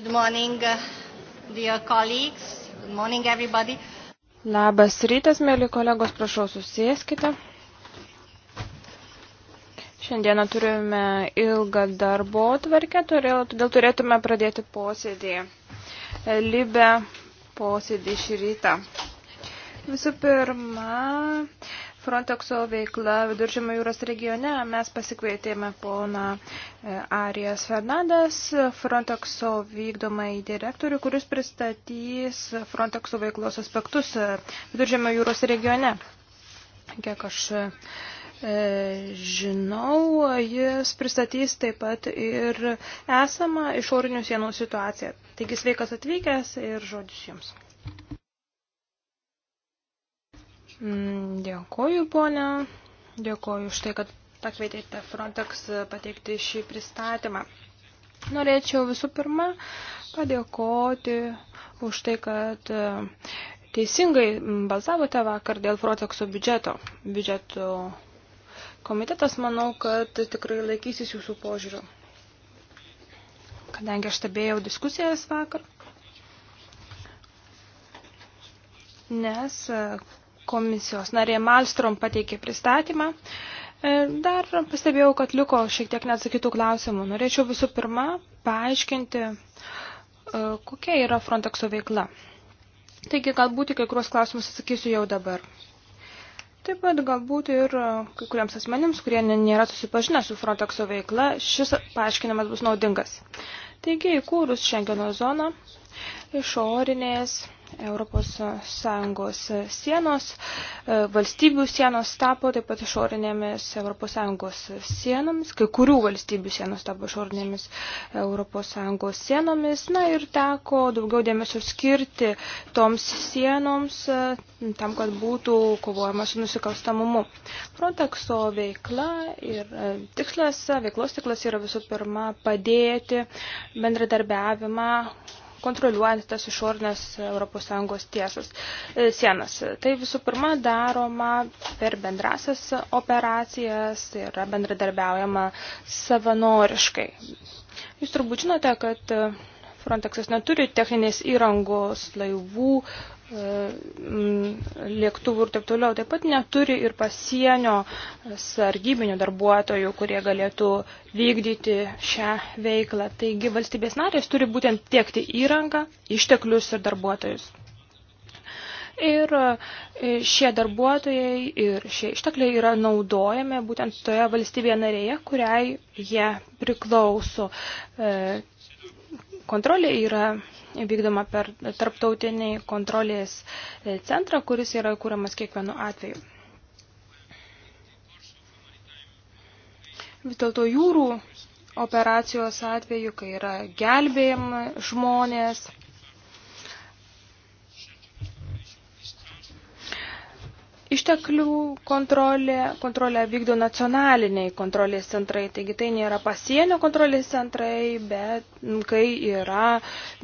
Good morning, uh, dear colleagues. Good morning, everybody. Labas rytas, mėly kolegos, prašau susėskite. Šiandieną turime ilgą darbo tvarkę, todėl turėtume pradėti posėdį. Libe posėdį šį rytą. Visų pirma, Frontexo veikla Viduržėmio jūros regione. Mes pasikvietėme poną e, Arijas Fernandes, Frontexo vykdomai direktorių, kuris pristatys Frontexo veiklos aspektus e, Viduržėmio jūros regione. Kiek aš e, žinau, jis pristatys taip pat ir esamą išorinių sienų situaciją. Taigi sveikas atvykęs ir žodis jums. Mm, dėkoju, ponia. Dėkoju už tai, kad pakvietėte Frontex pateikti šį pristatymą. Norėčiau visų pirma padėkoti už tai, kad e, teisingai balsavote vakar dėl Frontexo biudžeto. Biudžeto komitetas, manau, kad tikrai laikysis jūsų požiūrių. Kadangi aš stebėjau diskusijas vakar, nes e, komisijos narė Malstrom pateikė pristatymą. E, dar pastebėjau, kad liko šiek tiek neatsakytų klausimų. Norėčiau visų pirma paaiškinti, e, kokia yra Frontexo veikla. Taigi galbūt kai kuriuos klausimus atsakysiu jau dabar. Taip pat galbūt ir e, kai kuriems asmenims, kurie nėra susipažinę su Frontexo veikla, šis paaiškinimas bus naudingas. Taigi, įkūrus Šengeno zoną, išorinės ES sienos, e, valstybių sienos tapo taip pat išorinėmis ES sienomis, kai kurių valstybių sienos tapo išorinėmis ES sienomis, na ir teko daugiau dėmesio skirti toms sienoms, e, tam, kad būtų kovojama su nusikalstamumu. Frontexo veikla ir e, tikslas, veiklos tikslas yra visų pirma padėti bendradarbiavimą kontroliuojant tas išornės ES tiesas, e, sienas. Tai visų pirma daroma per bendrasias operacijas, tai yra bendradarbiaujama savanoriškai. Jūs turbūt žinote, kad Frontexas neturi techninės įrangos, laivų, E, lėktuvų ir taip toliau. Taip pat neturi ir pasienio sargybinių darbuotojų, kurie galėtų vykdyti šią veiklą. Taigi valstybės narės turi būtent tiekti įrangą, išteklius ir darbuotojus. Ir e, šie darbuotojai ir šie ištekliai yra naudojami būtent toje valstybėje narėje, kuriai jie priklauso. E, kontrolė yra vykdoma per tarptautinį kontrolės e, centrą, kuris yra kūriamas kiekvienu atveju. Vis dėlto jūrų operacijos atveju, kai yra gelbėjim žmonės, Išteklių kontrolė, kontrolę vykdo nacionaliniai kontrolės centrai, taigi tai nėra pasienio kontrolės centrai, bet kai yra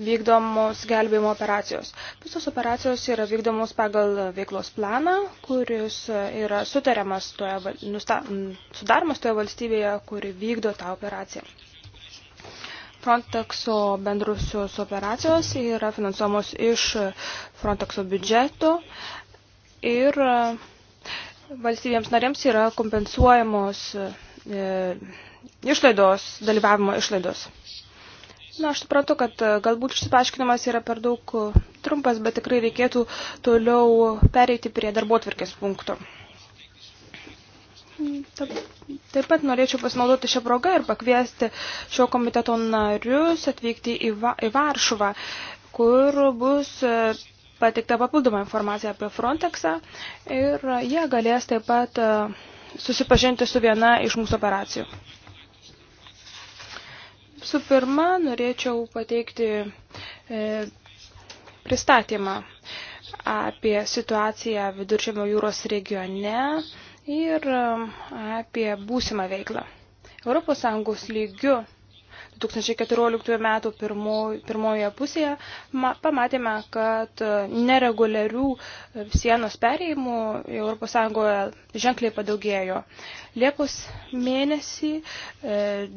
vykdomos gelbėjimo operacijos. Visos operacijos yra vykdomos pagal veiklos planą, kuris yra sutariamas toje, nusta, sudaromas toje valstybėje, kuri vykdo tą operaciją. Frontexo bendrusios operacijos yra finansuomos iš Frontexo biudžeto ir e, valstybėms narėms yra kompensuojamos e, išlaidos, dalyvavimo išlaidos. Na, aš suprantu, kad e, galbūt šis paaiškinimas yra per daug trumpas, bet tikrai reikėtų toliau pereiti prie darbotvirkės punkto. Taip pat norėčiau pasinaudoti šią progą ir pakviesti šio komiteto narius atvykti į, Va į Varšuvą, kur bus pateikta papildoma informacija apie Frontexą ir jie galės taip pat e, susipažinti su viena iš mūsų operacijų. Su pirma, norėčiau pateikti e, pristatymą apie situaciją Viduržėmio jūros regione ir e, apie būsimą veiklą. ES lygių 2014 metų pirmo, pirmoje pusėje ma, pamatėme, kad e, nereguliarių e, sienos perėjimų ES ženkliai padaugėjo. Liepos mėnesį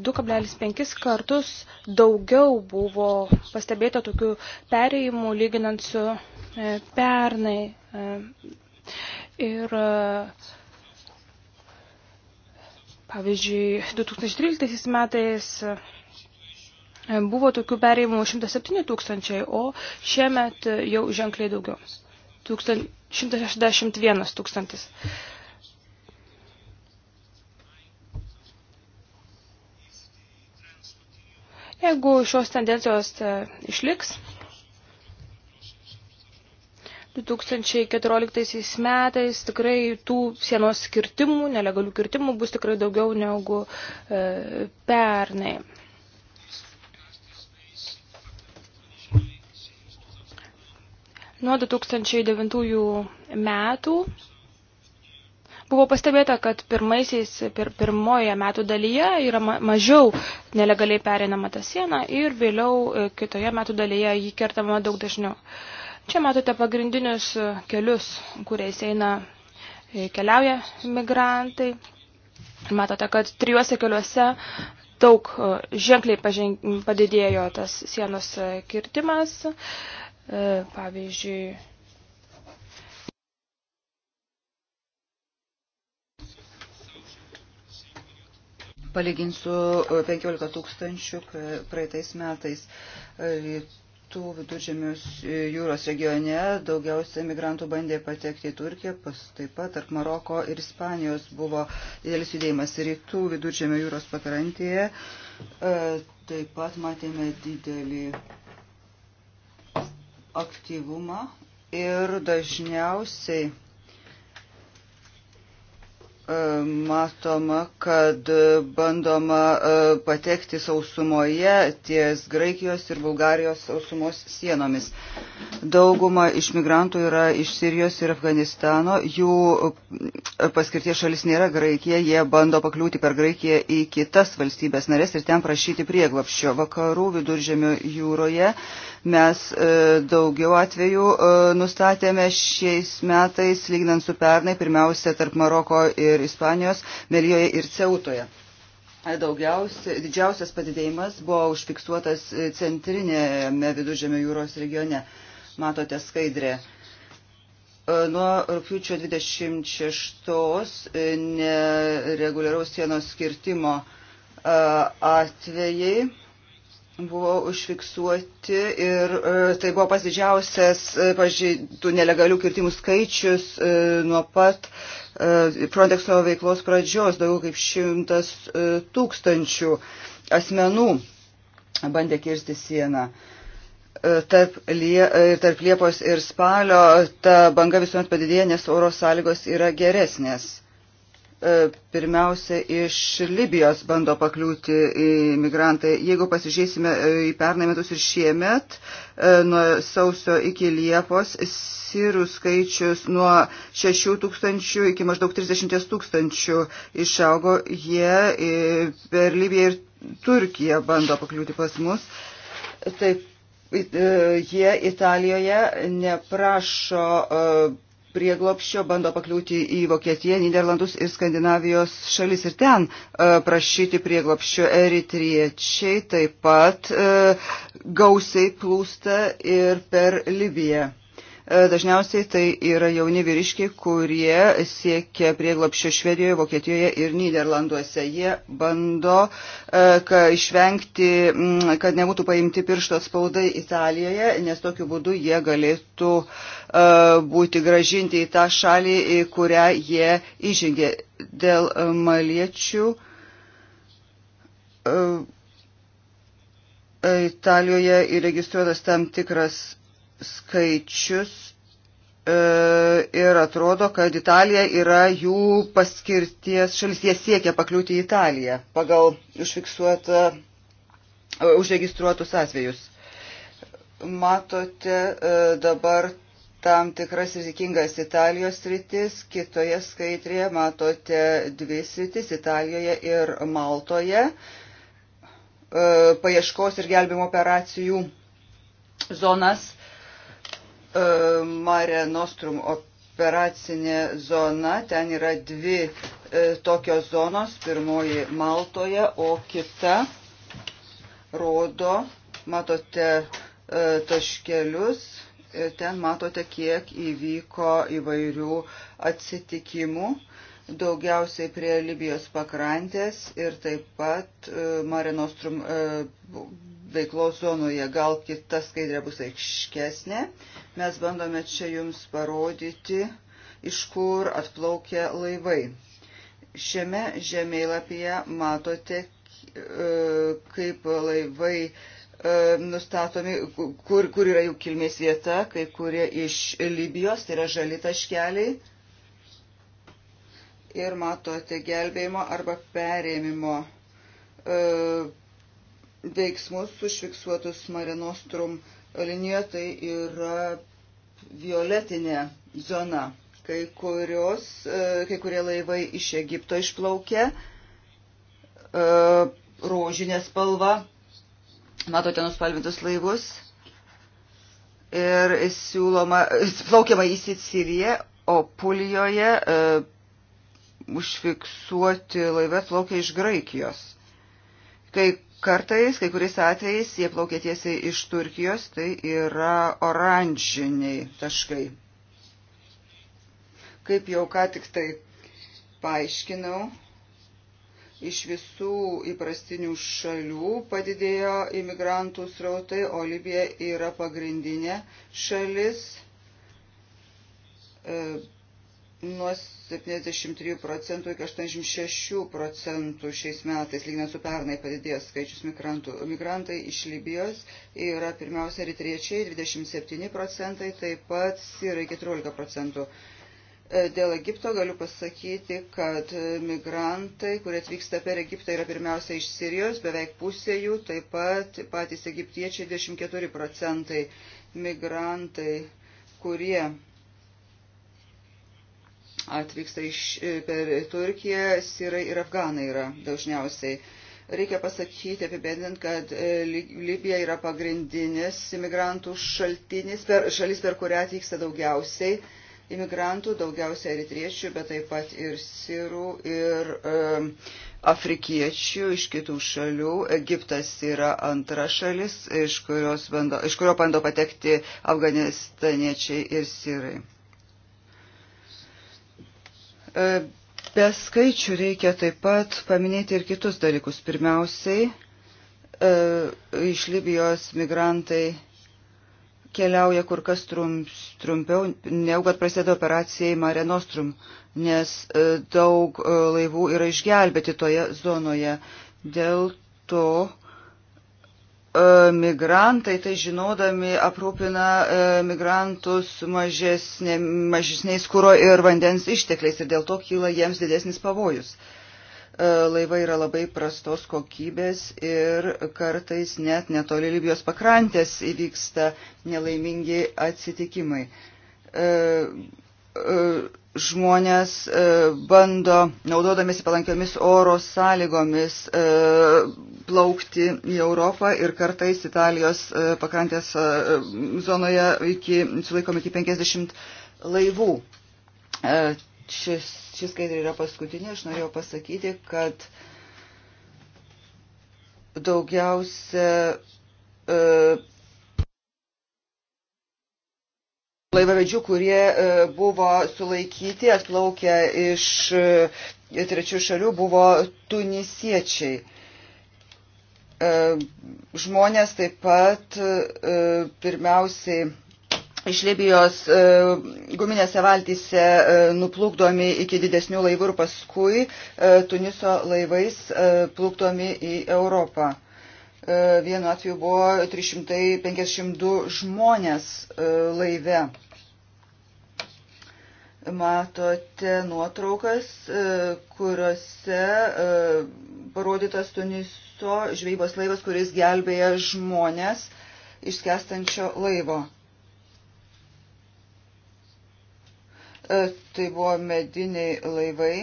2,5 e, kartus daugiau buvo pastebėta tokių perėjimų lyginant su pernai. Ir Pavyzdžiui, 2013 metais Buvo tokių perėjimų 107 tūkstančiai, o šiemet jau ženkliai daugiau. 161 tūkstantis. Jeigu šios tendencijos e, išliks, 2014 metais tikrai tų sienos kirtimų, nelegalių kirtimų bus tikrai daugiau negu e, pernai. Nuo 2009 metų buvo pastebėta, kad pirmaisiais, pir, pirmoje metų dalyje yra ma mažiau nelegaliai perinama ta siena ir vėliau e, kitoje metų dalyje jį kertama daug dažniau. Čia matote pagrindinius e, kelius, kuriais eina e, keliauja migrantai. Matote, kad trijuose keliuose daug ženkliai padidėjo tas sienos kirtimas. E, pavyzdžiui, palyginsiu 15 e, tūkstančių praeitais metais. E, rytų viduržėmius jūros regione daugiausia migrantų bandė patekti į Turkiją, pas taip pat tarp Maroko ir Ispanijos buvo didelis judėjimas rytų viduržėmio jūros pakrantėje. Taip pat matėme didelį aktyvumą ir dažniausiai e, matoma, kad bandoma e, patekti sausumoje ties Graikijos ir Bulgarijos sausumos sienomis. Dauguma iš migrantų yra iš Sirijos ir Afganistano. Jų e, paskirties šalis nėra Graikija. Jie bando pakliūti per Graikiją į kitas valstybės narės ir ten prašyti prieglapščio. Vakarų viduržėmio jūroje Mes e, daugiau atvejų e, nustatėme šiais metais, lyginant su pernai, pirmiausia tarp Maroko ir Ispanijos, Melijoje ir Ceutoje. E, daugiausia, didžiausias padidėjimas buvo užfiksuotas centrinėme viduržėmio jūros regione. Matote skaidrė. Nuo rūpiučio 26 nereguliaraus sienos skirtimo atvejai buvo užfiksuoti ir e, tai buvo pas didžiausias e, pažeidų nelegalių kirtimų skaičius e, nuo pat Frontexo veiklos pradžios, daugiau kaip šimtas tūkstančių asmenų bandė kirsti sieną. Tarp, lie, tarp Liepos ir spalio ta banga visuomet padidėja, nes oro sąlygos yra geresnės E, pirmiausia iš Libijos bando pakliūti imigrantai. Jeigu pasižiūrėsime e, į pernai metus ir šiemet, e, nuo sausio iki Liepos, sirų skaičius nuo 6 tūkstančių iki maždaug 30 tūkstančių išaugo. Jie per Libiją ir Turkiją bando pakliūti pas mus. Taip, jie Italijoje neprašo prieglopščio bando pakliūti į Vokietiją, Niderlandus ir Skandinavijos šalis ir ten e, prašyti prieglopščio eritriečiai taip pat e, gausiai plūsta ir per Libiją. E, dažniausiai tai yra jauni vyriškiai, kurie siekia prieglopščio Švedijoje, Vokietijoje ir Niderlanduose. Jie bando e, ka, išvengti, kad nebūtų paimti piršto spaudai Italijoje, nes tokiu būdu jie galėtų e, būti gražinti į tą šalį, į kurią jie įžengė. Dėl maliečių. Italijoje įregistruotas tam tikras skaičius e, ir atrodo, kad Italija yra jų paskirties šalis. Jie siekia pakliūti į Italiją pagal užfiksuotą, e, užregistruotus atvejus. Matote e, dabar tam tikras rizikingas Italijos rytis, kitoje skaitrėje matote dvi rytis Italijoje ir Maltoje paieškos ir gelbimo operacijų zonas E, Mare Nostrum operacinė zona. Ten yra dvi e, tokios zonos. Pirmoji Maltoje, o kita rodo, matote e, taškelius. Ten matote, kiek įvyko įvairių atsitikimų daugiausiai prie Libijos pakrantės ir taip pat Mare Nostrum veiklos zonoje. Gal kita skaidrė bus aiškesnė. Mes bandome čia jums parodyti, iš kur atplaukia laivai. Šiame žemėlapyje matote, e, kaip laivai e, nustatomi, kur, kur yra jų kilmės vieta, kai kurie iš Libijos, tai yra žali taškeliai. Ir matote gelbėjimo arba perėmimo e, veiksmus užfiksuotus Marinostrum linijoje, tai yra violetinė zona. Kai, kurios, e, kai kurie laivai iš Egipto išplaukė, e, rožinė spalva, matote nuspalvintus laivus, ir siūloma, plaukiama į Siciliją, o Pulijoje e, užfiksuoti laivę plaukia iš Graikijos. Kai Kartais, kai kuriais atvejais, jie plaukia tiesiai iš Turkijos, tai yra oranžiniai taškai. Kaip jau ką tik tai paaiškinau, iš visų įprastinių šalių padidėjo imigrantų srautai, o Libija yra pagrindinė šalis. E, nuo 73 procentų iki 86 procentų šiais metais, lyginant su pernai padidėjęs skaičius migrantų. Migrantai iš Libijos yra pirmiausia eritriečiai 27 procentai, taip pat sirai 14 procentų. E, dėl Egipto galiu pasakyti, kad migrantai, kurie atvyksta per Egiptą, yra pirmiausia iš Sirijos, beveik pusė jų, taip pat patys egiptiečiai 24 procentai migrantai, kurie atvyksta iš, e, per Turkiją, sirai ir afganai yra dažniausiai. Reikia pasakyti apibendint, kad e, Libija yra pagrindinis imigrantų šaltinis, per, šalis, per kurią atvyksta daugiausiai imigrantų, daugiausiai eritriečių, bet taip pat ir sirų ir e, afrikiečių iš kitų šalių. Egiptas yra antra šalis, iš, bando, iš kurio bando patekti afganistaniečiai ir sirai. E, be skaičių reikia taip pat paminėti ir kitus dalykus. Pirmiausiai, e, iš Libijos migrantai keliauja kur kas trump, trumpiau, negu kad prasideda operacijai Mare Nostrum, nes e, daug laivų yra išgelbėti toje zonoje. Dėl to E, migrantai, tai žinodami, aprūpina e, migrantus mažesnė, mažesniais kūro ir vandens ištekliais ir dėl to kyla jiems didesnis pavojus. E, laivai yra labai prastos kokybės ir kartais net netoli Libijos pakrantės įvyksta nelaimingi atsitikimai žmonės e, bando, naudodamėsi palankiomis oro sąlygomis, e, plaukti į Europą ir kartais Italijos e, pakrantės zonoje iki, sulaikom iki 50 laivų. Šis, šis skaidrė yra paskutinė, aš norėjau pasakyti, kad daugiausia laivavedžių, kurie e, buvo sulaikyti, atplaukę iš e, trečių šalių, buvo tunisiečiai. E, žmonės taip pat pirmiausiai iš Libijos guminėse valtyse nuplukdomi iki didesnių laivų ir paskui Tuniso laivais plukdomi į Europą. Vienu atveju buvo 352 žmonės laive matote nuotraukas, e, kuriuose e, parodytas Tuniso žvejybos laivas, kuris gelbėja žmonės išskestančio laivo. E, tai buvo mediniai laivai.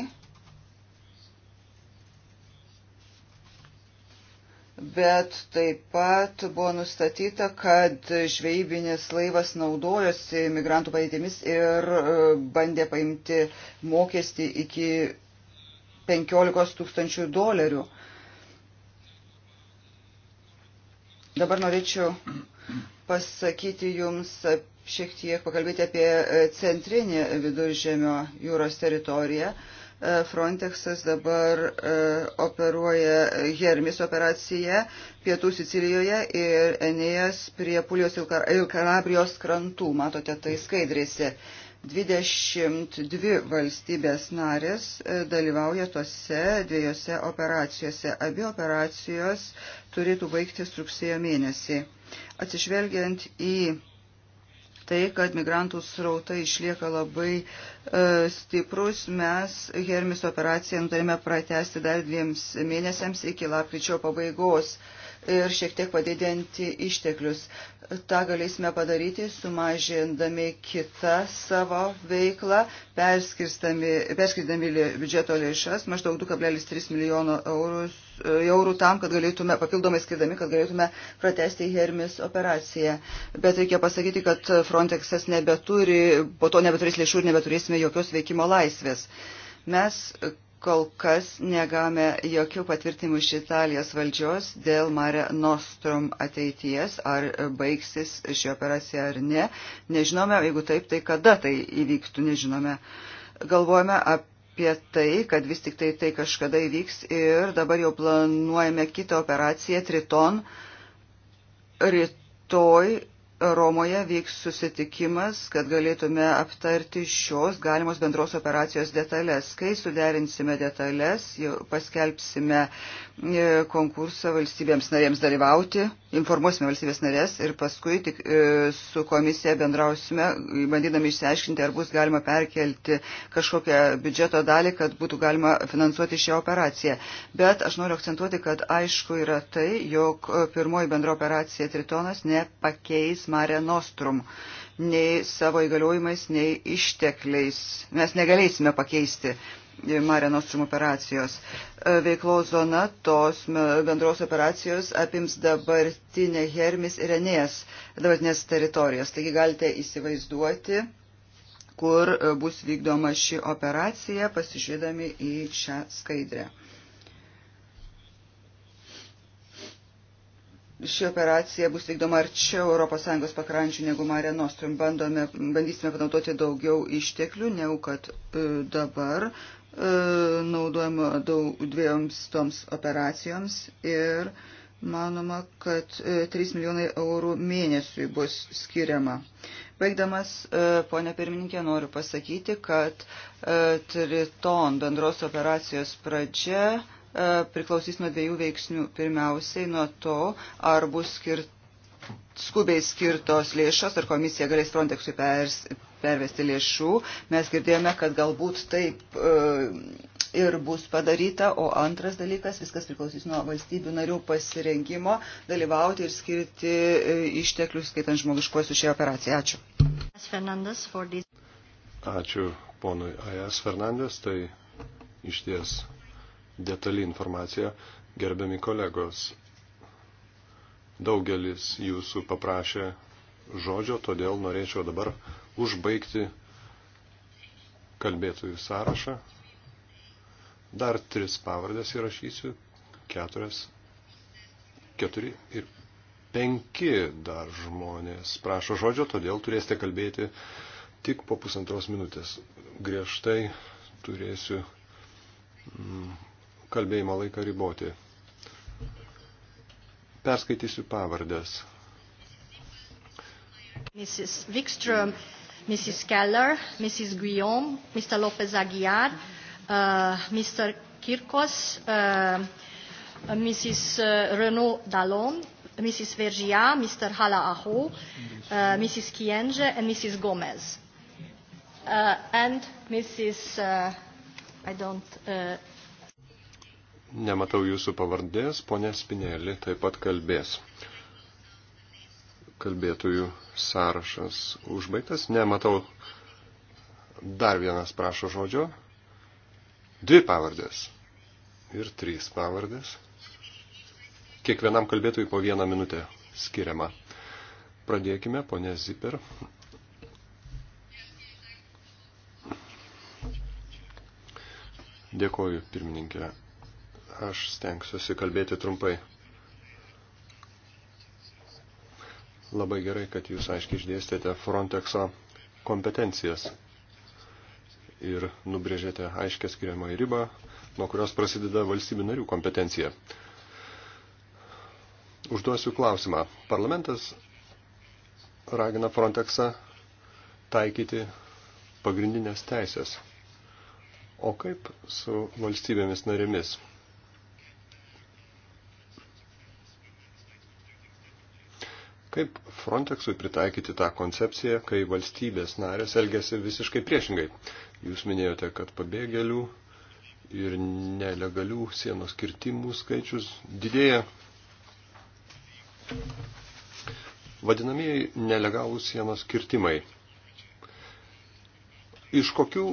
bet taip pat buvo nustatyta, kad žvejybinis laivas naudojosi migrantų padėtimis ir e, bandė paimti mokestį iki 15 tūkstančių dolerių. Dabar norėčiau pasakyti jums šiek tiek pakalbėti apie e, centrinį viduržėmio jūros teritoriją. Uh, Frontexas dabar e, operuoja Hermis operaciją Pietų Sicilijoje ir Enėjas prie Pulijos ir Kalabrijos krantų. Matote tai skaidrėse. 22 valstybės narės e, dalyvauja tose dviejose operacijose. Abi operacijos turėtų baigtis rugsėjo mėnesį. Atsižvelgiant į tai, kad migrantų srautai išlieka labai e, stiprus, mes Hermis operaciją nutarėme pratesti dar dviems mėnesiams iki lapkričio pabaigos. E, ir šiek tiek padidinti išteklius. Ta galėsime padaryti, sumažindami kitą savo veiklą, perskirdami biudžeto lėšas maždaug 2,3 milijono eurų, e, eurų tam, kad galėtume, papildomai skirdami, kad galėtume pratesti Hermis operaciją. Bet reikia pasakyti, kad Frontexas nebeturi, po to nebeturės lėšų ir nebeturėsime jokios veikimo laisvės. Mes kol kas negame jokių patvirtimų iš Italijos valdžios dėl Mare Nostrum ateities, ar baigsis ši operacija ar ne. Nežinome, jeigu taip, tai kada tai įvyktų, nežinome. Galvojame apie tai, kad vis tik tai tai kažkada įvyks ir dabar jau planuojame kitą operaciją Triton. Rytoj Romoje vyks susitikimas, kad galėtume aptarti šios galimos bendros operacijos detalės. Kai suderinsime detalės, paskelbsime e, konkursą valstybėms narėms dalyvauti, informuosime valstybės narės ir paskui tik e, su komisija bendrausime, bandydami išsiaiškinti, ar bus galima perkelti kažkokią biudžeto dalį, kad būtų galima finansuoti šią operaciją. Bet aš noriu akcentuoti, kad aišku yra tai, jog e, pirmoji bendra operacija Tritonas nepakeis Mare Nostrum, nei savo įgaliojimais, nei ištekliais. Mes negalėsime pakeisti Mare Nostrum operacijos. E, veiklos zona tos bendros operacijos apims dabartinę Hermis ir Enės dabartinės teritorijas. Taigi galite įsivaizduoti kur e, bus vykdoma ši operacija, pasižiūrėdami į šią skaidrę. ši operacija bus vykdoma arčiau ES pakrančių negu Mare Nostrum. Bandome, bandysime panaudoti daugiau išteklių, negu kad e, dabar e, naudojama daug dviejoms toms operacijoms ir manoma, kad 3 e, milijonai eurų mėnesiui bus skiriama. Baigdamas, ponė pirmininkė, noriu pasakyti, kad Triton bendros operacijos pradžia E, priklausys nuo dviejų veiksnių. Pirmiausiai nuo to, ar bus skirt, skubiai skirtos lėšos, ar komisija galės Frontexui pers, pervesti lėšų. Mes girdėjome, kad galbūt taip e, ir bus padaryta. O antras dalykas, viskas priklausys nuo valstybių narių pasirengimo dalyvauti ir skirti e, išteklius, skaitant žmogiškuosius šią operaciją. Ačiū. Ačiū ponui A.S. Fernandes, tai iš ties detali informacija, gerbiami kolegos. Daugelis jūsų paprašė žodžio, todėl norėčiau dabar užbaigti kalbėtojų sąrašą. Dar tris pavardės įrašysiu, keturias, keturi ir penki dar žmonės prašo žodžio, todėl turėsite kalbėti tik po pusantros minutės. Griežtai turėsiu mm, kalbėjimo laiką riboti. Perskaitysiu pavardės. Mrs. Wikström, Mrs. Keller, Mrs. Guillaume, Mr. Lopez Aguiar, uh, Mr. Kirkos, uh, uh Mrs. Uh, Renaud Dallon, Mrs. Vergia, Mr. Hala Aho, uh, Mrs. Kienge, and Mrs. Gomez. Uh, and Mrs. Uh, I don't, uh, Nematau jūsų pavardės, ponė Spinelli taip pat kalbės. Kalbėtojų sąrašas užbaigtas. Nematau dar vienas prašo žodžio. Dvi pavardės. Ir trys pavardės. Kiekvienam kalbėtojui po vieną minutę skiriama. Pradėkime, ponė Ziper. Dėkoju, pirmininkė. Aš stengsiuosi kalbėti trumpai. Labai gerai, kad jūs aiškiai išdėstėte Frontexo kompetencijas ir nubrėžėte aiškę skiriamą ribą, nuo kurios prasideda valstybių narių kompetencija. Užduosiu klausimą. Parlamentas ragina Frontexą taikyti pagrindinės teisės. O kaip su valstybėmis narėmis? Kaip Frontexui pritaikyti tą koncepciją, kai valstybės narės elgesi visiškai priešingai? Jūs minėjote, kad pabėgėlių ir nelegalių sienos kirtimų skaičius didėja. Vadinamieji nelegalų sienos kirtimai. Iš kokių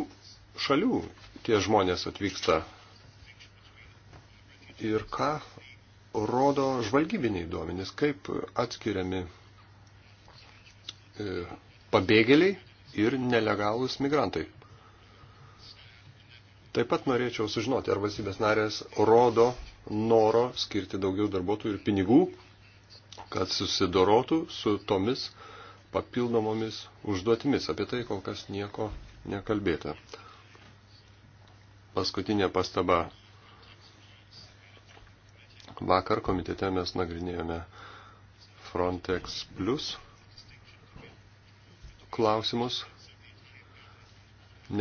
šalių tie žmonės atvyksta ir ką rodo žvalgybiniai duomenys, kaip atskiriami e, pabėgėliai ir nelegalūs migrantai. Taip pat norėčiau sužinoti, ar valstybės narės rodo noro skirti daugiau darbuotojų ir pinigų, kad susidorotų su tomis papildomomis užduotimis. Apie tai kol kas nieko nekalbėta. Paskutinė pastaba Vakar komitete mes nagrinėjome Frontex Plus klausimus.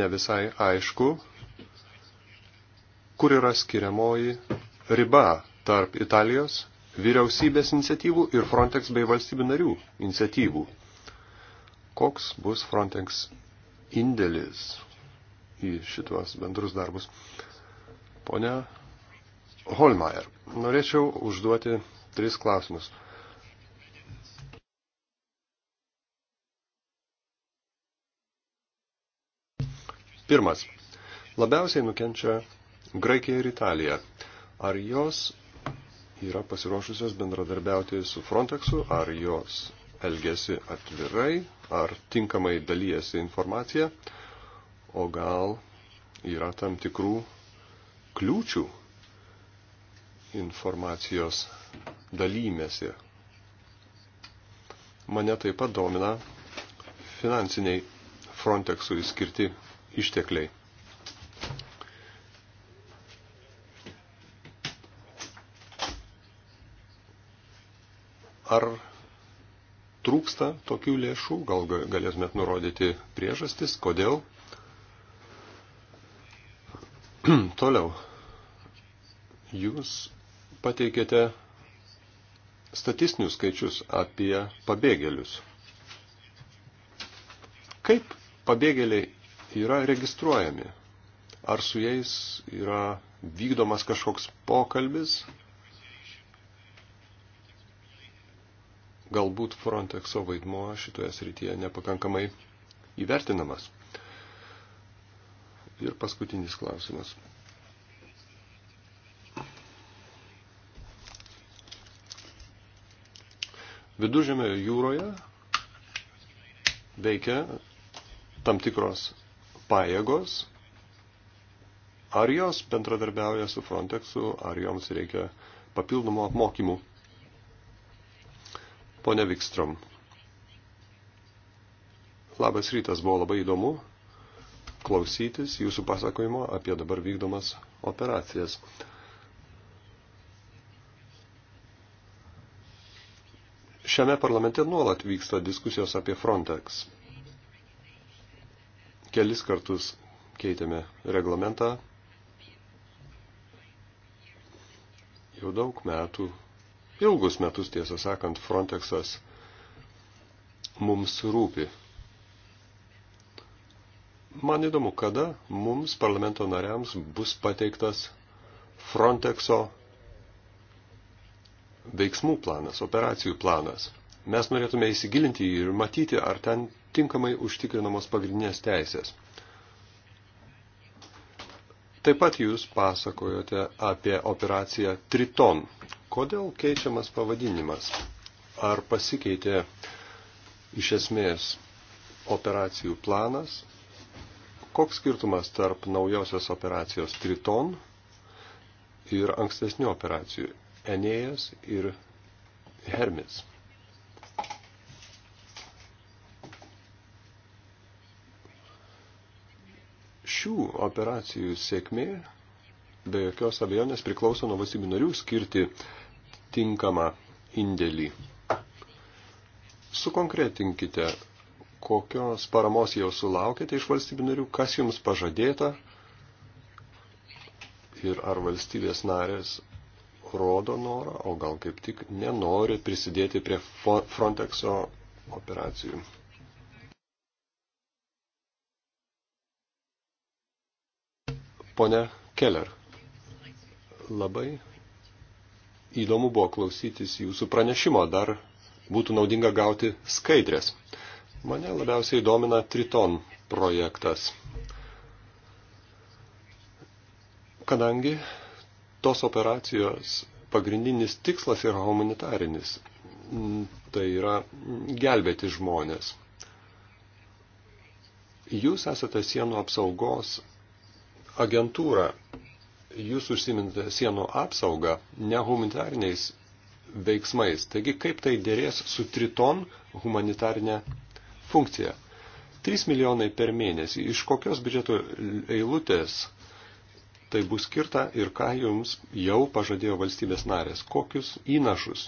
Ne visai aišku, kur yra skiriamoji riba tarp Italijos vyriausybės iniciatyvų ir Frontex bei valstybių narių iniciatyvų. Koks bus Frontex indėlis į šituos bendrus darbus? Pone Holmeier, norėčiau užduoti tris klausimus. Pirmas. Labiausiai nukenčia Graikija ir Italija. Ar jos yra pasiruošusios bendradarbiauti su Frontexu, ar jos elgesi atvirai, ar tinkamai dalyjasi informacija, o gal yra tam tikrų kliūčių informacijos dalymėsi. Mane taip pat domina finansiniai Frontexui skirti ištekliai. Ar trūksta tokių lėšų, gal galėtumėt nurodyti priežastis, kodėl. Toliau, jūs pateikėte statistinius skaičius apie pabėgėlius. Kaip pabėgėliai yra registruojami? Ar su jais yra vykdomas kažkoks pokalbis? Galbūt Frontexo vaidmuo šitoje srityje nepakankamai įvertinamas. Ir paskutinis klausimas. Viduržėmio jūroje veikia tam tikros pajėgos. Ar jos bendradarbiauja su Frontexu, ar joms reikia papildomų apmokymų? Pone Vikstrom. Labas rytas, buvo labai įdomu klausytis jūsų pasakojimo apie dabar vykdomas operacijas. Šiame parlamente nuolat vyksta diskusijos apie Frontex. Kelis kartus keitėme reglamentą. Jau daug metų, ilgus metus tiesą sakant, Frontexas mums rūpi. Man įdomu, kada mums parlamento nariams bus pateiktas Frontexo veiksmų planas, operacijų planas. Mes norėtume įsigilinti ir matyti, ar ten tinkamai užtikrinamos pagrindinės teisės. Taip pat jūs pasakojote apie operaciją Triton. Kodėl keičiamas pavadinimas? Ar pasikeitė iš esmės operacijų planas? Koks skirtumas tarp naujosios operacijos Triton ir ankstesnių operacijų? Enėjas ir Hermis. Šių operacijų sėkmė be jokios abejonės priklauso nuo valstybių narių skirti tinkamą indėlį. Sukonkretinkite, kokios paramos jau sulaukėte iš valstybių narių, kas jums pažadėta ir ar valstybės narės rodo norą, o gal kaip tik nenori prisidėti prie Frontexo operacijų. Pone Keller, labai įdomu buvo klausytis jūsų pranešimo, dar būtų naudinga gauti skaidrės. Mane labiausiai domina Triton projektas. Kadangi tos operacijos pagrindinis tikslas yra humanitarinis. Tai yra gelbėti žmonės. Jūs esate sienų apsaugos agentūra. Jūs užsiminate sienų apsaugą ne humanitariniais veiksmais. Taigi kaip tai dėrės su triton humanitarinė funkcija? 3 milijonai per mėnesį. Iš kokios biudžeto eilutės tai bus skirta ir ką jums jau pažadėjo valstybės narės, kokius įnašus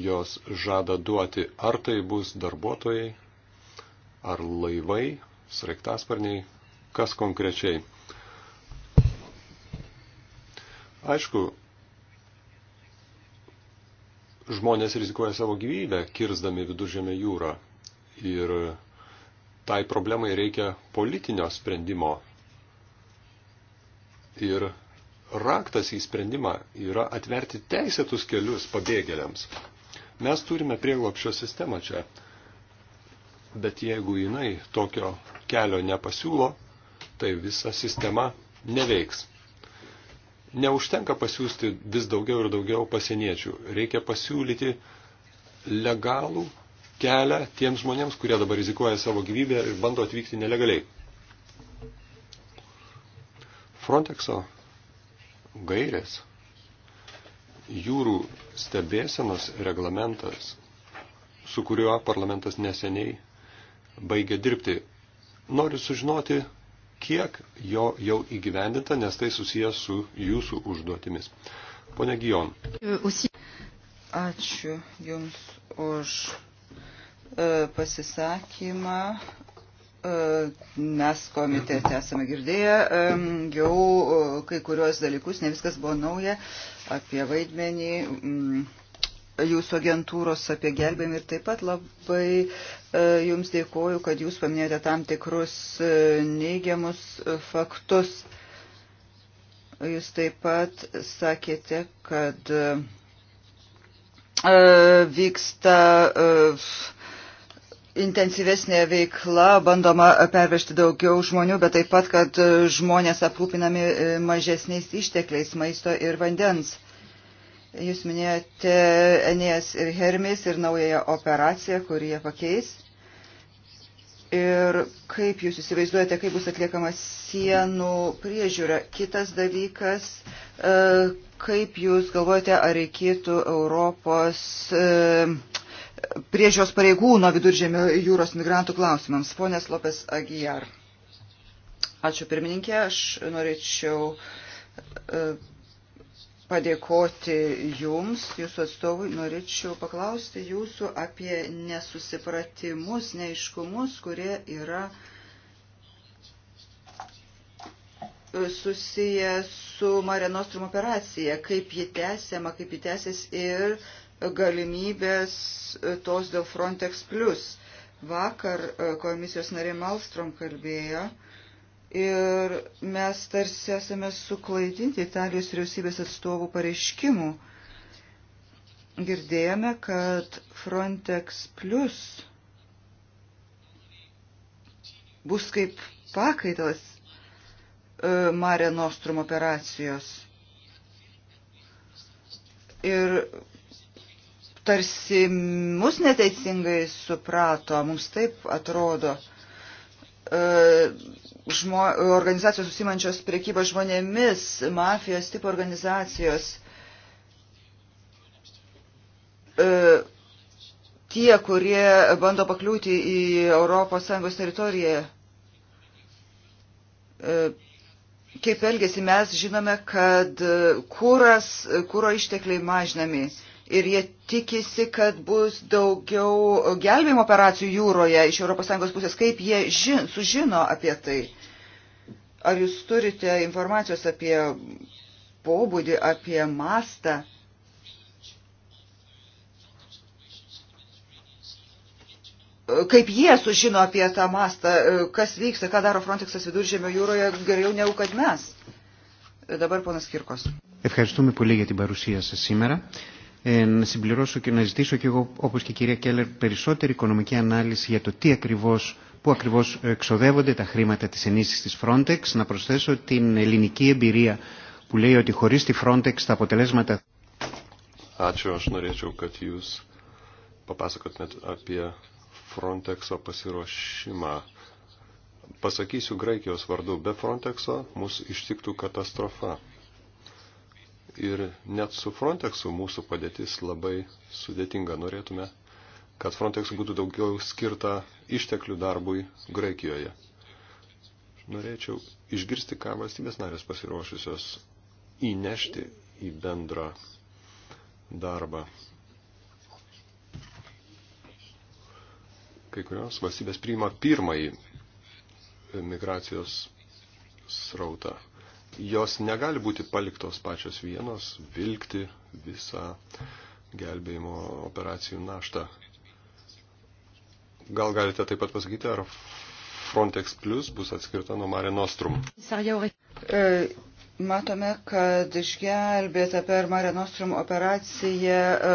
jos žada duoti, ar tai bus darbuotojai, ar laivai, sraigtasparniai, kas konkrečiai. Aišku, žmonės rizikuoja savo gyvybę, kirzdami viduržėme jūrą ir tai problemai reikia politinio sprendimo Ir raktas į sprendimą yra atverti teisėtus kelius pabėgėliams. Mes turime prieglopšio sistemą čia, bet jeigu jinai tokio kelio nepasiūlo, tai visa sistema neveiks. Neužtenka pasiūsti vis daugiau ir daugiau pasieniečių. Reikia pasiūlyti legalų kelią tiems žmonėms, kurie dabar rizikuoja savo gyvybę ir bando atvykti nelegaliai. Frontexo gairės, jūrų stebėsenos reglamentas, su kuriuo parlamentas neseniai baigė dirbti. Noriu sužinoti, kiek jo jau įgyvendinta, nes tai susijęs su jūsų užduotimis. Pone Gijon. Ačiū Jums už e, pasisakymą. E, mes komitete esame girdėję e, jau e, kai kurios dalykus, ne viskas buvo nauja, apie vaidmenį mm, jūsų agentūros apie gelbėjimą ir taip pat labai jums dėkoju, kad jūs paminėjote tam tikrus neigiamus faktus. Jūs taip pat sakėte, kad vyksta uh, intensyvesnė veikla, bandoma pervežti daugiau žmonių, bet taip pat, kad žmonės aprūpinami e, mažesniais ištekliais maisto ir vandens. Jūs minėjote Enijas ir Hermis ir naująją operaciją, kurį jie pakeis. Ir kaip jūs įsivaizduojate, kaip bus atliekama sienų priežiūra? Kitas dalykas, e, kaip jūs galvojate, ar reikėtų Europos e, priežios pareigūno viduržėmio jūros migrantų klausimams. Ponės Lopes Agijar. Ačiū pirmininkė, aš norėčiau e, padėkoti Jums, Jūsų atstovui, norėčiau paklausti Jūsų apie nesusipratimus, neiškumus, kurie yra e, susiję su Mare Nostrum operacija, kaip ji tęsiama, kaip ji tęsis ir galimybės e, tos dėl Frontex Plus. Vakar e, komisijos narė Malstrom kalbėjo ir mes tarsi esame suklaidinti Italijos vyriausybės atstovų pareiškimų. Girdėjome, kad Frontex Plus bus kaip pakaitalas e, Mare Nostrum operacijos. Ir tarsi mus neteisingai suprato, mums taip atrodo. E, žmo, organizacijos susimančios priekybą žmonėmis, mafijos tipo organizacijos. E, tie, kurie bando pakliūti į ES teritoriją, e, kaip elgesi, mes žinome, kad kūras, kūro ištekliai mažinami. E, ir jie tikisi, kad bus daugiau gelbėjimo operacijų jūroje iš ES pusės. Kaip jie žin, sužino apie tai? Ar jūs turite informacijos apie pobūdį, apie mastą? kaip jie sužino apie tą mastą, kas vyksta, ką daro Frontexas viduržėmio jūroje, geriau negu kad mes. Dabar ponas Kirkos. Ευχαριστούμε πολύ για την παρουσία σας σήμερα να συμπληρώσω και να ζητήσω και εγώ, όπως και η κυρία Κέλλερ, περισσότερη οικονομική ανάλυση για το τι ακριβώς, πού ακριβώς εξοδεύονται τα χρήματα της ενίσχυσης της Frontex. Να προσθέσω την ελληνική εμπειρία που λέει ότι χωρίς τη Frontex τα αποτελέσματα... Ačiū, aš norėčiau, kad jūs papasakotumėt apie Frontexo pasiruošimą. Pasakysiu Graikijos vardu, be Frontexo mus ištiktų katastrofa ir net su Frontexu mūsų padėtis labai sudėtinga. Norėtume, kad Frontex būtų daugiau skirta išteklių darbui Graikijoje. Norėčiau išgirsti, ką valstybės narės pasiruošusios įnešti į bendrą darbą. Kai kurios valstybės priima pirmąjį migracijos srautą jos negali būti paliktos pačios vienos, vilkti visą gelbėjimo operacijų naštą. Gal galite taip pat pasakyti, ar Frontex Plus bus atskirta nuo Mare Nostrum? E, matome, kad išgelbėta per Mare Nostrum operaciją e,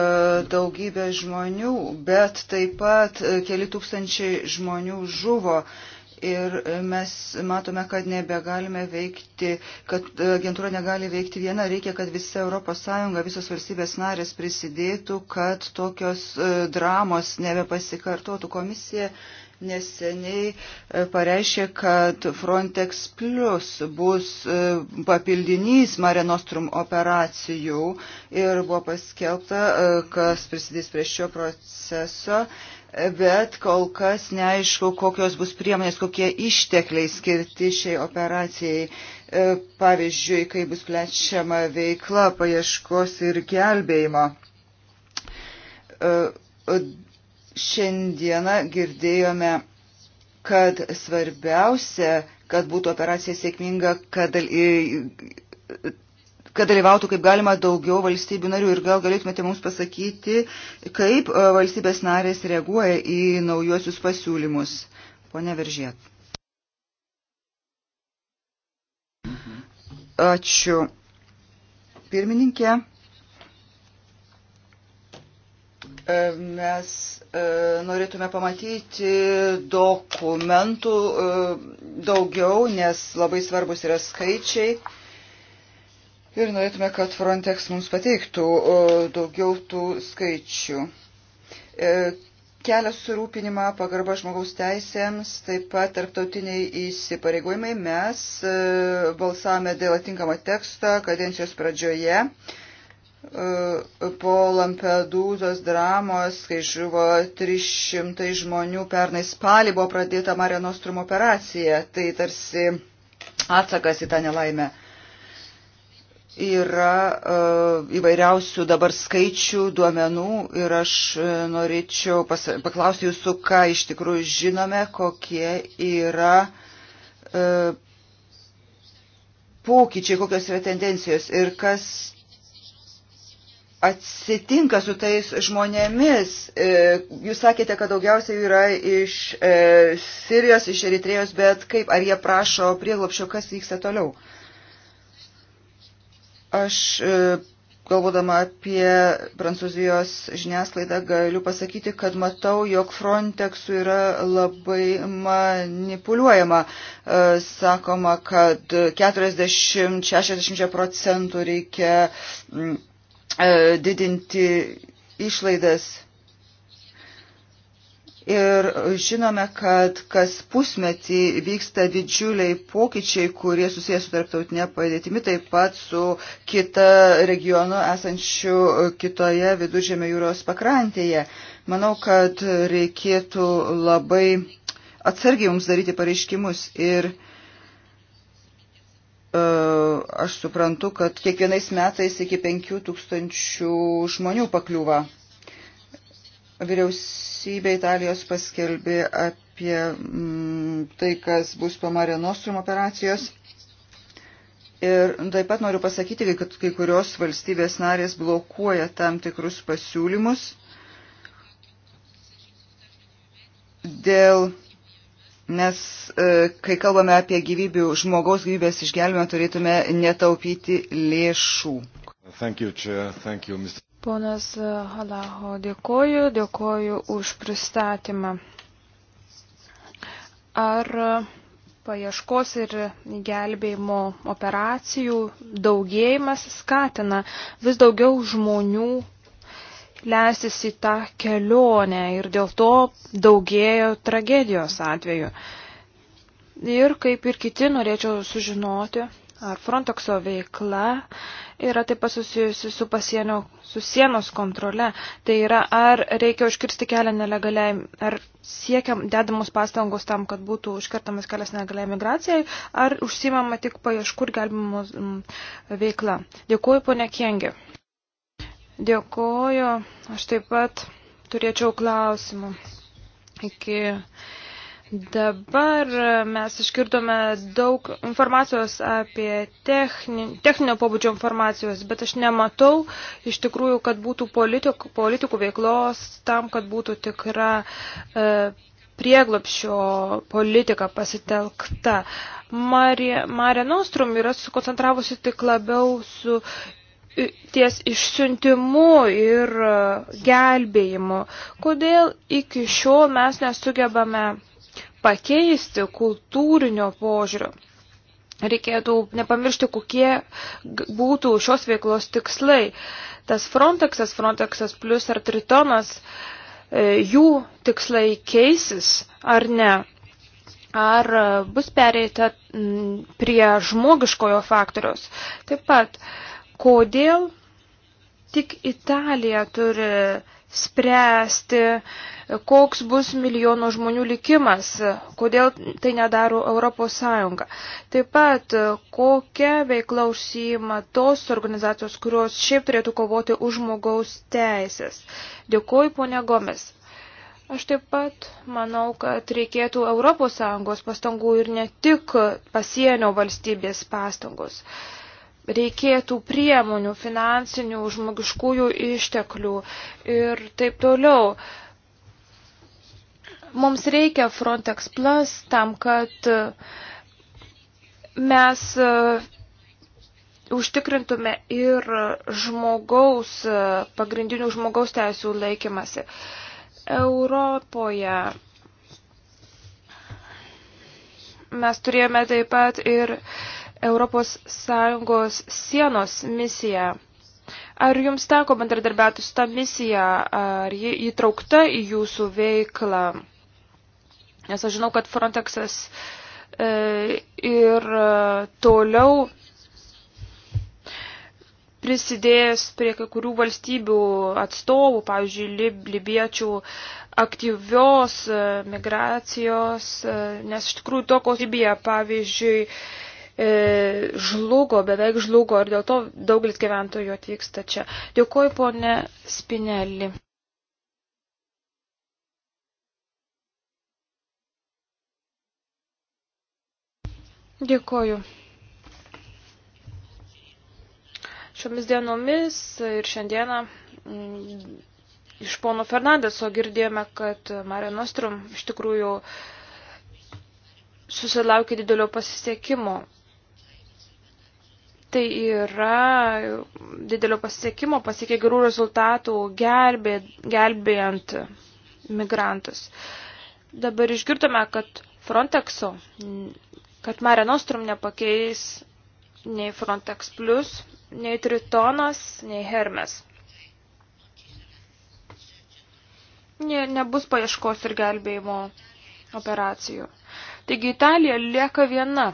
daugybė žmonių, bet taip pat e, keli tūkstančiai žmonių žuvo ir mes matome, kad nebegalime veikti, kad agentūra negali veikti viena, reikia, kad visa ES, visos valstybės narės prisidėtų, kad tokios e, dramos nebepasikartotų. Komisija neseniai e, pareiškė, kad Frontex Plus bus e, papildinys Mare Nostrum operacijų ir buvo paskelbta, kas prisidės prie šio proceso bet kol kas neaišku, kokios bus priemonės, kokie ištekliai skirti šiai operacijai. E, pavyzdžiui, kai bus plečiama veikla paieškos ir gelbėjimo. E, šiandieną girdėjome, kad svarbiausia, kad būtų operacija sėkminga, kad kad dalyvautų kaip galima daugiau valstybių narių. Ir gal galėtumėte mums pasakyti, kaip e, valstybės narės reaguoja į naujuosius pasiūlymus. Pone Veržėt. Ačiū. Pirmininkė. E, mes e, norėtume pamatyti dokumentų daugiau, nes labai svarbus yra skaičiai ir norėtume, kad Frontex mums pateiktų e, daugiau tų skaičių. E, kelia surūpinimą pagarba žmogaus teisėms, taip pat tarptautiniai įsipareigojimai. Mes e, balsavome dėl atinkamo teksto kadencijos pradžioje po Lampedūzos dramos, kai žuvo 300 žmonių, pernai spalį buvo pradėta Marianos Trum operacija. Tai tarsi atsakas į tą nelaimę yra e, įvairiausių dabar skaičių, duomenų ir aš e, norėčiau paklausti jūsų, ką iš tikrųjų žinome, kokie yra e, pokyčiai, kokios yra tendencijos ir kas atsitinka su tais žmonėmis. Jūs sakėte, kad daugiausiai yra iš Sirijos, iš Eritrejos, bet kaip, ar jie prašo prieglopšio, kas vyksta toliau? Aš e, galvodama apie Prancūzijos žiniasklaidą galiu pasakyti, kad matau, jog Frontexų yra labai manipuliuojama. E, sakoma, kad 40-60 procentų reikia mm, e, didinti išlaidas Ir žinome, kad kas pusmetį vyksta didžiuliai pokyčiai, kurie susijęs su tarptautinė padėtimi, taip pat su kita regionu esančiu kitoje viduržėmio jūros pakrantėje. Manau, kad reikėtų labai atsargiai mums daryti pareiškimus ir e, aš suprantu, kad kiekvienais metais iki 5000 žmonių pakliūva. Vyriausybė vyriausybė Italijos paskelbė apie mm, tai, kas bus po Mare Nostrum operacijos. Ir taip pat noriu pasakyti, kad kai kurios valstybės narės blokuoja tam tikrus pasiūlymus dėl, nes e, kai kalbame apie gyvybių, žmogaus gyvybės išgelbimą, turėtume netaupyti lėšų. Thank you, Chair. Thank you, Mr. Ponas Halaho, dėkoju, dėkoju už pristatymą. Ar paieškos ir gelbėjimo operacijų daugėjimas skatina vis daugiau žmonių leistis į tą kelionę ir dėl to daugėjo tragedijos atveju. Ir kaip ir kiti norėčiau sužinoti, ar Frontexo veikla yra taip pat susijusi su pasienio, su sienos kontrole. Tai yra, ar reikia užkirsti kelią nelegaliai, ar siekiam dedamos pastangos tam, kad būtų užkertamas kelias nelegaliai migracijai, ar užsimama tik paieškų ir gelbimo mm, veikla. Dėkuoju, ponė Kengi. Dėkuoju, aš taip pat turėčiau klausimų. Iki Dabar mes išgirdome daug informacijos apie techni, techninio pobūdžio informacijos, bet aš nematau iš tikrųjų, kad būtų politik, politikų veiklos tam, kad būtų tikra e, prieglopšio politika pasitelkta. Marija Marė Nostrum yra sukoncentravusi tik labiau su ties išsiuntimu ir e, gelbėjimu. Kodėl iki šiol mes nesugebame pakeisti kultūrinio požiūrio. Reikėtų nepamiršti, kokie būtų šios veiklos tikslai. Tas Frontexas, Frontexas plus ar Tritonas, e, jų tikslai keisis ar ne ar e, bus pereita prie žmogiškojo faktoriaus. Taip pat, kodėl tik Italija turi spręsti, koks bus milijono žmonių likimas, kodėl tai nedaro ES. Taip pat, kokia veikla užsijima tos organizacijos, kurios šiaip turėtų kovoti už žmogaus teisės. Dėkuoju, ponė Gomes. Aš taip pat manau, kad reikėtų ES pastangų ir ne tik pasienio valstybės pastangos reikėtų priemonių, finansinių, žmogiškųjų išteklių ir taip toliau. Mums reikia Frontex Plus tam, kad mes e, užtikrintume ir žmogaus, e, pagrindinių žmogaus teisų laikymasi. Europoje mes turėjome taip pat ir uh, ES sienos misiją. Ar jums teko bendradarbiauti su tą misiją, ar ji įtraukta į jūsų veiklą? Nes aš žinau, kad Frontexas e, ir e, toliau prisidėjęs prie kai kurių valstybių atstovų, pavyzdžiui, lib, libiečių aktyvios e, migracijos, nes iš tikrųjų to, ko Libija, pavyzdžiui, E, žlugo, beveik žlugo ir dėl to daugelis gyventojų atvyksta čia. Dėkuoju, ponė Spinelli. Dėkuoju. Šiomis dienomis ir šiandieną mm, iš pono Fernandeso girdėjome, kad Marija Nostrum iš tikrųjų susilaukė didelio pasisekimo tai yra didelio pasiekimo, pasiekė gerų rezultatų gelbė, gelbėjant migrantus. Dabar išgirdome, kad Frontexo, kad Mare Nostrum nepakeis nei Frontex Plus, nei Tritonas, nei Hermes. Ne, nebus paieškos ir gelbėjimo operacijų. Taigi Italija lieka viena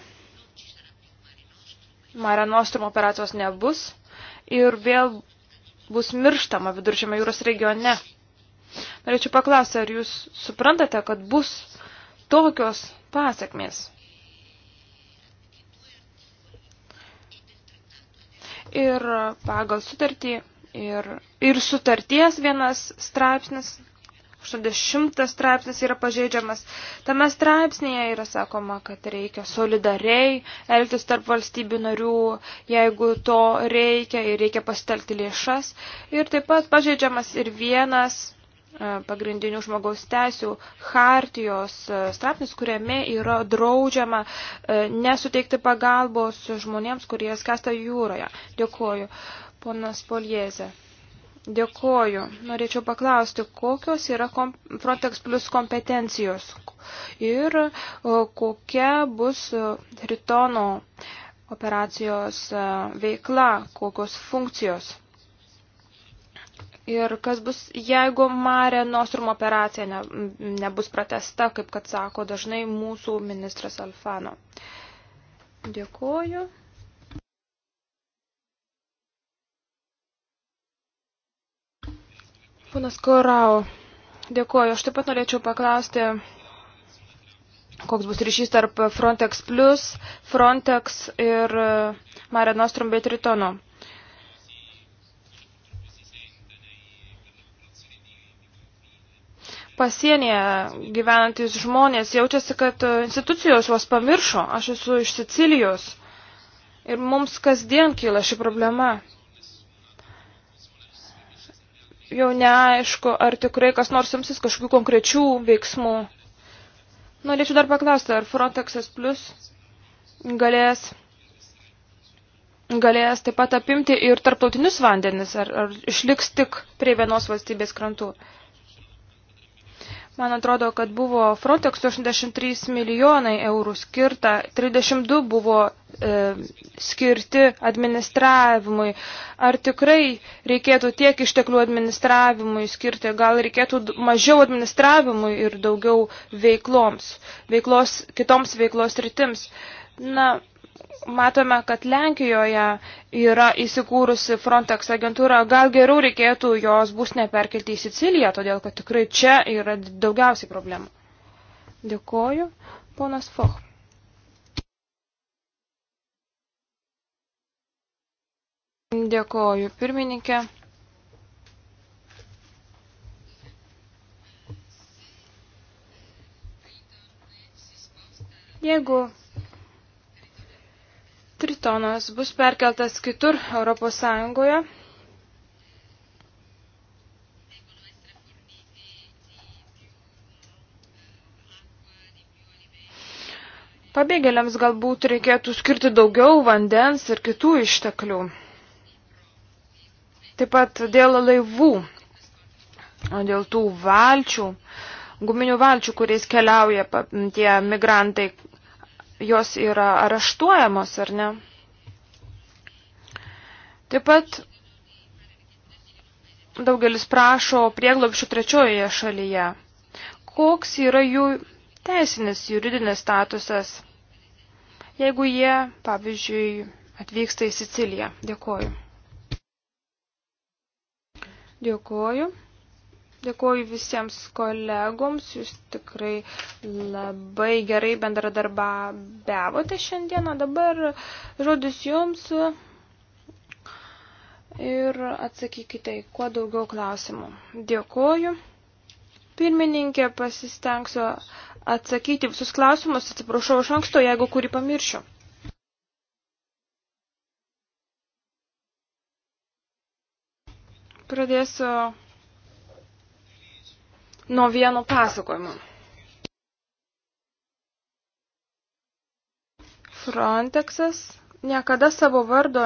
Mare Nostrum operacijos nebus ir vėl bus mirštama viduržėme jūros regione. Norėčiau paklausti, ar jūs suprantate, kad bus tokios pasiekmės? Ir pagal sutartį ir, ir sutarties vienas straipsnis 80 straipsnis yra pažeidžiamas. Tame straipsnėje yra sakoma, kad reikia solidariai elgtis tarp valstybių narių, jeigu to reikia ir reikia pasitelkti lėšas. Ir taip pat pažeidžiamas ir vienas e, pagrindinių žmogaus teisių hartijos e, straipsnis, kuriame yra draudžiama e, nesuteikti pagalbos žmonėms, kurie skęsta jūroje. Dėkuoju, ponas Poliezė. Dėkoju. Norėčiau paklausti, kokios yra Frontex Plus kompetencijos ir kokia bus Tritono operacijos e, veikla, kokios funkcijos. Ir kas bus, jeigu Mare Nostrum operacija ne, nebus pratesta, kaip kad sako dažnai mūsų ministras Alfano. Dėkoju. Ponas Korau, dėkuoju. Aš taip pat norėčiau paklausti, koks bus ryšys tarp Frontex Plus, Frontex ir e, Mare Nostrum bei Tritono. Pasienyje gyvenantis žmonės jaučiasi, kad institucijos juos pamiršo. Aš esu iš Sicilijos ir mums kasdien kyla ši problema jau neaišku, ar tikrai kas nors imsis kažkokių konkrečių veiksmų. Norėčiau dar paklausti, ar Frontexas Plus galės, galės taip pat apimti ir tarptautinius vandenis, ar, ar išliks tik prie vienos valstybės krantų. Uh, Man atrodo, kad buvo Frontex 83 milijonai eurų skirta, 32 buvo e, skirti administravimui. Ar tikrai reikėtų tiek išteklių administravimui skirti, gal reikėtų mažiau administravimui ir daugiau veikloms, veiklos, kitoms veiklos rytims? Na, matome, kad Lenkijoje yra įsikūrusi Frontex agentūra, gal geriau reikėtų jos bus neperkelti į Siciliją, todėl kad tikrai čia yra daugiausiai problemų. Dėkoju, ponas Foch. Dėkoju, pirmininkė. Jeigu Tritonas bus perkeltas kitur Europos Sąjungoje. Pabėgėliams galbūt reikėtų skirti daugiau vandens ir kitų išteklių. Taip pat dėl laivų, dėl tų valčių, guminių valčių, kuriais keliauja tie migrantai, jos yra areštuojamos ar ne. Taip pat daugelis prašo prieglobščių trečiojoje šalyje. Koks yra jų teisinis juridinis statusas, jeigu jie, pavyzdžiui, atvyksta į Siciliją? Dėkoju. Dėkoju. Dėkuoju visiems kolegoms, jūs tikrai labai gerai bendradarbiavote šiandieną. Dabar žodis jums ir atsakykite į kuo daugiau klausimų. Dėkuoju. Pirmininkė, pasistengsiu atsakyti visus klausimus, atsiprašau iš anksto, jeigu kurį pamiršiu. Pradėsiu nuo vieno pasakojimo. Frontexas niekada savo vardo,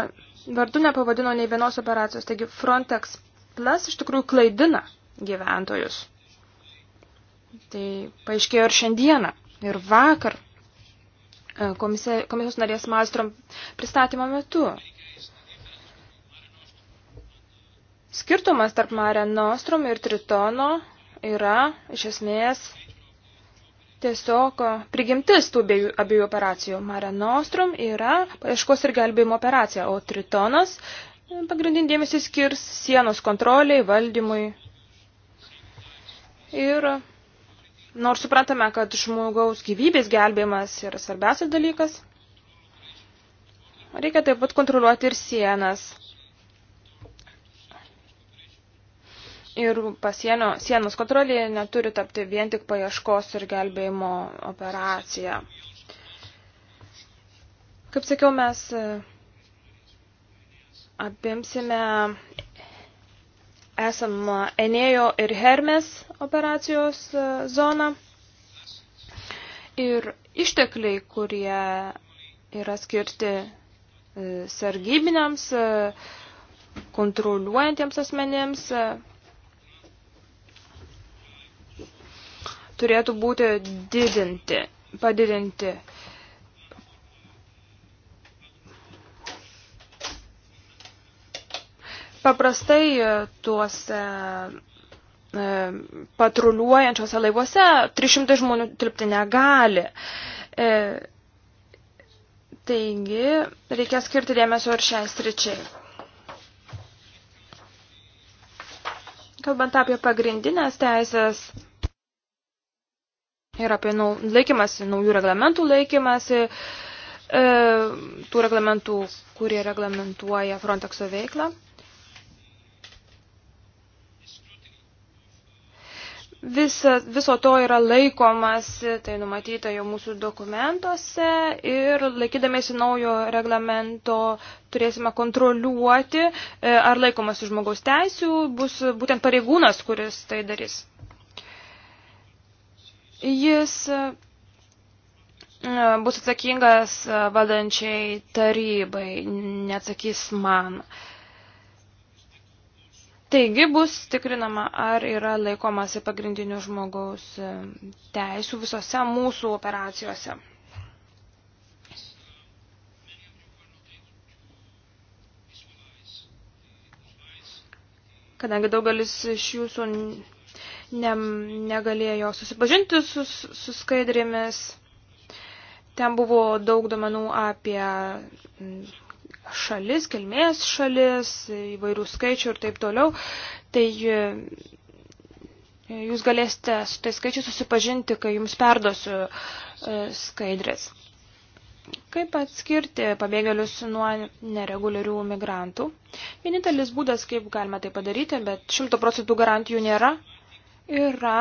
vardu nepavadino nei vienos operacijos, taigi Frontex Plus iš tikrųjų klaidina gyventojus. Tai paaiškėjo ir šiandieną, ir vakar e, komisijos, komisijos narės Malstrom pristatymo metu. Skirtumas tarp Mare Nostrum ir Tritono yra iš esmės tiesiog prigimtis tų abiejų, abiejų operacijų. Mare Nostrum yra paieškos ir gelbėjimo operacija, o Tritonas e, pagrindinį dėmesį skirs sienos kontroliai, valdymui. Ir nors suprantame, kad žmogaus gyvybės gelbėjimas yra svarbiausias dalykas, reikia taip pat kontroliuoti ir sienas. ir pasienio sienos kontrolė neturi tapti vien tik paieškos ir gelbėjimo operacija. Kaip sakiau, mes e, apimsime esamą Enėjo ir Hermes operacijos e, zoną ir ištekliai, kurie yra skirti e, sargybiniams, kontroliuojantiems asmenėms, turėtų būti didinti, padidinti. Paprastai tuose e, patruliuojančiuose laivuose 300 žmonių tilpti negali. E, taigi, reikia skirti dėmesio ir šiai sričiai. Kalbant apie pagrindinės teisės, ir apie nau, laikymasi, naujų reglamentų laikymasi, e, tų reglamentų, kurie reglamentuoja Frontexo veiklą. Visa, viso to yra laikomas, tai numatyta jau mūsų dokumentuose ir laikydamėsi naujo reglamento turėsime kontroliuoti, e, ar laikomasi žmogaus teisių, bus būtent pareigūnas, kuris tai darys. Jis e, bus atsakingas e, valdančiai tarybai, neatsakys man. Taigi bus tikrinama, ar yra laikomasi pagrindinių žmogaus e, teisų visose mūsų operacijose. Kadangi daugelis iš jūsų ne, negalėjo susipažinti su, su skaidrėmis. Ten buvo daug domenų apie mm, šalis, kilmės šalis, įvairių skaičių ir taip toliau. Tai e, jūs galėsite su tai skaičiu susipažinti, kai jums perduosiu e, skaidrės. Kaip atskirti pabėgėlius nuo nereguliarių migrantų? Vienintelis būdas, kaip galima tai padaryti, bet šimto procentų garantijų nėra, yra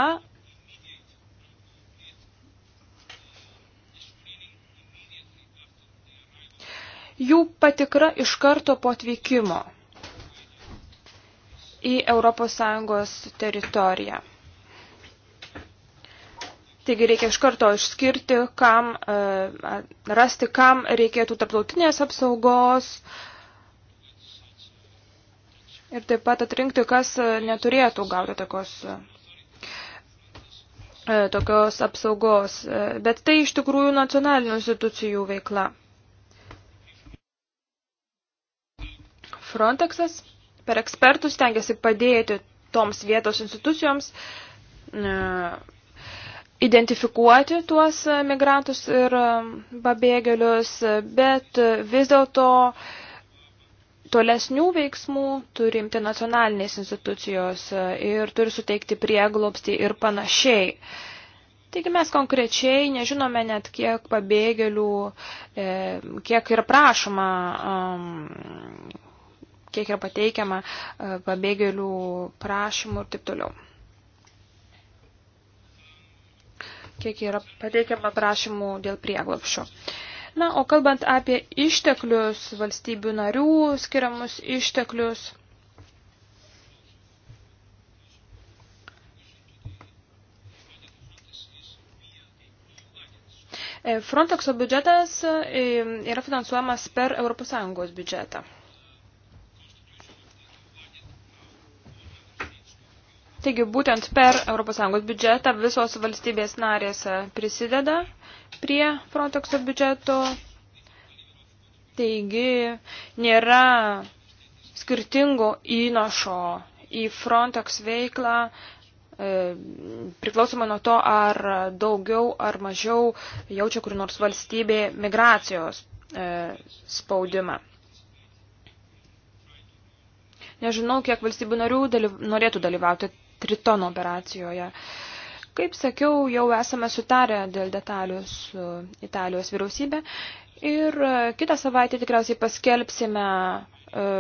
jų patikra iš karto po atvykimo į ES teritoriją. Taigi reikia iš karto išskirti, kam, e, rasti, kam reikėtų tarptautinės apsaugos ir taip pat atrinkti, kas neturėtų gauti tokios E, tokios apsaugos, e, bet tai iš tikrųjų nacionalinių institucijų veikla. Frontexas per ekspertus tengiasi padėti toms vietos institucijoms e, identifikuoti tuos migrantus ir pabėgėlius, bet vis dėlto to tolesnių veiksmų turi imti nacionalinės institucijos e, ir turi suteikti prieglobstį ir panašiai. Taigi mes konkrečiai nežinome net kiek pabėgėlių, e, kiek yra prašoma, kiek yra pateikiama e, pabėgėlių prašymų ir taip toliau. Kiek yra pateikiama prašymų dėl prieglopščio. Na, o kalbant apie išteklius, valstybių narių skiriamus išteklius, e, Frontexo biudžetas e, yra finansuojamas per ES biudžetą. Taigi būtent per ES biudžetą visos valstybės narės e, prisideda prie Frontexo biudžeto. Taigi nėra skirtingo įnašo į Frontex veiklą e, priklausomai nuo to, ar daugiau ar mažiau jaučia kur nors valstybė migracijos e, spaudimą. Nežinau, kiek valstybių narių dalyv norėtų dalyvauti Tritono operacijoje. Uh, Kaip sakiau, jau esame sutarę dėl detalių su Italijos vyriausybė ir e, kitą savaitę tikriausiai paskelbsime e,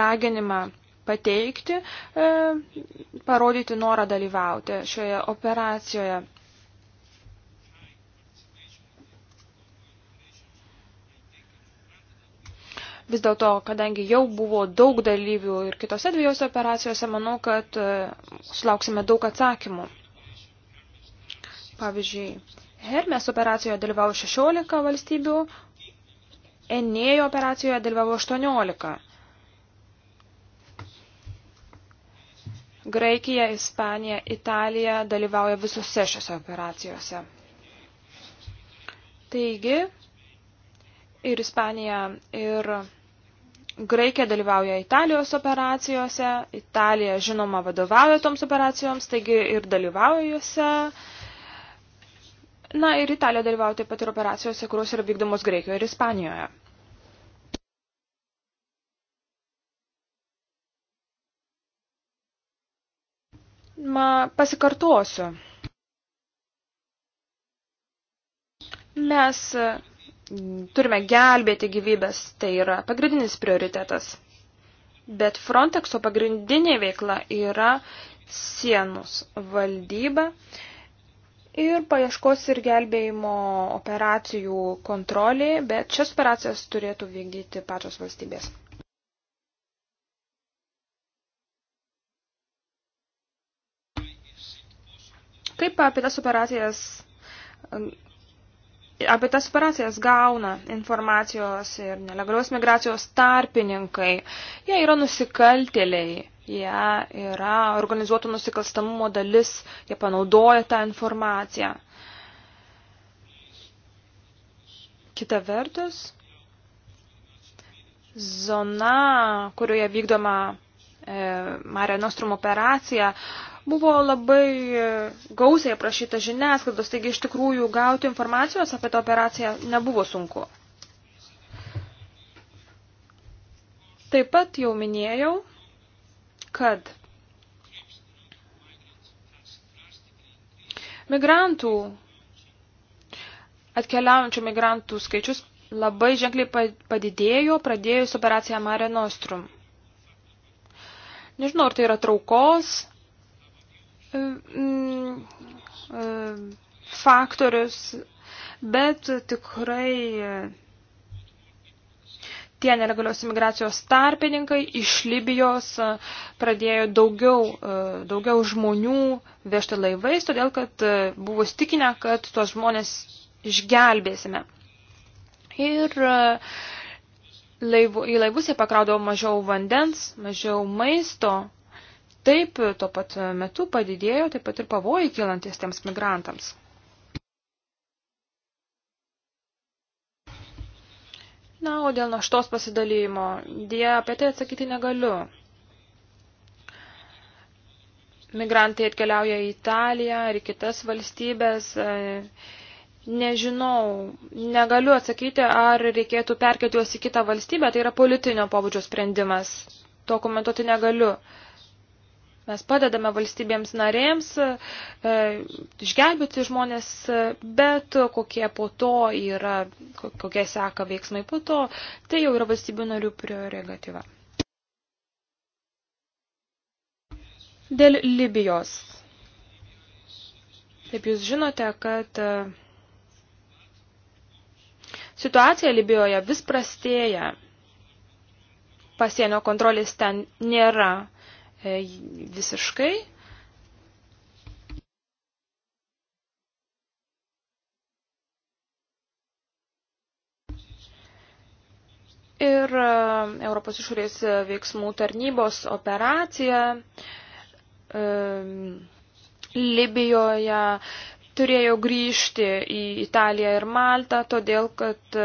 raginimą pateikti, e, parodyti norą dalyvauti šioje operacijoje. Vis dėlto, kadangi jau buvo daug dalyvių ir kitose dviejose operacijose, manau, kad sulauksime daug atsakymų. Pavyzdžiui, Hermes operacijoje dalyvavo 16 valstybių, Enėjo operacijoje dalyvavo 18. Graikija, Ispanija, Italija dalyvauja visose šiose operacijose. Taigi, ir Ispanija, ir Graikija dalyvauja Italijos operacijose, Italija, žinoma, vadovauja toms operacijoms, taigi ir dalyvauja juose Na ir Italija dalyvauja taip pat ir operacijose, kurios yra vykdomos Graikijoje ir Ispanijoje. Ma, pasikartuosiu. Mes e, turime gelbėti gyvybės, tai yra pagrindinis prioritetas. Bet Frontexo pagrindinė veikla yra sienus valdyba, uh, ir paieškos ir gelbėjimo operacijų kontrolė, bet šias operacijas turėtų vykdyti pačios valstybės. Kaip apie tas operacijas, apie tas operacijas gauna informacijos ir nelegalios migracijos tarpininkai? Jie yra nusikaltėliai jie yra organizuoto nusikalstamumo dalis, jie panaudoja tą informaciją. Kita vertus, zona, kurioje vykdoma e, Mare Nostrum operacija, buvo labai e, gausiai aprašyta žiniasklaidos, taigi iš tikrųjų gauti informacijos apie tą operaciją nebuvo sunku. Taip pat jau minėjau, kad migrantų, atkeliaujančių migrantų skaičius labai ženkliai padidėjo pradėjus operaciją Mare Nostrum. Nežinau, ar tai yra traukos e, e, faktorius, bet tikrai tie nelegalios imigracijos tarpininkai iš Libijos e, pradėjo daugiau, e, daugiau žmonių vežti laivais, todėl kad e, buvo stikinę, kad tuos žmonės išgelbėsime. Ir laivu, į laivus jie pakraudavo mažiau vandens, mažiau maisto. Taip, tuo pat metu padidėjo taip pat ir pavojai kylantis tiems migrantams. Na, o dėl naštos pasidalymo, dėja, apie tai atsakyti negaliu. Migrantai atkeliauja į Italiją ir kitas valstybės. E, nežinau, negaliu atsakyti, ar reikėtų perkelti juos į kitą valstybę, tai yra politinio pobūdžio sprendimas. To komentuoti negaliu. Mes padedame valstybėms narėms e, išgelbėti žmonės, e, bet kokie po to yra, kokie seka veiksmai po to, tai jau yra valstybių narių prerogatyva. Dėl Libijos. Taip jūs žinote, kad e, situacija Libijoje vis prastėja. Pasienio kontrolės ten nėra. E, visiškai. Ir e, Europos išorės veiksmų tarnybos operacija e, Libijoje turėjo grįžti į Italiją ir Maltą, todėl kad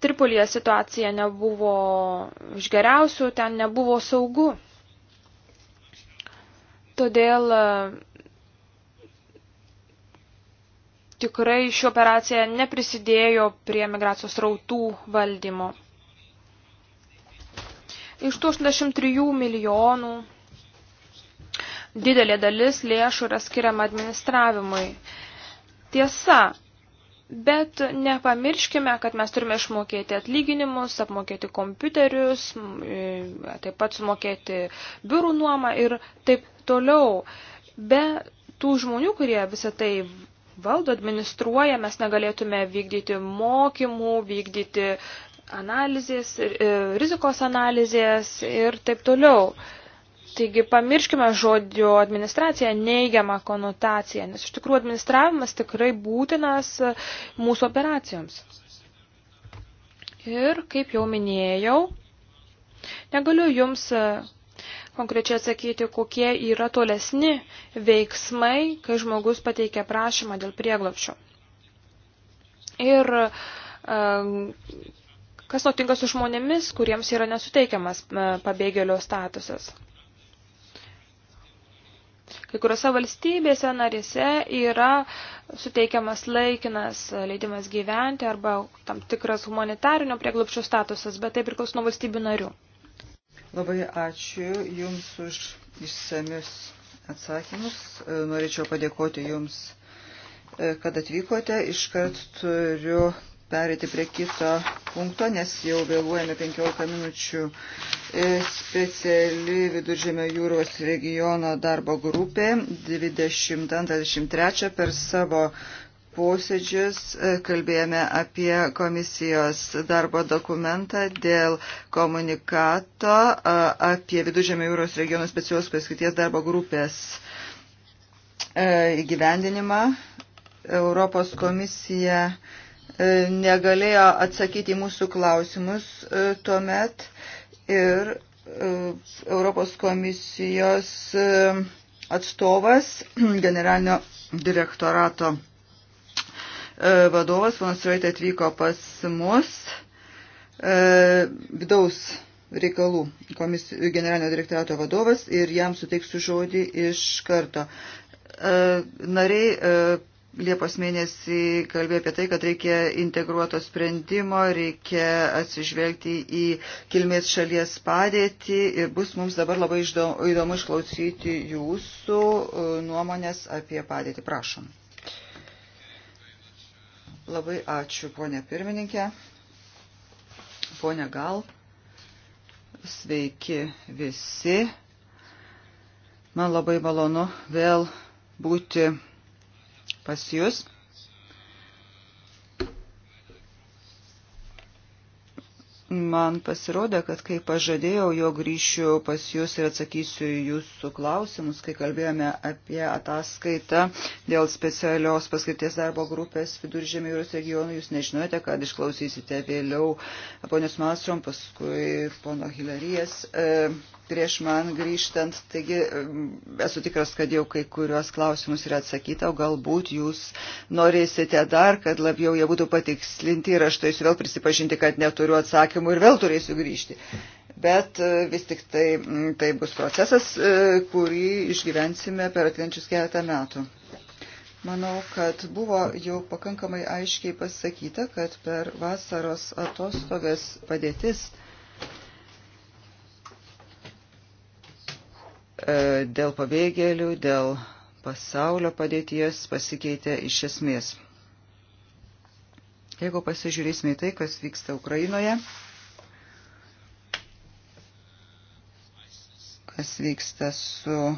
Tripolyje situacija nebuvo iš geriausių, ten nebuvo saugu. Todėl e, tikrai ši operacija neprisidėjo prie migracijos rautų valdymo. Iš 83 milijonų didelė dalis lėšų yra skiriama administravimui. Tiesa, bet nepamirškime, kad mes turime išmokėti atlyginimus, apmokėti kompiuterius, e, taip pat sumokėti biurų nuomą ir taip toliau. Be tų žmonių, kurie visą tai valdo, administruoja, mes negalėtume vykdyti mokymų, vykdyti analizės, e, rizikos analizės ir taip toliau. Taigi pamirškime žodžio administraciją neigiamą konotaciją, nes iš tikrųjų administravimas tikrai būtinas mūsų operacijoms. Ir kaip jau minėjau, negaliu jums konkrečiai atsakyti, kokie yra tolesni veiksmai, kai žmogus pateikia prašymą dėl prieglopščio. Ir kas nutinka su žmonėmis, kuriems yra nesuteikiamas e, pabėgėlio statusas. Kai kuriuose valstybėse narėse yra suteikiamas laikinas leidimas gyventi arba tam tikras humanitarinio prieglupščio statusas, bet tai priklauso nuo valstybių narių. Labai ačiū Jums už išsamius atsakymus. Norėčiau padėkoti Jums, e, kad atvykote. Iškart turiu perėti prie kito punkto, nes jau vėluojame 15 minučių. E, speciali Viduržėmio jūros regiono darbo grupė 22-23 per savo posėdžius e, kalbėjome apie komisijos darbo dokumentą dėl komunikato e, apie Vidužėmio jūros regionų specialios paskirties darbo grupės e, įgyvendinimą. Europos komisija negalėjo atsakyti į mūsų klausimus tuomet ir Europos komisijos atstovas generalinio direktorato E, vadovas, ponas Raitė atvyko pas mus e, vidaus reikalų komisijų generalinio direktorato vadovas ir jam suteiksiu žodį iš karto. E, nariai Liepos mėnesį kalbėjo apie tai, kad reikia integruoto sprendimo, reikia atsižvelgti į kilmės šalies padėtį ir bus mums dabar labai įdomu išklausyti jūsų nuomonės apie padėtį. Prašom. Labai ačiū, ponė pirmininkė. Ponė Gal, sveiki visi. Man labai malonu vėl būti pas jūs. Man pasirodė, kad kai pažadėjau, jo grįšiu pas jūs ir atsakysiu jūsų klausimus, kai kalbėjome apie ataskaitą dėl specialios paskirties darbo grupės viduržėmio jūros regionų, jūs nežinote, kad išklausysite vėliau ponios Mastrom, paskui pono Hilarijas. E, prieš man grįžtant. Taigi esu tikras, kad jau kai kuriuos klausimus yra atsakyta, o galbūt jūs norėsite dar, kad labiau jie būtų patikslinti ir aš turėsiu vėl prisipažinti, kad neturiu atsakymų ir vėl turėsiu grįžti. Bet e, vis tik tai, tai bus procesas, e, kurį išgyvensime per atvenčius keletą metų. Manau, kad buvo jau pakankamai aiškiai pasakyta, kad per vasaros atostogas padėtis E, dėl pabėgėlių, dėl pasaulio padėties pasikeitė iš esmės. Jeigu pasižiūrėsime į tai, kas vyksta Ukrainoje, kas vyksta su uh,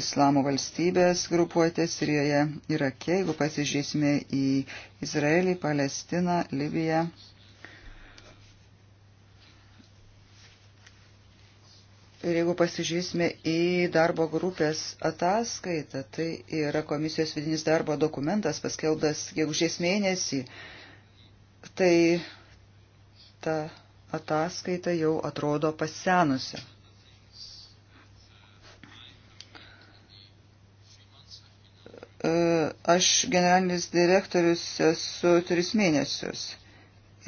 islamo valstybės grupuotė Sirijoje, Irake, jeigu pasižiūrėsime į Izraelį, Palestiną, Libiją, uh, Ir jeigu pasižiūrėsime į darbo grupės ataskaitą, tai yra komisijos vidinis darbo dokumentas paskelbtas gegužės mėnesį, tai ta ataskaita jau atrodo pasenusi. E, aš generalinis direktorius esu tris mėnesius.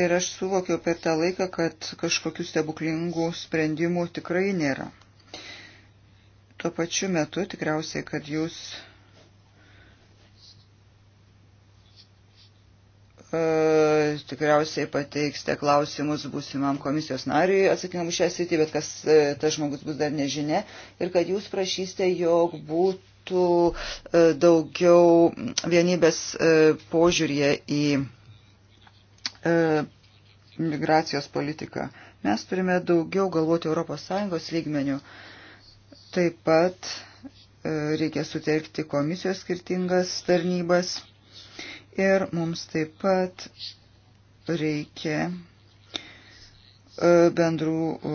Ir aš suvokiau per tą laiką, kad kažkokių stebuklingų sprendimų tikrai nėra. Tuo pačiu metu tikriausiai, kad jūs e, tikriausiai pateiksite klausimus būsimam komisijos nariui atsakingam už šią sritį, bet kas e, tas žmogus bus dar nežinia, ir kad jūs prašysite, jog būtų e, daugiau vienybės e, požiūrė į e, migracijos politiką. Mes turime daugiau galvoti ES lygmenių. Taip pat e, reikia sutelkti komisijos skirtingas tarnybas ir mums taip pat reikia e, bendrų e,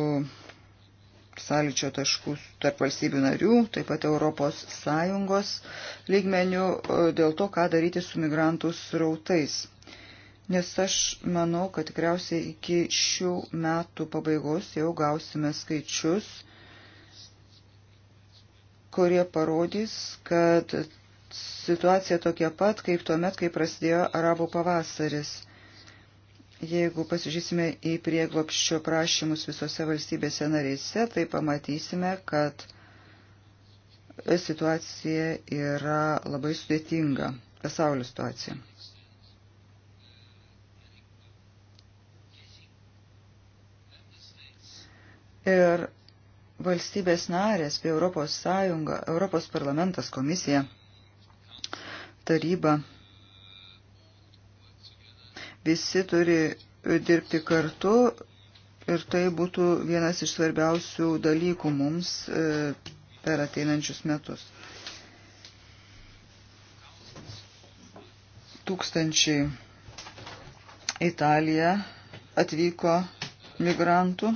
sąlyčio taškų tarp valstybių narių, taip pat Europos Sąjungos lygmenių e, dėl to, ką daryti su migrantų srautais nes aš manau, kad tikriausiai iki šių metų pabaigos jau gausime skaičius, kurie parodys, kad situacija tokia pat, kaip tuo met, kai prasidėjo arabų pavasaris. Jeigu pasižiūrėsime į prieglopščio prašymus visose valstybėse narėse, tai pamatysime, kad situacija yra labai sudėtinga, pasaulio situacija. Ir valstybės narės bei Europos Sąjunga, Europos parlamentas, komisija, taryba, visi turi dirbti kartu ir tai būtų vienas iš svarbiausių dalykų mums e, per ateinančius metus. Tūkstančiai Italija atvyko migrantų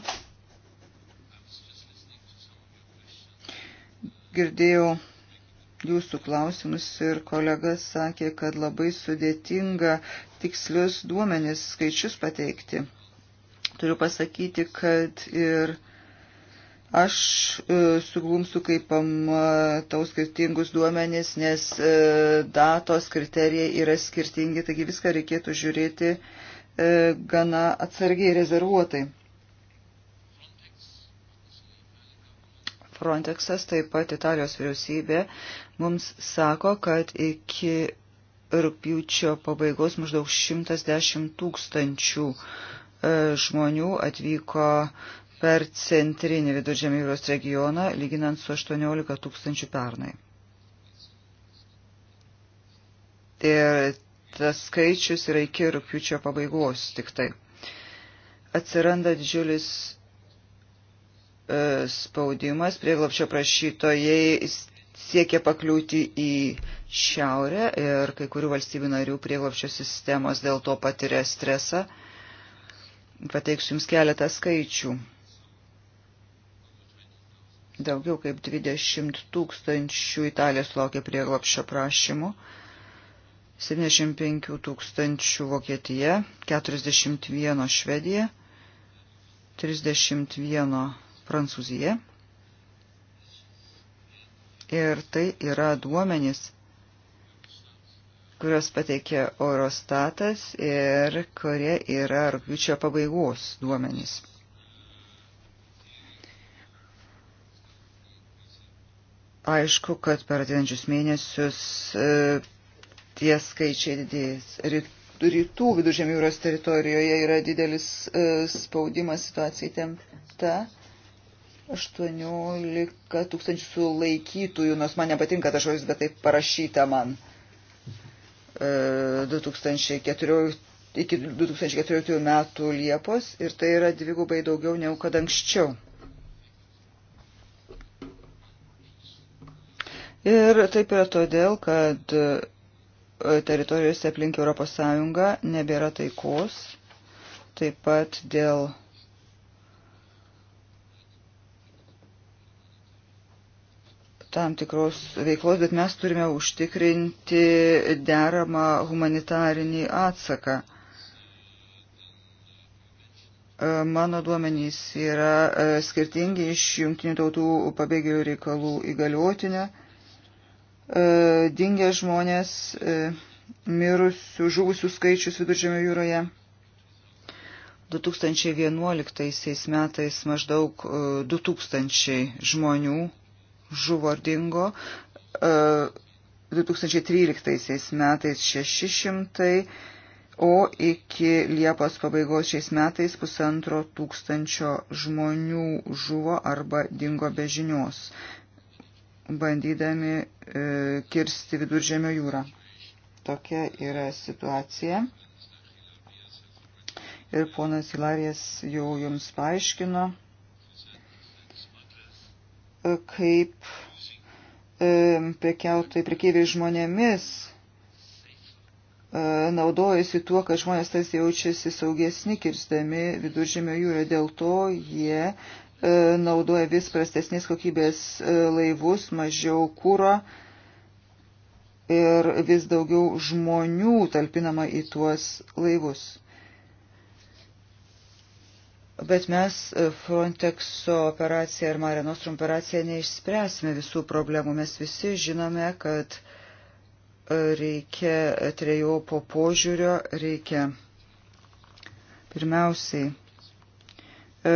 Girdėjau jūsų klausimus ir kolega sakė, kad labai sudėtinga tikslius duomenis skaičius pateikti. Turiu pasakyti, kad ir aš e, suglumsiu, kai pamatau skirtingus duomenis, nes e, datos kriterijai yra skirtingi, taigi viską reikėtų žiūrėti e, gana atsargiai rezervuotai. Frontexas, taip pat Italijos vyriausybė mums sako, kad iki rūpjūčio pabaigos maždaug 110 tūkstančių e, žmonių atvyko per centrinį viduržėmį jūros regioną, lyginant su 18 tūkstančių pernai. Ir tas skaičius yra iki rūpiučio pabaigos tik tai. Atsiranda didžiulis E, spaudimas. Prieglapšio prašytojai siekia pakliūti į šiaurę ir kai kurių valstybių narių prieglapšio sistemos dėl to patiria stresą. Pateiksiu Jums keletą skaičių. Daugiau kaip 20 tūkstančių Italijos laukia prieglapšio prašymų. 75 tūkstančių Vokietija, 41 Švedija, 31 Prancūzija. Ir tai yra duomenys, kurios pateikė Eurostatas ir kurie yra rūpiučio pabaigos duomenys. Aišku, kad per ateinančius mėnesius e, tie skaičiai didės. Ryt, rytų viduržėmių jūros teritorijoje yra didelis e, spaudimas situacijai tempta. 18 tūkstančių sulaikytųjų, nors man nepatinka tas žodis, bet taip parašyta man. 2014, e, iki 2014 metų Liepos ir tai yra dvigubai daugiau negu kad anksčiau. Ir taip yra todėl, kad e, teritorijose aplink ES nebėra taikos, taip pat dėl tam tikros veiklos, bet mes turime užtikrinti deramą humanitarinį atsaką. E, mano duomenys yra e, skirtingi iš Junktinių tautų pabėgėlių reikalų įgaliotinę. E, dingę žmonės, mirusių, žuvusių skaičius viduržėmio jūroje. 2011 metais maždaug 2000 žmonių žuvo ar dingo. 2013 e, metais 600, o iki Liepos pabaigos šiais metais pusantro tūkstančio žmonių žuvo arba dingo be žinios, bandydami e, kirsti viduržėmio jūrą. Tokia yra situacija ir ponas Hilarijas jau jums paaiškino kaip e, prekiautojai, prekeiviai žmonėmis e, naudojasi tuo, kad žmonės tas jaučiasi saugesni kirstami viduržėmio jūroje. Dėl to jie e, naudoja vis prastesnės kokybės laivus, mažiau kūro ir vis daugiau žmonių talpinama į tuos laivus. Bet mes e, Frontexo operaciją ir Mare Nostrum operaciją neišspręsime visų problemų. Mes visi žinome, kad e, reikia trejopo požiūrio, reikia pirmiausiai e,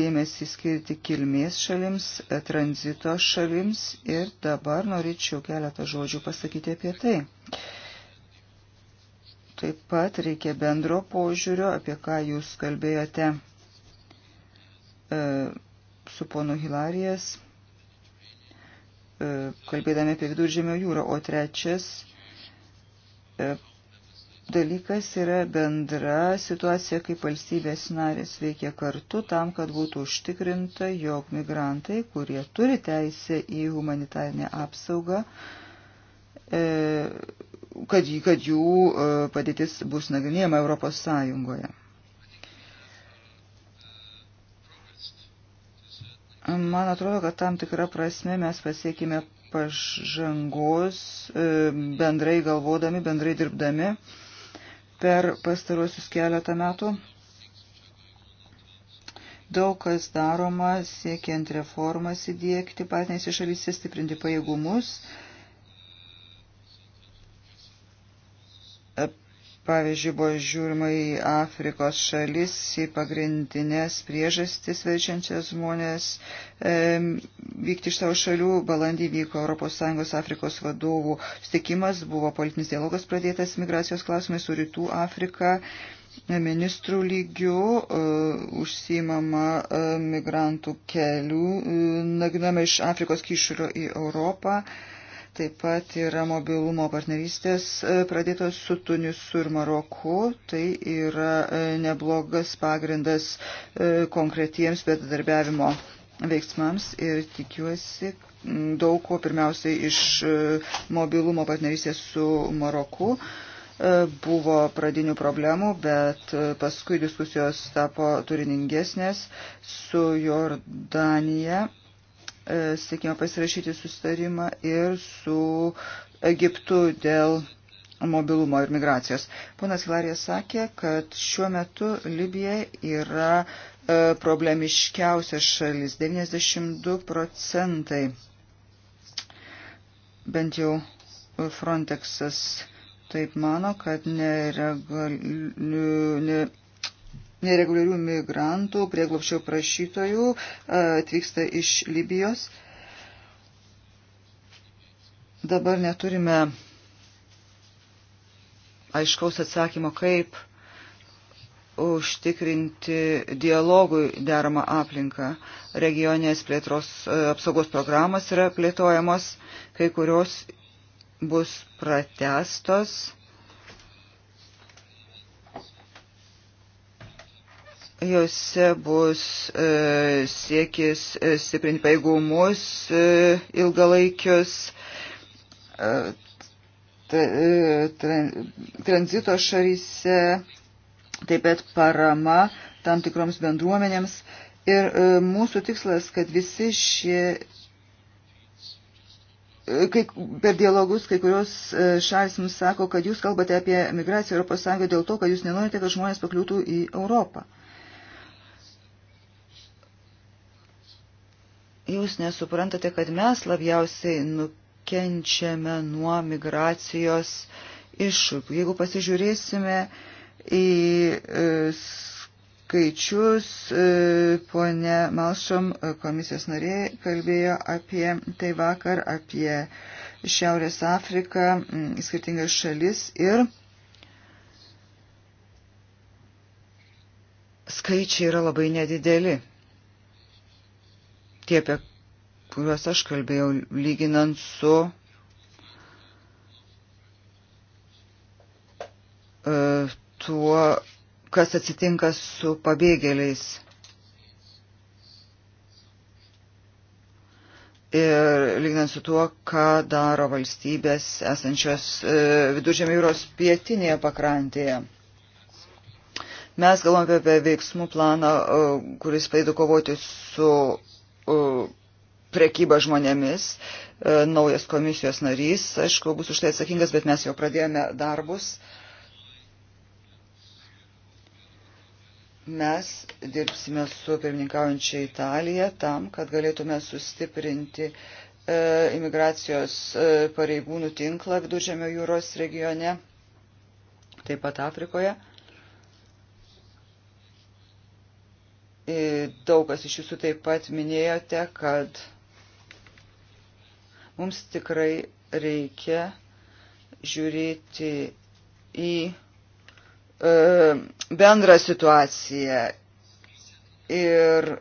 dėmesį skirti kilmės šalims, tranzito šalims ir dabar norėčiau keletą žodžių pasakyti apie tai. Taip pat reikia bendro požiūrio, apie ką jūs kalbėjote e, su ponu Hilarijas, e, kalbėdami apie viduržėmio jūrą. O trečias e, dalykas yra bendra situacija, kaip valstybės narės veikia kartu tam, kad būtų užtikrinta, jog migrantai, kurie turi teisę į humanitarnę apsaugą, e, kad, kad jų e, padėtis bus nagrinėjama Europos Sąjungoje. Man atrodo, kad tam tikrą prasme mes pasiekime pažangos e, bendrai galvodami, bendrai dirbdami per pastaruosius keletą metų. Daug kas daroma siekiant reformas įdėkti partnėse šalyse, stiprinti pajėgumus, uh, Pavyzdžiui, buvo žiūrima į Afrikos šalis, į pagrindinės priežastis verčiančias žmonės e, vykti iš savo šalių. Balandį vyko ES Afrikos vadovų stikimas, buvo politinis dialogas pradėtas migracijos klausimais su Rytų Afrika. Ministrų lygių e, užsimama e, migrantų kelių, e, nagrinama iš Afrikos kyšulio į Europą. E, Taip pat yra mobilumo partnerystės e, pradėtos su Tunisu ir Maroku. Tai yra e, neblogas pagrindas e, konkretiems bendradarbiavimo veiksmams ir tikiuosi daug ko pirmiausiai iš mobilumo partnerystės su Maroku buvo pradinių problemų, bet paskui diskusijos tapo turiningesnės su Jordanija E, siekime pasirašyti sustarimą ir su Egiptu dėl mobilumo ir migracijos. Ponas Hilarija sakė, kad šiuo metu Libija yra e, problemiškiausia šalis - 92 procentai. Bent jau Frontexas taip mano, kad neregal, ne, nereguliarių migrantų, prieglopščio prašytojų e, atvyksta iš Libijos. Dabar neturime aiškaus atsakymo, kaip užtikrinti dialogui deramą aplinką. Regionės plėtros e, apsaugos programas yra plėtojamos, kai kurios bus pratestos Jose bus e, siekis e, stiprinti paėgumus e, ilgalaikius e, e tranzito šalyse, taip pat parama tam tikroms bendruomenėms. Ir e, mūsų tikslas, kad visi šie e, kai, per dialogus kai kurios šalis mums sako, kad jūs kalbate apie migraciją Europos Sąjungoje dėl to, kad jūs nenorite, kad žmonės pakliūtų į Europą. Jūs nesuprantate, kad mes labiausiai nukenčiame nuo migracijos iššūkių. Jeigu pasižiūrėsime į e, skaičius, e, ponė Malšom e, komisijos narė kalbėjo apie tai vakar, apie Šiaurės Afriką, skirtingas šalis ir skaičiai yra labai nedideli tie, apie kuriuos aš kalbėjau, lyginant su uh, tuo, kas atsitinka su pabėgėliais. ir lygnant su tuo, ką daro valstybės esančios e, viduržėmio jūros pietinėje pakrantėje. Mes galvome apie veiksmų planą, e, kuris paėdų kovoti su prekyba žmonėmis. E, naujas komisijos narys, aišku, bus už tai atsakingas, bet mes jau pradėjome darbus. Mes dirbsime su pirmininkaujančia Italija tam, kad galėtume sustiprinti e, imigracijos e, pareigūnų tinklą Viduržėmio jūros regione, taip pat Afrikoje. E, daug kas iš jūsų taip pat minėjote, kad mums tikrai reikia žiūrėti į e, bendrą situaciją ir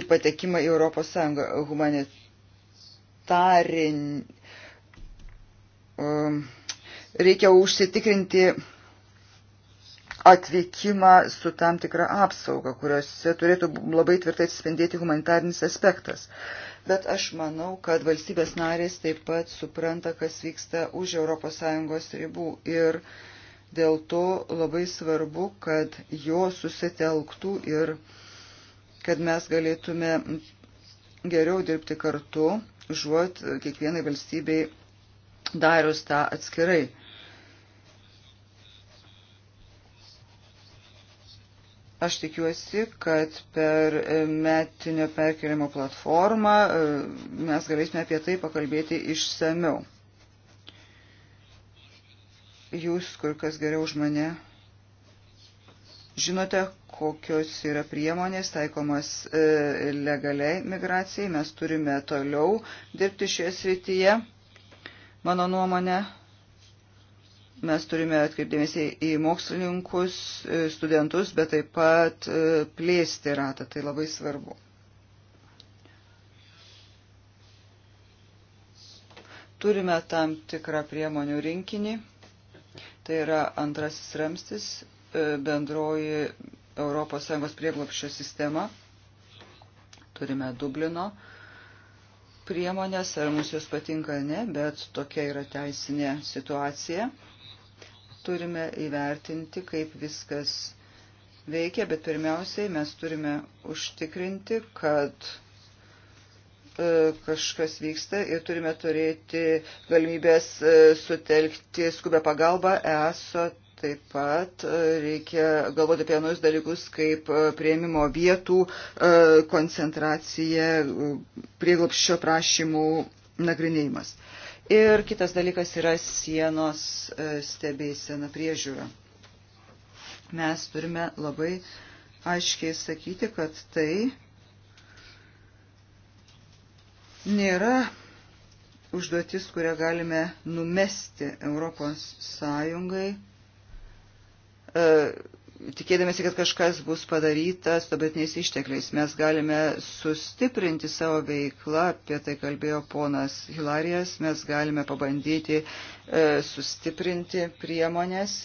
į patekimą į Europos Sąjungą humanitarin. E, reikia užsitikrinti atvykimą su tam tikra apsauga, kuriuose turėtų labai tvirtai atsispindėti humanitarinis aspektas. Bet aš manau, kad valstybės narės taip pat supranta, kas vyksta už ES ribų ir dėl to labai svarbu, kad jo susitelktų ir kad mes galėtume geriau dirbti kartu, žuot kiekvienai valstybei darius tą atskirai. Aš tikiuosi, kad per metinio perkeliamo platformą e, mes galėsime apie tai pakalbėti išsameu. Jūs kur kas geriau už mane žinote, kokios yra priemonės taikomas e, legaliai migracijai. Mes turime toliau dirbti šioje srityje, mano nuomonė Mes turime atkreipdėmėsi į mokslininkus, e, studentus, bet taip pat e, plėsti ratą. Tai labai svarbu. Turime tam tikrą priemonių rinkinį. Tai yra antrasis ramstis e, bendroji ES prieglopščio sistema. Turime Dublino priemonės, ar mums jos patinka ne, bet tokia yra teisinė situacija turime įvertinti, kaip viskas veikia, bet pirmiausiai mes turime užtikrinti, kad e, kažkas vyksta ir turime turėti galimybės e, sutelkti skubę pagalbą ESO. Taip pat e, reikia galvoti apie vienus dalykus, kaip prieimimo vietų koncentracija, prieglopščio prašymų nagrinėjimas. Ir kitas dalykas yra sienos e, stebėsena priežiūra. Mes turime labai aiškiai sakyti, kad tai nėra užduotis, kurią galime numesti Europos Sąjungai e, tikėdamėsi, kad kažkas bus padaryta su dabartiniais ištekliais. Mes galime sustiprinti savo veiklą, apie tai kalbėjo ponas Hilarijas, mes galime pabandyti e, sustiprinti priemonės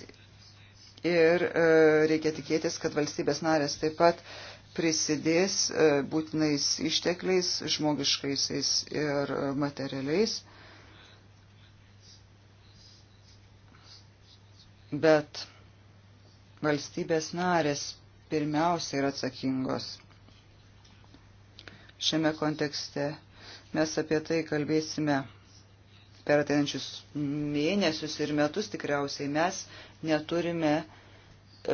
ir e, reikia tikėtis, kad valstybės narės taip pat prisidės e, būtinais ištekliais, žmogiškaisiais ir materialiais. Bet Valstybės narės pirmiausia yra atsakingos. Šiame kontekste mes apie tai kalbėsime per ateinančius mėnesius ir metus tikriausiai. Mes neturime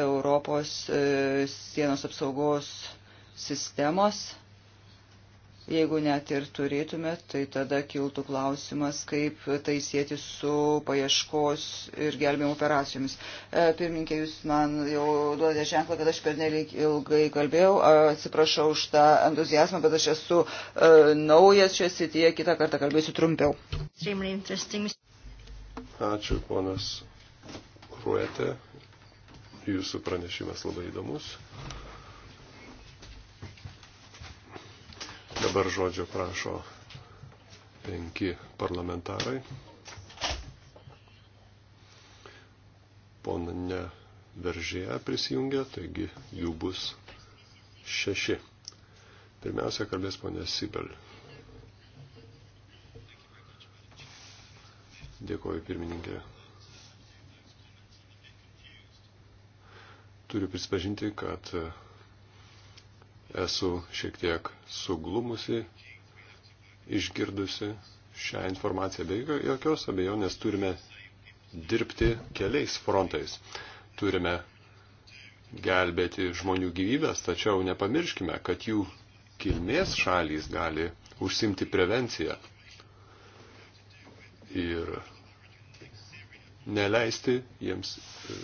Europos e, sienos apsaugos sistemos Jeigu net ir turėtume, tai tada kiltų klausimas, kaip tai sėti su paieškos ir gelbėjimo operacijomis. E, Pirminkė, jūs man jau duodate ženklą, kad aš pernelyg ilgai kalbėjau. Atsiprašau už tą entuzijasmą, bet aš esu e, naujas šią srityje, kitą kartą kalbėsiu trumpiau. Ačiū, ponas Kruetė. Jūsų pranešimas labai įdomus. Dabar žodžio prašo penki parlamentarai. Ponne Veržėje prisijungia, taigi jų bus šeši. Pirmiausia, kalbės ponė Sibel. Dėkoju pirmininkė. Turiu prispažinti, kad Esu šiek tiek suglumusi, išgirdusi šią informaciją. Be jokios abejonės turime dirbti keliais frontais. Turime gelbėti žmonių gyvybės, tačiau nepamirškime, kad jų kilmės šalys gali užsimti prevenciją ir neleisti jiems e,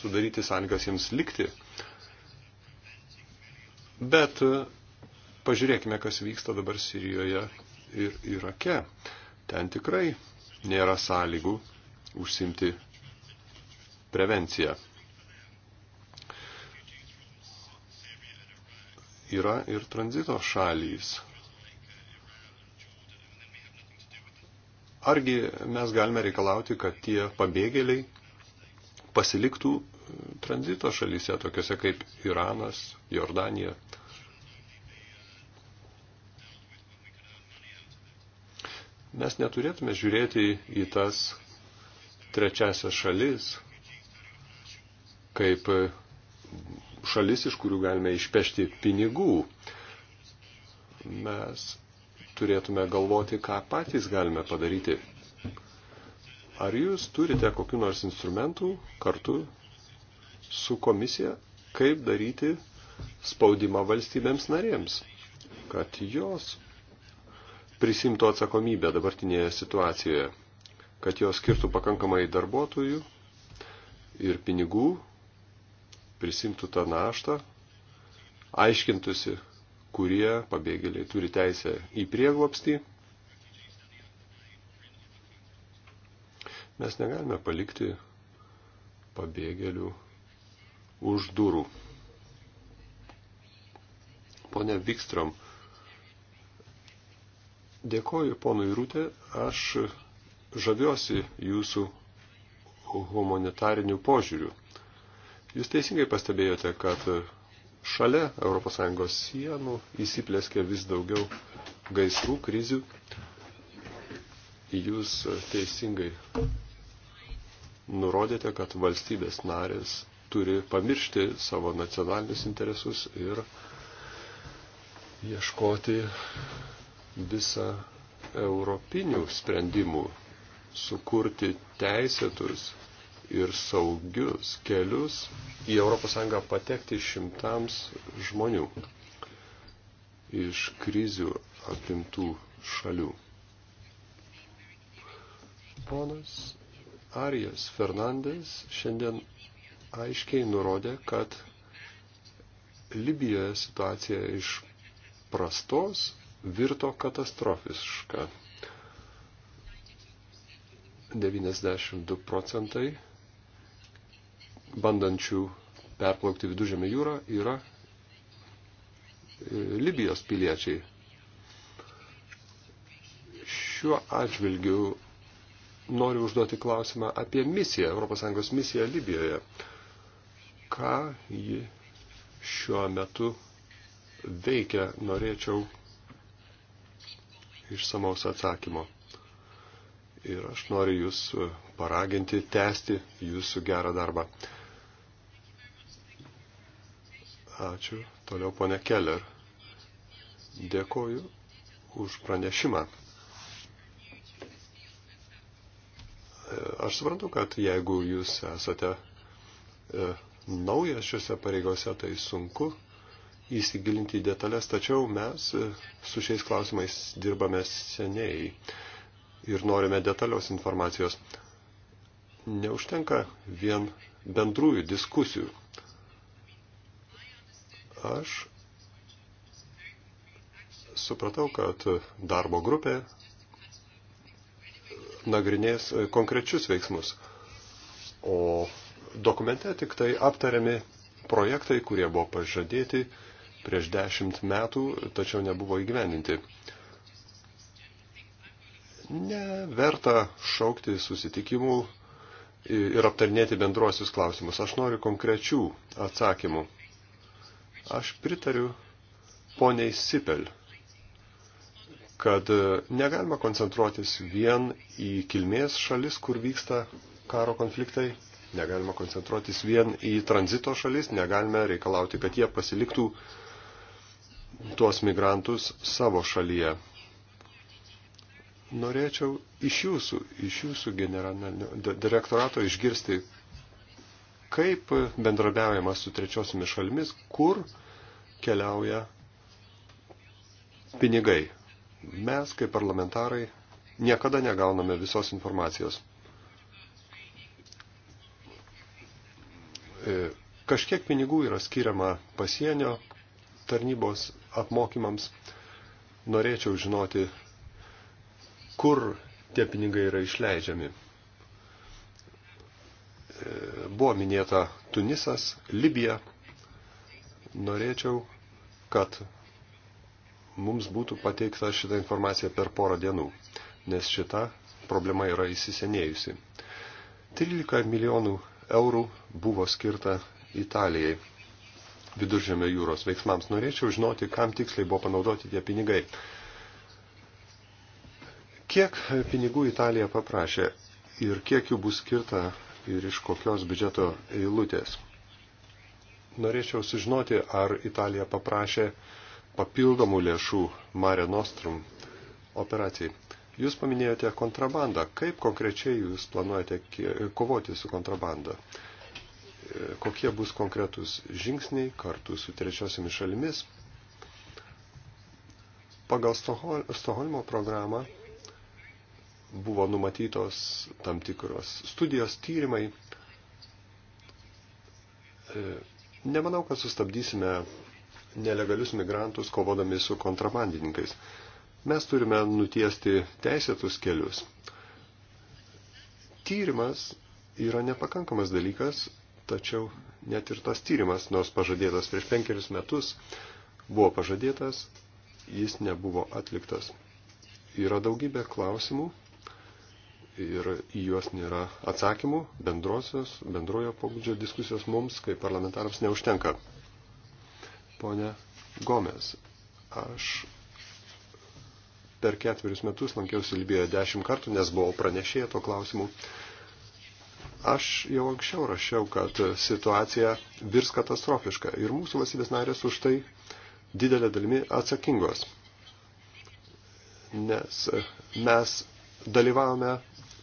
sudaryti sąlygas jiems likti Bet pažiūrėkime, kas vyksta dabar Sirijoje ir Irake. Ten tikrai nėra sąlygų užsimti prevenciją. Yra ir tranzito šalys. Argi mes galime reikalauti, kad tie pabėgėliai pasiliktų tranzito šalyse, tokiuose kaip Iranas, Jordanija. Mes neturėtume žiūrėti į tas trečiasias šalis kaip šalis, iš kurių galime išpešti pinigų. Mes turėtume galvoti, ką patys galime padaryti. Ar jūs turite kokiu nors instrumentų kartu su komisija, kaip daryti spaudimą valstybėms narėms, kad jos prisimtų atsakomybę dabartinėje situacijoje, kad jos skirtų pakankamai darbuotojų ir pinigų, prisimtų tą naštą, aiškintusi, kurie pabėgėliai turi teisę į prieglopstį. Mes negalime palikti pabėgėlių už durų. Pone Vikstrom, dėkoju ponui Rūtė, aš žaviuosi jūsų humanitariniu požiūriu. Jūs teisingai pastebėjote, kad šalia ES sienų įsiplėskė vis daugiau gaisrų, krizių. Jūs teisingai nurodėte, kad valstybės narės turi pamiršti savo nacionalinius interesus ir ieškoti visą europinių sprendimų, sukurti teisėtus ir saugius kelius į ES patekti šimtams žmonių iš krizių apimtų šalių. Ponas Arijas Fernandes šiandien aiškiai nurodė, kad Libijoje situacija iš prastos virto katastrofiška. 92 procentai bandančių perplaukti viduržėmę jūrą yra Libijos piliečiai. Šiuo atžvilgiu noriu užduoti klausimą apie misiją, ES misiją Libijoje ką ji šiuo metu veikia, norėčiau išsamaus atsakymo. Ir aš noriu Jūs paraginti, tęsti Jūsų gerą darbą. Ačiū. Toliau ponė Keller. Dėkoju už pranešimą. Aš suprantu, kad jeigu Jūs esate e, naujas šiuose pareigose, tai sunku įsigilinti į detalės, tačiau mes e, su šiais klausimais dirbame seniai ir norime detalios informacijos. Neužtenka vien bendrųjų diskusijų. Aš supratau, kad darbo grupė nagrinės konkrečius veiksmus, o Dokumente tik tai aptariami projektai, kurie buvo pažadėti prieš dešimt metų, tačiau nebuvo įgyveninti. Neverta šaukti susitikimų ir aptarnėti bendruosius klausimus. Aš noriu konkrečių atsakymų. Aš pritariu poniai Sipel, kad e, negalima koncentruotis vien į kilmės šalis, kur vyksta karo konfliktai, Negalima koncentruotis vien į tranzito šalis, negalime reikalauti, kad jie pasiliktų tuos migrantus savo šalyje. Norėčiau iš jūsų, iš jūsų generalinio direktorato išgirsti, kaip bendrabiaujama su trečiosiomis šalimis, kur keliauja pinigai. Mes, kaip parlamentarai, niekada negauname visos informacijos. E, kažkiek pinigų yra skiriama pasienio tarnybos apmokymams. Norėčiau žinoti, kur tie pinigai yra išleidžiami. E, buvo minėta Tunisas, Libija. Norėčiau, kad mums būtų pateikta šitą informaciją per porą dienų, nes šita problema yra įsisenėjusi. 13 milijonų eurų buvo skirta Italijai viduržėmio jūros veiksmams. Norėčiau žinoti, kam tiksliai buvo panaudoti tie pinigai. Kiek pinigų Italija paprašė ir kiek jų bus skirta ir iš kokios biudžeto eilutės? Norėčiau sužinoti, ar Italija paprašė papildomų lėšų Mare Nostrum operacijai. Jūs paminėjote kontrabandą. Kaip konkrečiai jūs planuojate kovoti su kontrabanda? E, kokie bus konkretus žingsniai kartu su trečiosiamis šalimis? Pagal Stoholmo programą buvo numatytos tam tikros studijos tyrimai. E, nemanau, kad sustabdysime nelegalius migrantus kovodami su kontrabandininkais. Mes turime nutiesti teisėtus kelius. Tyrimas yra nepakankamas dalykas, tačiau net ir tas tyrimas, nors pažadėtas prieš penkerius metus, buvo pažadėtas, jis nebuvo atliktas. Yra daugybė klausimų ir į juos nėra atsakymų, bendrosios, bendrojo pobūdžio diskusijos mums, kaip parlamentarams, neužtenka. Pone Gomes, aš per ketverius metus lankiausi Libijoje dešimt kartų, nes buvau pranešėję to klausimu. Aš jau anksčiau rašiau, kad situacija virs katastrofiška ir mūsų valstybės narės už tai didelė dalimi atsakingos. Nes mes dalyvavome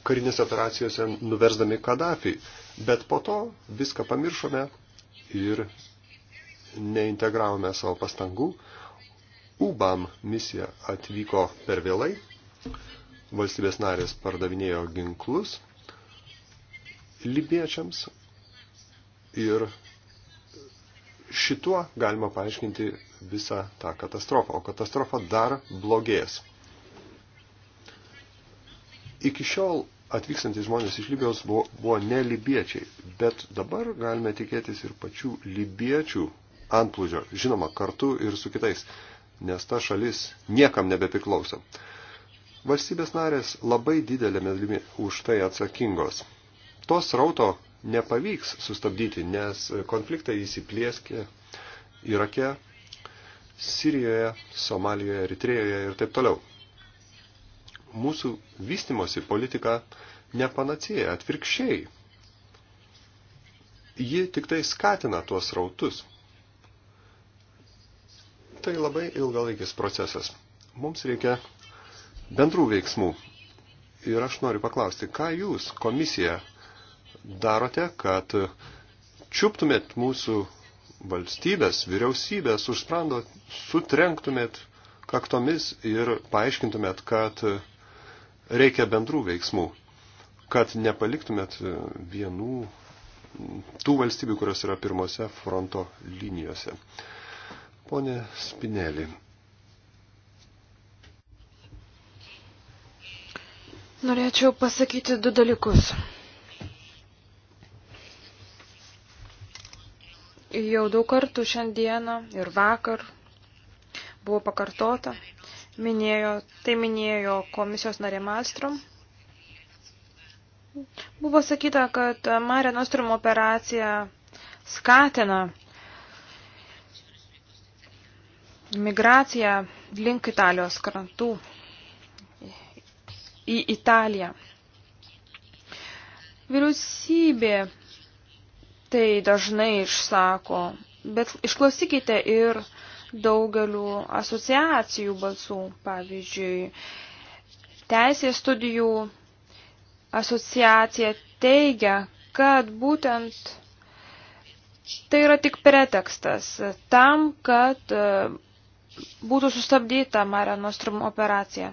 karinėse operacijose nuversdami Kadafį, bet po to viską pamiršome ir neintegravome savo pastangų, UBAM misija atvyko per vėlai, valstybės narės pardavinėjo ginklus libiečiams ir šituo galima paaiškinti visą tą katastrofą, o katastrofa dar blogės. Iki šiol atvykstantys žmonės iš Libijos buvo, buvo ne libiečiai, bet dabar galime tikėtis ir pačių libiečių antplūdžio, žinoma, kartu ir su kitais nes ta šalis niekam nebepriklauso. Valstybės narės labai didelė medlimi už tai atsakingos. Tos rauto nepavyks sustabdyti, nes konfliktai įsiplieskė Irake, Sirijoje, Somalijoje, Eritrėjoje ir taip toliau. Mūsų vystimosi politika nepanacėja atvirkščiai. Ji tik tai skatina tuos rautus. Tai labai ilgalaikis procesas. Mums reikia bendrų veiksmų. Ir aš noriu paklausti, ką jūs, komisija, darote, kad čiuptumėt mūsų valstybės, vyriausybės už sprando, sutrenktumėt kaktomis ir paaiškintumėt, kad reikia bendrų veiksmų, kad nepaliktumėt vienų tų valstybių, kurios yra pirmose fronto linijose. Pone Spinelį. Norėčiau pasakyti du dalykus. Jau daug kartų šiandieną ir vakar buvo pakartota, minėjo, tai minėjo komisijos narė Malstrom. Buvo sakyta, kad Marė Nostrum operacija skatina migraciją link Italijos krantų į Italiją. Vyriausybė tai dažnai išsako, bet išklausykite ir daugelių asociacijų balsų, pavyzdžiui, Teisės studijų asociacija teigia, kad būtent tai yra tik pretekstas tam, kad būtų sustabdyta Mare Nostrum operacija.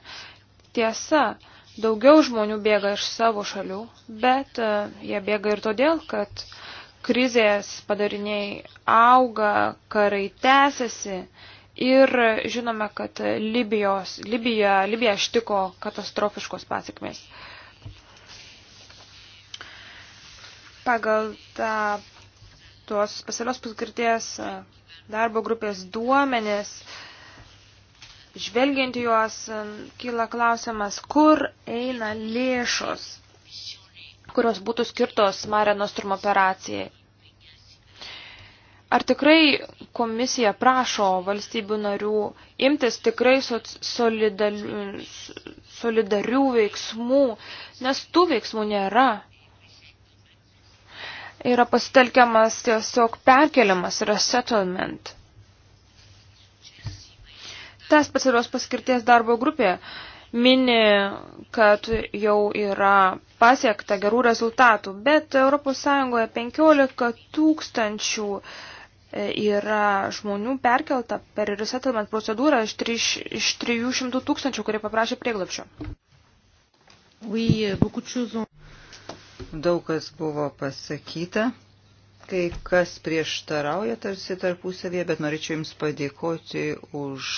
Tiesa, daugiau žmonių bėga iš savo šalių, bet e, jie bėga ir todėl, kad krizės padariniai auga, karai tęsiasi ir žinome, kad Libijos, Libija, Libija štiko katastrofiškos pasiekmės. Pagal tą tuos specialios paskirties darbo grupės duomenis, žvelgiant juos, kyla klausimas, kur eina lėšos, kurios būtų skirtos Mare Nostrum operacijai. Ar tikrai komisija prašo valstybių narių imtis tikrai solidarių veiksmų, nes tų veiksmų nėra yra pasitelkiamas tiesiog perkeliamas resettlement. Ta specialios paskirties darbo grupė mini, kad jau yra pasiekta gerų rezultatų, bet ES 15 tūkstančių e, yra žmonių perkelta per resettlement procedūrą iš, 3, iš 300 tūkstančių, kurie paprašė prieglapščio. Oui, beaucoup de choses ont daug kas buvo pasakyta, kai kas prieštarauja tarsi tarpusavėje, bet norėčiau Jums padėkoti už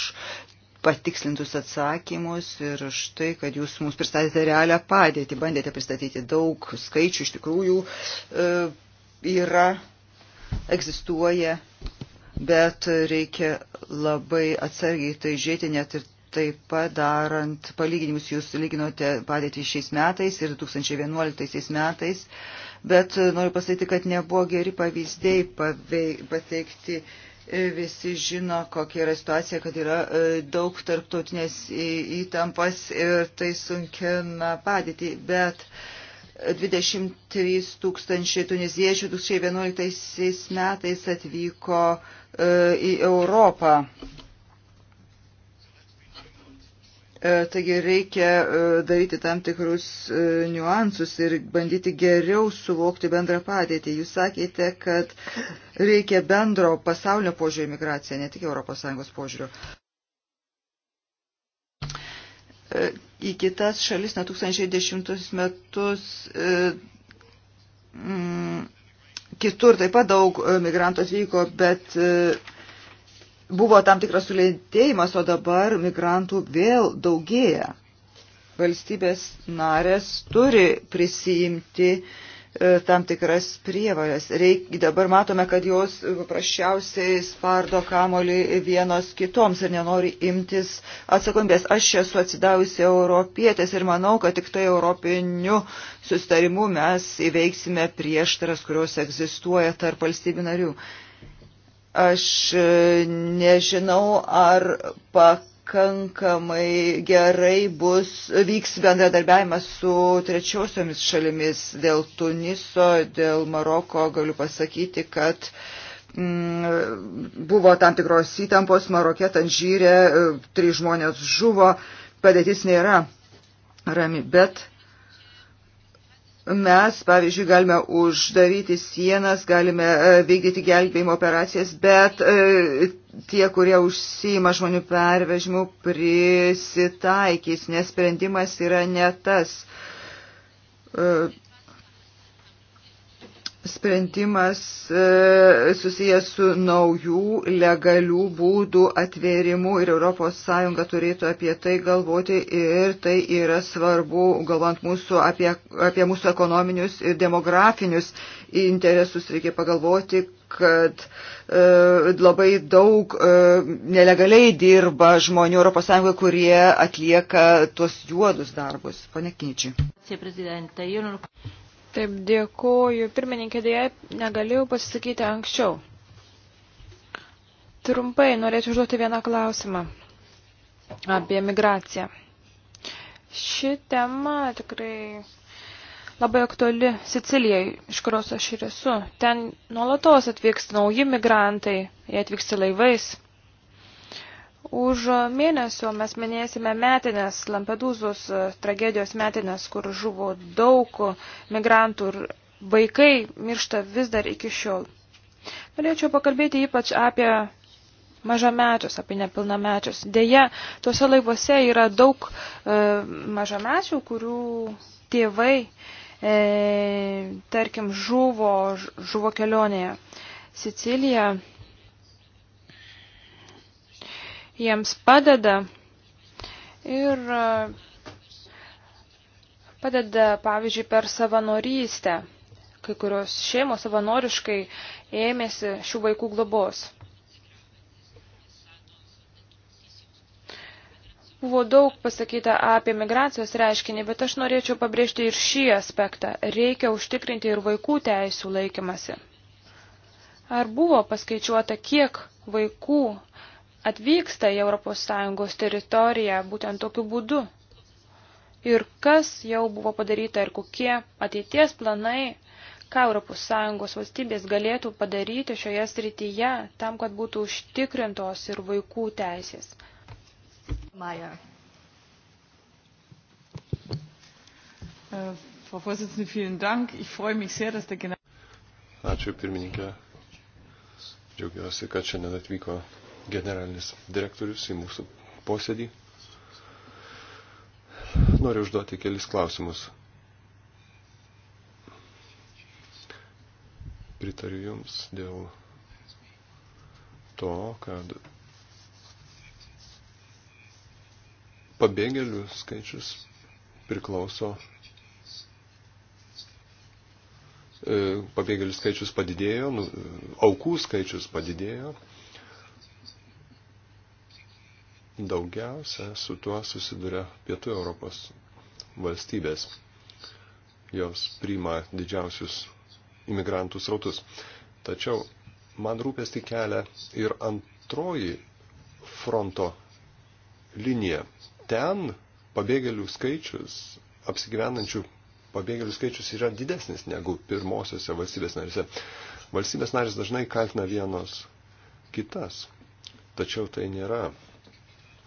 patikslintus atsakymus ir už tai, kad Jūs mums pristatėte realią padėtį, bandėte pristatyti daug skaičių, iš tikrųjų e, yra, egzistuoja, bet reikia labai atsargiai tai žiūrėti net ir taip pat darant palyginimus, jūs lyginote padėtį šiais metais ir 2011 metais, bet noriu pasakyti, kad nebuvo geri pavyzdžiai pateikti. Visi žino, kokia yra situacija, kad yra e, daug tarptautinės įtampas ir tai sunkina padėtį, bet 23 tūkstančiai tuniziečių 2011 metais atvyko e, į Europą. E, taigi reikia e, daryti tam tikrus e, niuansus ir bandyti geriau suvokti bendrą padėtį. Jūs sakėte, kad reikia bendro pasaulio požiūrio į migraciją, ne tik ES požiūrio. Į kitas šalis nuo 2010 metus mm, kitur taip pat daug migrantų atvyko, bet buvo tam tikras sulėtėjimas, o dabar migrantų vėl daugėja. Valstybės narės turi prisijimti e, tam tikras prievalės. Reik, dabar matome, kad jos paprasčiausiai spardo kamolį vienos kitoms ir nenori imtis atsakomybės. Aš esu atsidavusi europietės ir manau, kad tik tai europiniu sustarimu mes įveiksime prieštaras, kurios egzistuoja tarp valstybių narių. Uh, Aš e, nežinau, ar pakankamai gerai bus, vyks bendradarbiavimas su trečiosiomis šalimis dėl Tuniso, dėl Maroko. Galiu pasakyti, kad mm, buvo tam tikros įtampos Marokė, Tanžyrė, e, trys žmonės žuvo, padėtis nėra rami, bet Mes, pavyzdžiui, galime uždaryti sienas, galime e, vykdyti gelbėjimo operacijas, bet e, tie, kurie užsima žmonių pervežimų, prisitaikys, nes sprendimas yra ne tas e, sprendimas e, susijęs su naujų legalių būdų atvėrimu ir ES turėtų apie tai galvoti ir tai yra svarbu, galvant mūsų apie, apie mūsų ekonominius ir demografinius interesus, reikia pagalvoti, kad e, labai daug e, nelegaliai dirba žmonių ES, kurie atlieka tuos juodus darbus. Pane Kyčiui. Taip, dėkoju. Pirmininkė dėja negalėjau pasisakyti anksčiau. Trumpai norėčiau užduoti vieną klausimą apie migraciją. Ši tema tikrai labai aktuali Sicilijai, iš kurios aš ir esu. Ten nuolatos atvyks nauji migrantai, jie atvyks laivais. Už mėnesio mes minėsime metinės Lampedūzos e, tragedijos metinės, kur žuvo daug migrantų ir vaikai miršta vis dar iki šiol. Norėčiau pakalbėti ypač apie mažamečius, apie nepilnamečius. Deja, tuose laivuose yra daug e, mažamečių, kurių tėvai, e, tarkim, žuvo, žuvo kelionėje. Sicilija jiems padeda ir e, padeda, pavyzdžiui, per savanorystę. Kai kurios šeimos savanoriškai ėmėsi šių vaikų globos. Buvo daug pasakyta apie migracijos reiškinį, bet aš norėčiau pabrėžti ir šį aspektą. Reikia užtikrinti ir vaikų teisų laikymasi. Ar buvo paskaičiuota, kiek vaikų atvyksta į ES teritoriją būtent tokiu būdu. Ir kas jau buvo padaryta ir kokie ateities planai, ką ES valstybės galėtų padaryti šioje srityje tam, kad būtų užtikrintos ir vaikų teisės. Maja. Äh, Frau Vorsitzende, vielen Dank. Ich freue mich sehr, dass der General. Ačiū pirmininkė. Džiaugiuosi, kad šiandien atvyko generalinis direktorius į mūsų posėdį. Noriu užduoti kelis klausimus. Pritariu Jums dėl to, kad pabėgėlių skaičius priklauso e, pabėgėlių skaičius padidėjo, nu, e, aukų skaičius padidėjo, Daugiausia su tuo susiduria Pietų Europos valstybės. Jos priima didžiausius imigrantų srautus. Tačiau man rūpesti kelia ir antroji fronto linija. Ten pabėgėlių skaičius, apsigyvenančių pabėgėlių skaičius yra didesnis negu pirmosiose valstybės narise. Valstybės narės dažnai kaltina vienos kitas, tačiau tai nėra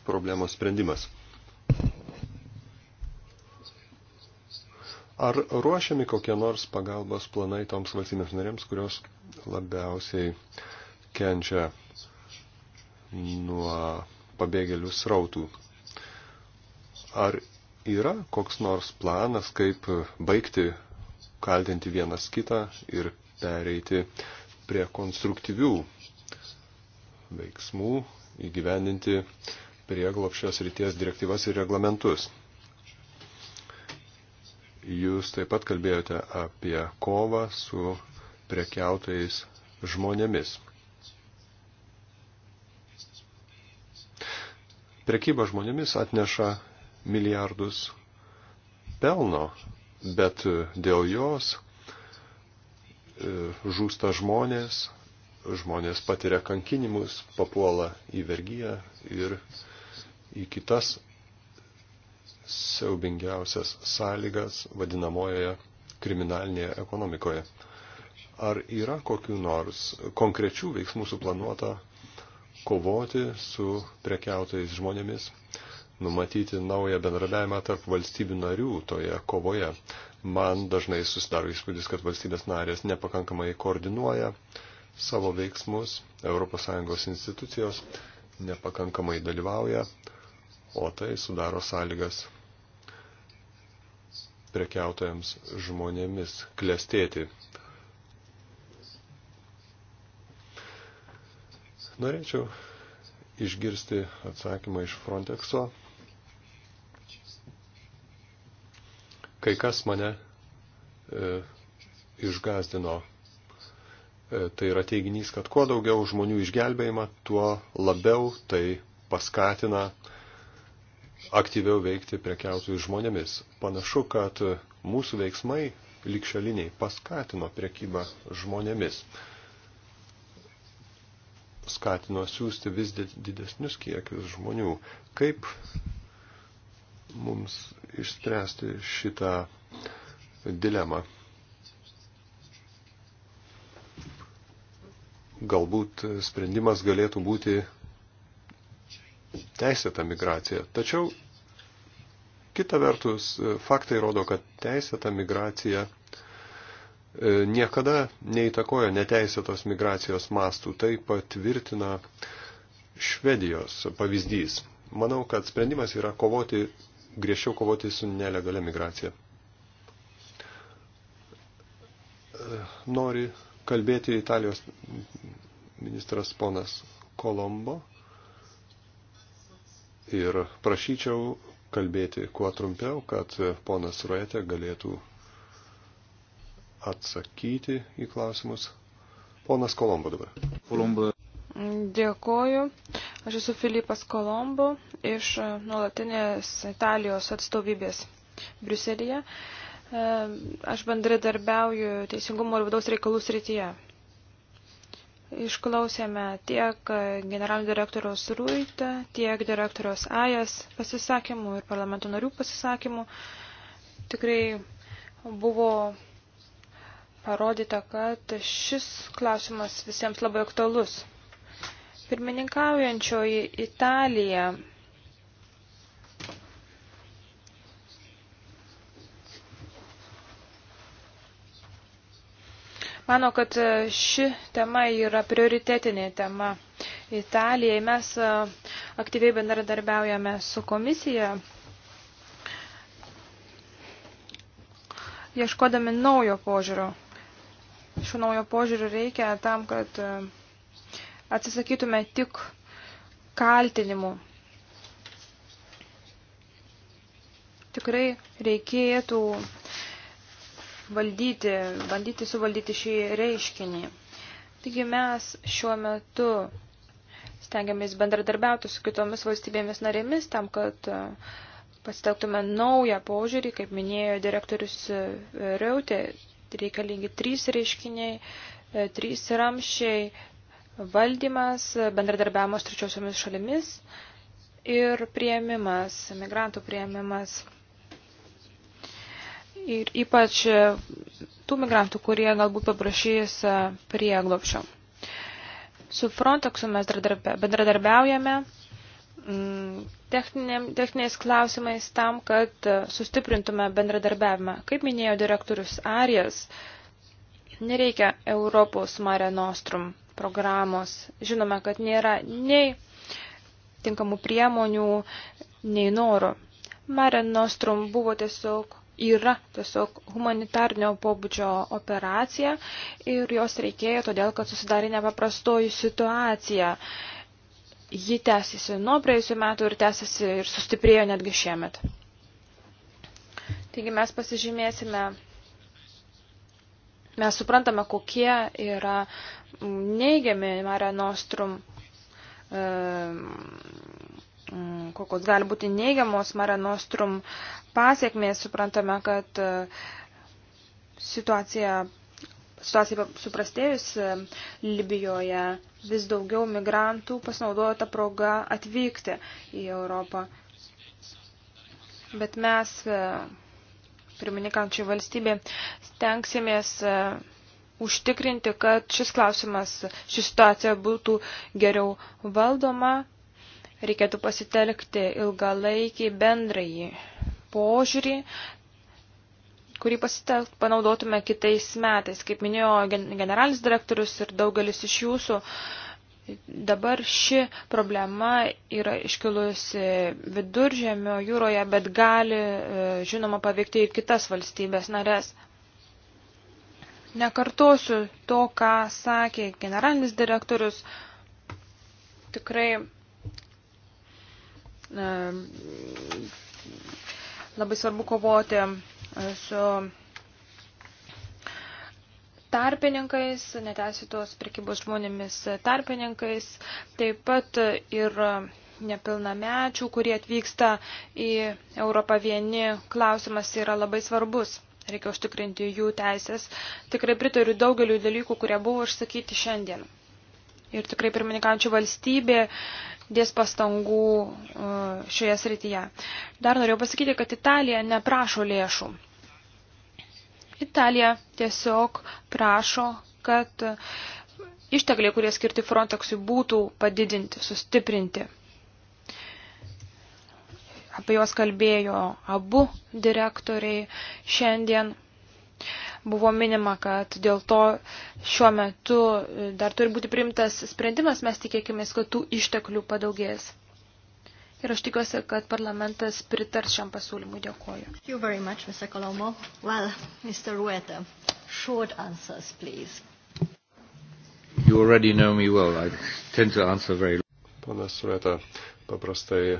problemos sprendimas. Ar ruošiami kokie nors pagalbos planai toms valstybėms narėms, kurios labiausiai kenčia nuo pabėgėlių srautų? Ar yra koks nors planas, kaip baigti kaltinti vienas kitą ir pereiti prie konstruktyvių veiksmų, įgyvendinti prieglopščios ryties direktyvas ir reglamentus. Jūs taip pat kalbėjote apie kovą su prekiautais žmonėmis. Prekyba žmonėmis atneša milijardus pelno, bet dėl jos e, žūsta žmonės, žmonės patiria kankinimus, papuola į vergyją ir į kitas siaubingiausias sąlygas vadinamojoje kriminalinėje ekonomikoje. Ar yra kokiu nors konkrečių veiksmų suplanuota kovoti su prekiautojais žmonėmis, numatyti naują bendradarbiavimą tarp valstybių narių toje kovoje? Man dažnai susidaro įspūdis, kad valstybės narės nepakankamai koordinuoja savo veiksmus, ES institucijos nepakankamai dalyvauja o tai sudaro sąlygas prekiautojams žmonėmis klestėti. Norėčiau išgirsti atsakymą iš Frontexo. Kai kas mane e, išgazdino. E, tai yra teiginys, kad kuo daugiau žmonių išgelbėjimą, tuo labiau tai paskatina aktyviau veikti prekiautojų žmonėmis. Panašu, kad mūsų veiksmai likšaliniai paskatino prekybą žmonėmis, skatino siūsti vis didesnius kiekius žmonių. Kaip mums išspręsti šitą dilemą? Galbūt sprendimas galėtų būti teisėtą migraciją. Tačiau kita vertus e, faktai rodo, kad teisėta migracija e, niekada neįtakoja neteisėtos migracijos mastų. Tai patvirtina Švedijos pavyzdys. Manau, kad sprendimas yra kovoti, griežčiau kovoti su nelegalia migracija. E, nori kalbėti Italijos ministras ponas Kolombo ir prašyčiau kalbėti kuo trumpiau, kad ponas Ruetė galėtų atsakyti į klausimus. Ponas Kolombo dabar. Kolombo. Dėkoju. Aš esu Filipas Kolombo iš nuolatinės Italijos atstovybės Briuselėje. Aš bendradarbiauju teisingumo ir vidaus reikalų srityje. Išklausėme tiek generalinio direktoriaus Rūitą, tiek direktoriaus Ajas pasisakymų ir parlamento narių pasisakymų. Tikrai buvo parodyta, kad šis klausimas visiems labai aktualus. Pirmininkaujančioji Italija mano, kad e, ši tema yra prioritetinė tema Italijai. Mes e, aktyviai bendradarbiaujame su komisija, ieškodami naujo požiūrio. Šio naujo požiūrio reikia tam, kad e, atsisakytume tik kaltinimų. Tikrai reikėtų valdyti, bandyti suvaldyti šį reiškinį. Taigi mes šiuo metu stengiamės bendradarbiauti su kitomis valstybėmis narėmis tam, kad e, pasitelktume naują požiūrį, kaip minėjo direktorius e, Reutė, reikalingi trys reiškiniai, e, trys ramšiai, valdymas, bendradarbiavimas trečiosiomis šalimis ir prieimimas, migrantų prieimimas ir ypač e, tų migrantų, kurie galbūt paprašys e, prieglopšio. Su Frontexu mes bendradarbiaujame mm, techniniais klausimais tam, kad e, sustiprintume bendradarbiavimą. Kaip minėjo direktorius Arijas, nereikia Europos Mare Nostrum programos. Žinome, kad nėra nei tinkamų priemonių, nei norų. Mare Nostrum buvo tiesiog yra tiesiog humanitarnio pobūdžio operacija ir jos reikėjo todėl, kad susidarė nepaprastoji situacija. Ji tęsiasi nuo praėjusių metų ir tęsiasi ir sustiprėjo netgi šiemet. Taigi mes pasižymėsime, mes suprantame, kokie yra neigiami Mare Nostrum ehm, Mm, kokios gali būti neigiamos Mare Nostrum pasiekmės, suprantame, kad e, situacija, situacija suprastėjus e, Libijoje vis daugiau migrantų pasinaudojo tą progą atvykti į Europą. Bet mes, e, pirmininkančiai valstybė, stengsimės užtikrinti, kad šis klausimas, ši situacija būtų geriau valdoma reikėtų pasitelkti ilgalaikį bendrąjį požiūrį, kurį pasitelkt panaudotume kitais metais. Kaip minėjo generalinis direktorius ir daugelis iš jūsų, Dabar ši problema yra iškilusi viduržėmio jūroje, bet gali, e, žinoma, paveikti ir kitas valstybės narės. Nekartosiu to, ką sakė generalinis direktorius. Tikrai labai svarbu kovoti e, su tarpininkais, neteisėtos prekybos žmonėmis tarpininkais, taip pat ir nepilnamečių, kurie atvyksta į Europą vieni, klausimas yra labai svarbus. Reikia užtikrinti jų teisės. Tikrai pritariu daugeliu dalykų, kurie buvo išsakyti šiandien. Ir tikrai pirmininkančių valstybė dės pastangų e, šioje srityje. Dar norėjau pasakyti, kad Italija neprašo lėšų. Italija tiesiog prašo, kad ištekliai, kurie skirti Frontexui, būtų padidinti, sustiprinti. Apie juos kalbėjo abu direktoriai šiandien buvo minima, kad dėl to šiuo metu e, dar turi būti priimtas sprendimas, mes tikėkime, kad tų išteklių padaugės. Ir aš tikiuosi, kad parlamentas pritars šiam pasiūlymui. Dėkuoju. Thank you very much, Mr. Colombo. Well, Mr. Rueta, short answers, please. You already know me well. I tend to answer very Ponas Rueta, paprastai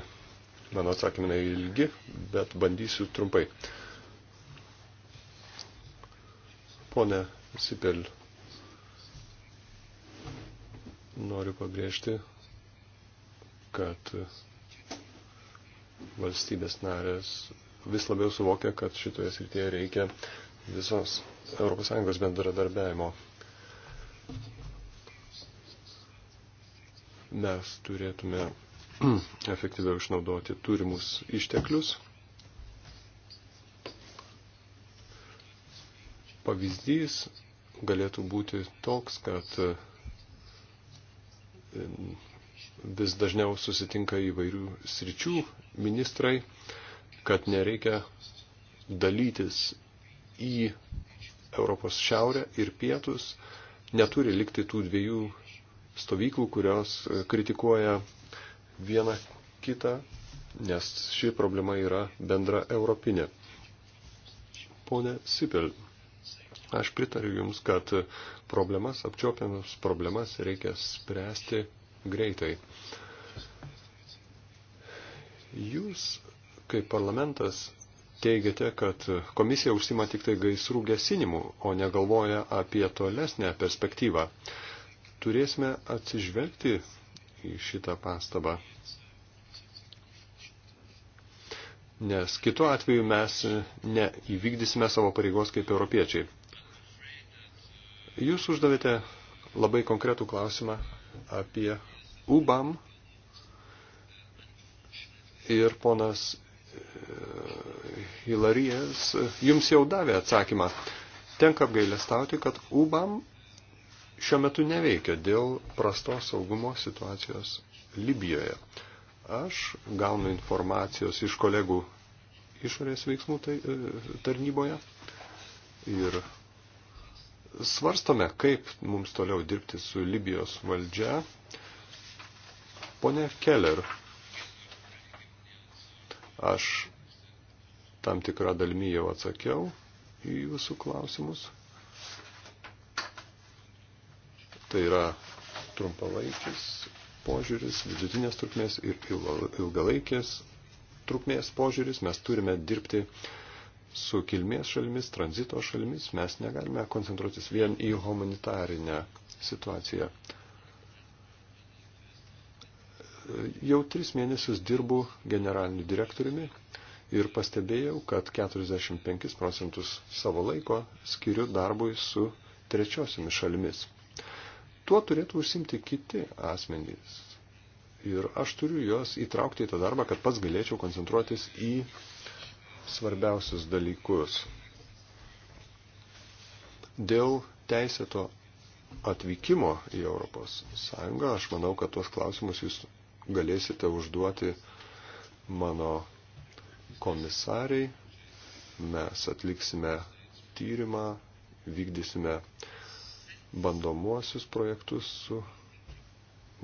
mano atsakymai ilgi, bet bandysiu trumpai. Uh, Pone Sipel, noriu pabrėžti, kad valstybės narės vis labiau suvokia, kad šitoje srityje reikia visos ES bendradarbiavimo. Mes turėtume efektyviau išnaudoti turimus išteklius Pavyzdys galėtų būti toks, kad e, vis dažniau susitinka įvairių sričių ministrai, kad nereikia dalytis į Europos šiaurę ir pietus, neturi likti tų dviejų stovyklų, kurios kritikuoja vieną kitą, nes ši problema yra bendra europinė. Pone Sipel, Aš pritariu Jums, kad problemas, apčiopiamas problemas reikia spręsti greitai. Jūs, kaip parlamentas, teigiate, kad komisija užsima tik tai gaisrų gesinimu, o negalvoja apie tolesnę perspektyvą. Turėsime atsižvelgti į šitą pastabą. Nes kitu atveju mes neįvykdysime savo pareigos kaip europiečiai. Jūs uždavėte labai konkretų klausimą apie UBAM ir ponas e, Hilarijas jums jau davė atsakymą. Tenka apgailestauti, kad UBAM šiuo metu neveikia dėl prastos saugumo situacijos Libijoje. Aš gaunu informacijos iš kolegų išorės veiksmų tai, e, tarnyboje ir Svarstome, kaip mums toliau dirbti su Libijos valdžia. Pone Keller, aš tam tikrą dalmį jau atsakiau į jūsų klausimus. Tai yra trumpalaikis požiūris, vidutinės trukmės ir ilgalaikės trukmės požiūris. Mes turime dirbti uh, su kilmės šalimis, tranzito šalimis, mes negalime koncentruotis vien į humanitarinę situaciją. Jau tris mėnesius dirbu generaliniu direktoriumi ir pastebėjau, kad 45 procentus savo laiko skiriu darbui su trečiosiomis šalimis. Tuo turėtų užsimti kiti asmenys. Ir aš turiu juos įtraukti į tą darbą, kad pats galėčiau koncentruotis į svarbiausius dalykus. Dėl teisėto atvykimo į Europos Sąjungą, aš manau, kad tuos klausimus jūs galėsite užduoti mano komisariai. Mes atliksime tyrimą, vykdysime bandomuosius projektus su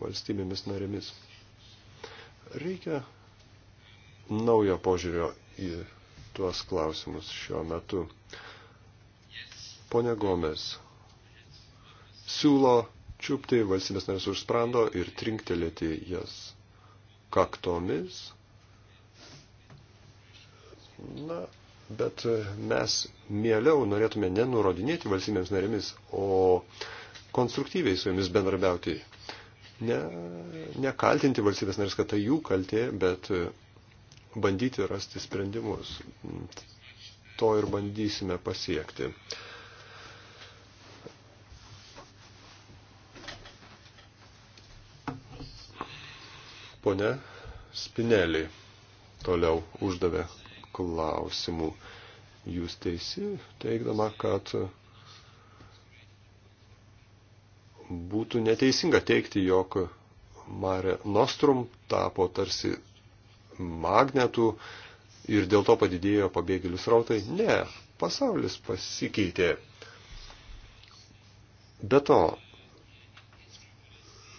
valstybėmis narėmis. Reikia naujo požiūrio į tuos klausimus šiuo metu. Pone Gomes siūlo čiupti valstybės narės už sprando ir trinktelėti jas kaktomis. Na, bet mes mieliau norėtume nenurodinėti valstybėms narėmis, o konstruktyviai su jomis bendrabiauti. Ne, nekaltinti valstybės narės, kad tai jų kaltė, bet bandyti rasti sprendimus. To ir bandysime pasiekti. Pone Spinelį toliau uždavė klausimų. Jūs teisi, teikdama, kad būtų neteisinga teikti, jog Mare Nostrum tapo tarsi magnetų ir dėl to padidėjo pabėgėlių srautai. Ne, pasaulis pasikeitė. Be to,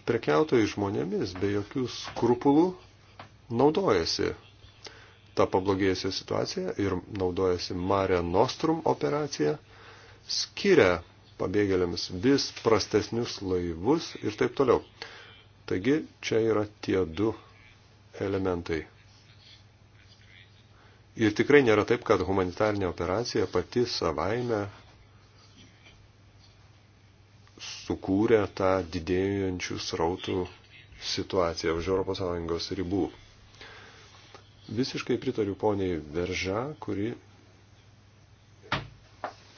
prekiautojai žmonėmis be jokių skrupulų naudojasi tą pablogėjusią situaciją ir naudojasi Mare Nostrum operaciją, skiria pabėgėliams vis prastesnius laivus ir taip toliau. Taigi čia yra tie du elementai. Ir tikrai nėra taip, kad humanitarinė operacija pati savaime sukūrė tą didėjančių srautų situaciją už ES ribų. Visiškai pritariu poniai Verža, kuri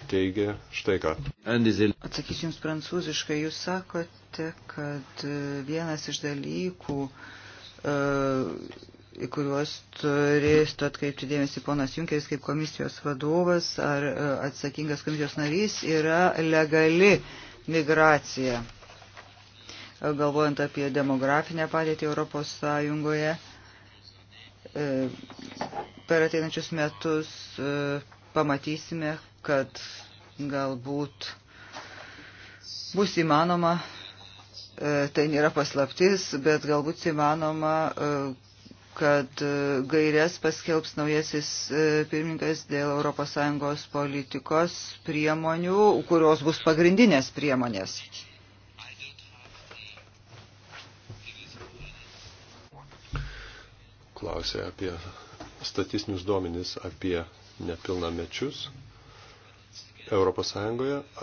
teigia štai ką. Atsakysiu Jums prancūziškai. Jūs sakote, kad vienas iš dalykų uh, į kuriuos turėtų atkreipti dėmesį ponas Junkeris kaip komisijos vadovas ar e, atsakingas komisijos narys, yra legali migracija. E, galvojant apie demografinę padėtį Europos Sąjungoje, e, per ateinančius metus pamatysime, kad galbūt bus įmanoma, tai nėra paslaptis, bet galbūt įmanoma kad e, gairias paskelbs naujasis e, pirmininkas dėl ES politikos priemonių, kurios bus pagrindinės priemonės. Klausė apie statistinius duomenis apie nepilnamečius. ES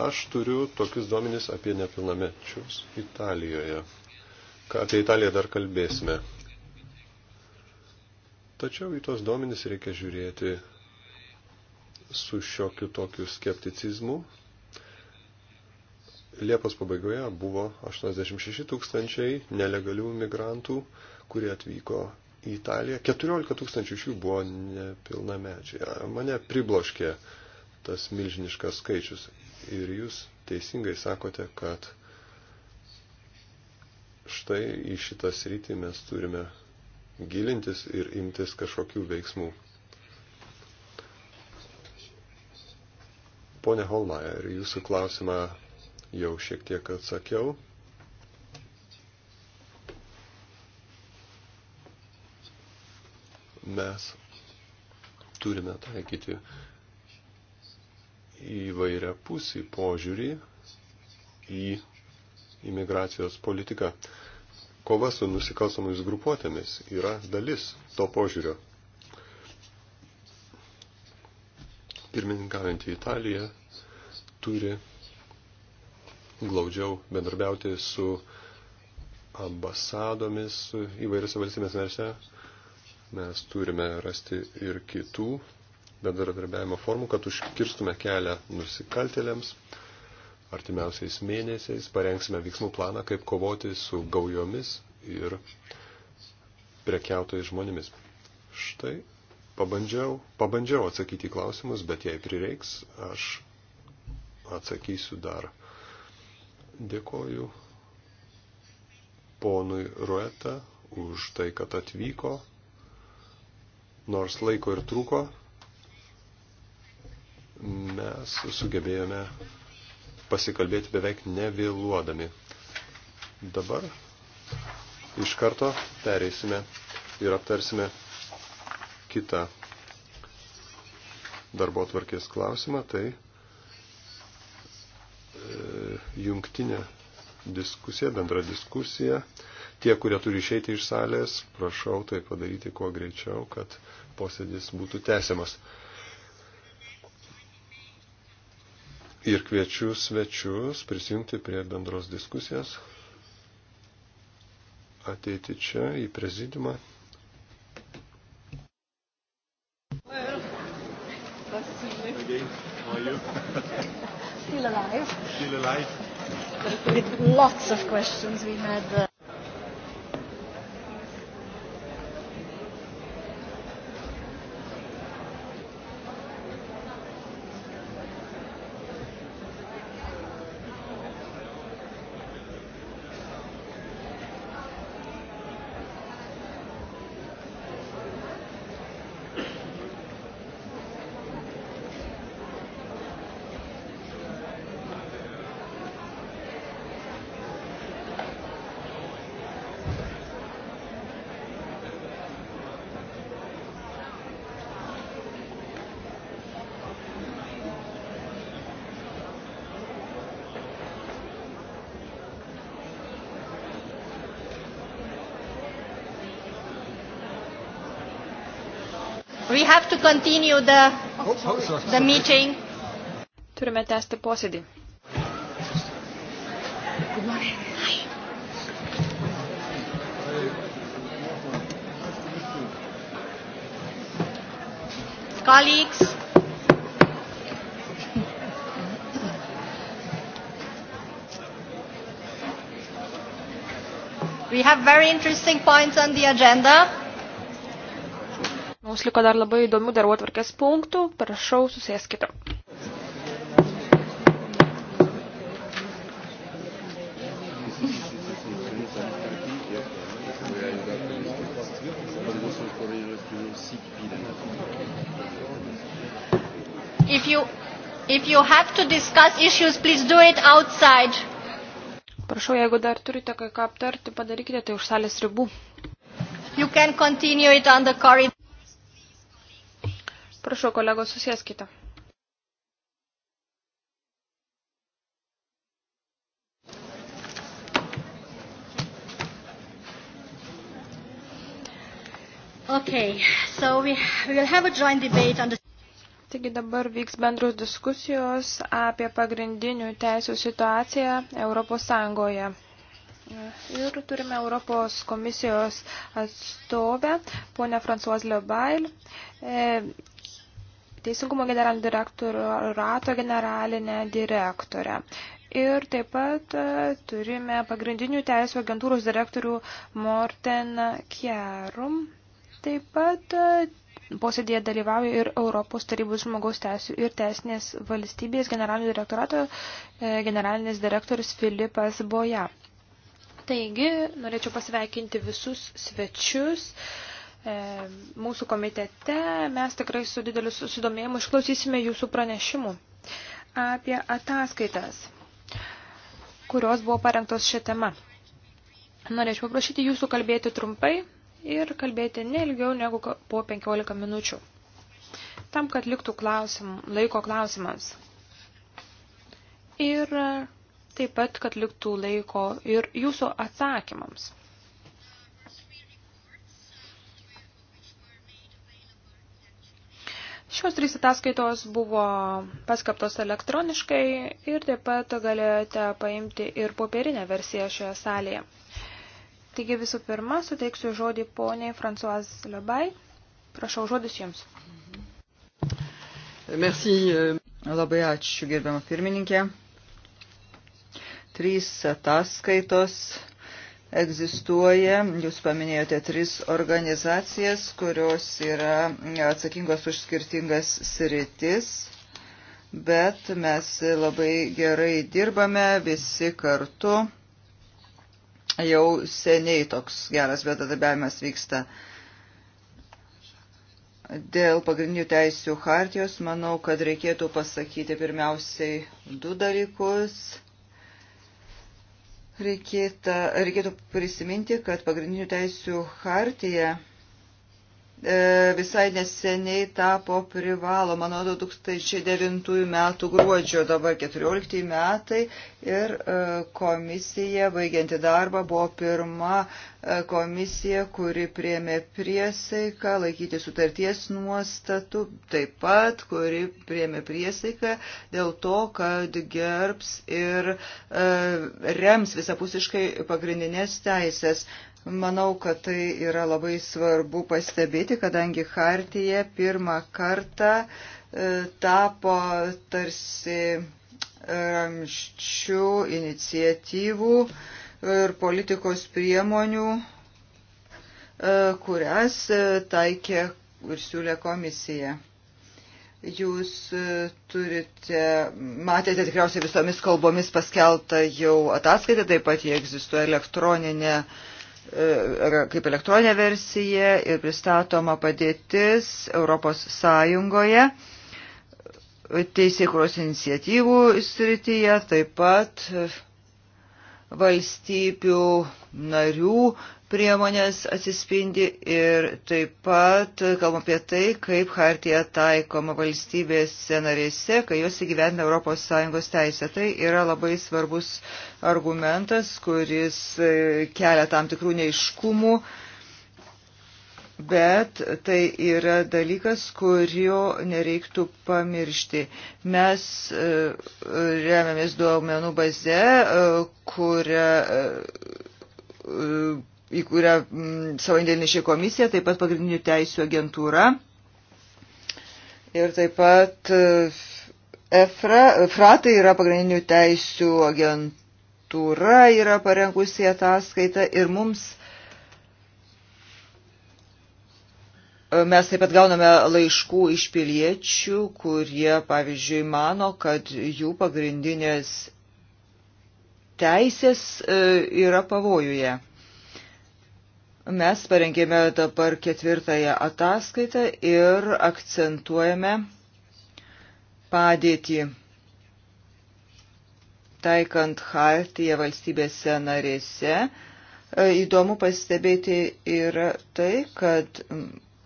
aš turiu tokius duomenis apie nepilnamečius Italijoje. Ką apie Italiją dar kalbėsime. Tačiau į tos duomenys reikia žiūrėti su šiokiu tokiu skepticizmu. Liepos pabaigoje buvo 86 tūkstančiai nelegalių migrantų, kurie atvyko į Italiją. 14 tūkstančių iš jų buvo nepilnamečiai. Mane pribloškė tas milžiniškas skaičius. Ir jūs teisingai sakote, kad štai į šitą sritį mes turime gilintis ir imtis kažkokių veiksmų. Pone Holmeier, jūsų klausimą jau šiek tiek atsakiau. Mes turime taikyti įvairią pusį požiūrį į imigracijos politiką kova su nusikalstamomis grupuotėmis yra dalis to požiūrio. Pirmininkaujantį Italiją turi glaudžiau bendrabiauti su ambasadomis įvairiose valstybės narėse. Mes turime rasti ir kitų bendradarbiavimo formų, kad užkirstume kelią nusikaltėliams, artimiausiais mėnesiais parengsime veiksmų planą, kaip kovoti su gaujomis ir prekiautojais žmonėmis. Štai, pabandžiau, pabandžiau atsakyti į klausimus, bet jei prireiks, aš atsakysiu dar. Dėkoju ponui Rueta už tai, kad atvyko, nors laiko ir truko, mes sugebėjome pasikalbėti beveik nevėluodami. Dabar iš karto pereisime ir aptarsime kitą darbo tvarkės klausimą, tai e, jungtinė diskusija, bendra diskusija. Tie, kurie turi išeiti iš salės, prašau tai padaryti kuo greičiau, kad posėdis būtų tęsiamas. ir kviečiu svečius prisijungti prie bendros diskusijos, ateiti čia į prezidimą. Still alive. Still alive. With lots of questions we had. Uh... We have to continue the, the meeting. Turime tęsti posėdį. Good morning. Hi. colleagues. We have very interesting points on the agenda. Mums liko dar labai įdomių darbuotvarkės punktų. Prašau, susėskite. If you, if you have to discuss issues, please do it outside. Prašau, jeigu dar turite kai ką aptarti, padarykite tai už salės ribų. You can continue it on the corridor. Prašau, kolegos, susieskite. Okay, so we will have a joint debate on the Taigi dabar vyks bendros diskusijos apie pagrindinių teisų situaciją Europos Sąjungoje. Ir turime Europos komisijos atstovę, ponę Fransuos Lebail. E, Teisingumo generalinio direktorato generalinę direktorę. Ir taip pat e, turime pagrindinių teisų agentūros direktorių Morten Kjerum. Taip pat e, posėdėje dalyvauja ir Europos tarybos žmogaus teisų ir teisinės valstybės generalinio direktorato e, generalinis direktorius Filipas Boja. Taigi, norėčiau pasveikinti visus svečius. Uh, E, mūsų komitete mes tikrai su dideliu susidomėjimu išklausysime jūsų pranešimų apie ataskaitas, kurios buvo parengtos šią temą. Norėčiau paprašyti jūsų kalbėti trumpai ir kalbėti neilgiau negu po 15 minučių. Tam, kad liktų klausim, laiko klausimams. Ir taip pat, kad liktų laiko ir jūsų atsakymams. Šios trys ataskaitos buvo paskaptos elektroniškai ir taip pat galėjote paimti ir popierinę versiją šioje salėje. Taigi visų pirma, suteiksiu žodį poniai Fransuaz Lebai. Prašau, žodis jums. Merci. Euh. Labai ačiū, gerbiama pirmininkė. Trys ataskaitos egzistuoja, jūs paminėjote tris organizacijas, kurios yra atsakingos už skirtingas sritis, bet mes labai gerai dirbame visi kartu. Jau seniai toks geras bendradarbiavimas vyksta. Dėl pagrindinių teisių hartijos manau, kad reikėtų pasakyti pirmiausiai du dalykus Reikėta, reikėtų prisiminti, kad pagrindinių teisių hartija E, visai neseniai tapo privaloma nuo 2009 metų gruodžio, dabar 14 metai ir e, komisija, baigianti darbą, buvo pirma e, komisija, kuri priemė priesaiką laikyti sutarties nuostatų, taip pat, kuri priemė priesaiką dėl to, kad gerbs ir rems visapusiškai pagrindinės teisės. Manau, kad tai yra labai svarbu pastebėti, kadangi Hartija pirmą kartą e, tapo tarsi ramščių iniciatyvų ir politikos priemonių, e, kurias e, taikė ir siūlė komisija. Jūs turite, matėte tikriausiai visomis kalbomis paskeltą jau ataskaitę, taip pat jie egzistuoja elektroninė uh, E, kaip elektroninė versija ir pristatoma padėtis Europos Sąjungoje teisėkros iniciatyvų srityje, taip pat valstybių narių priemonės atsispindi ir taip pat kalbam apie tai, kaip hartija taikoma valstybėse narėse, kai jos įgyvendina ES teisę. Tai yra labai svarbus argumentas, kuris e, kelia tam tikrų neiškumų. E, bet tai yra dalykas, kurio nereiktų pamiršti. Mes e, remiamės duomenų baze, e, kurią e, į kurią savo indėlinė komisija, taip pat pagrindinių teisų agentūra ir taip pat EFRA, EFRA tai yra pagrindinių teisų agentūra, yra parengusi ataskaitą ir mums Mes taip pat gauname laiškų iš piliečių, kurie, pavyzdžiui, mano, kad jų pagrindinės teisės e, yra pavojuje. Mes parengėme dabar ketvirtąją ataskaitą ir akcentuojame padėtį taikant hartiją valstybėse narėse. E, įdomu pastebėti yra tai, kad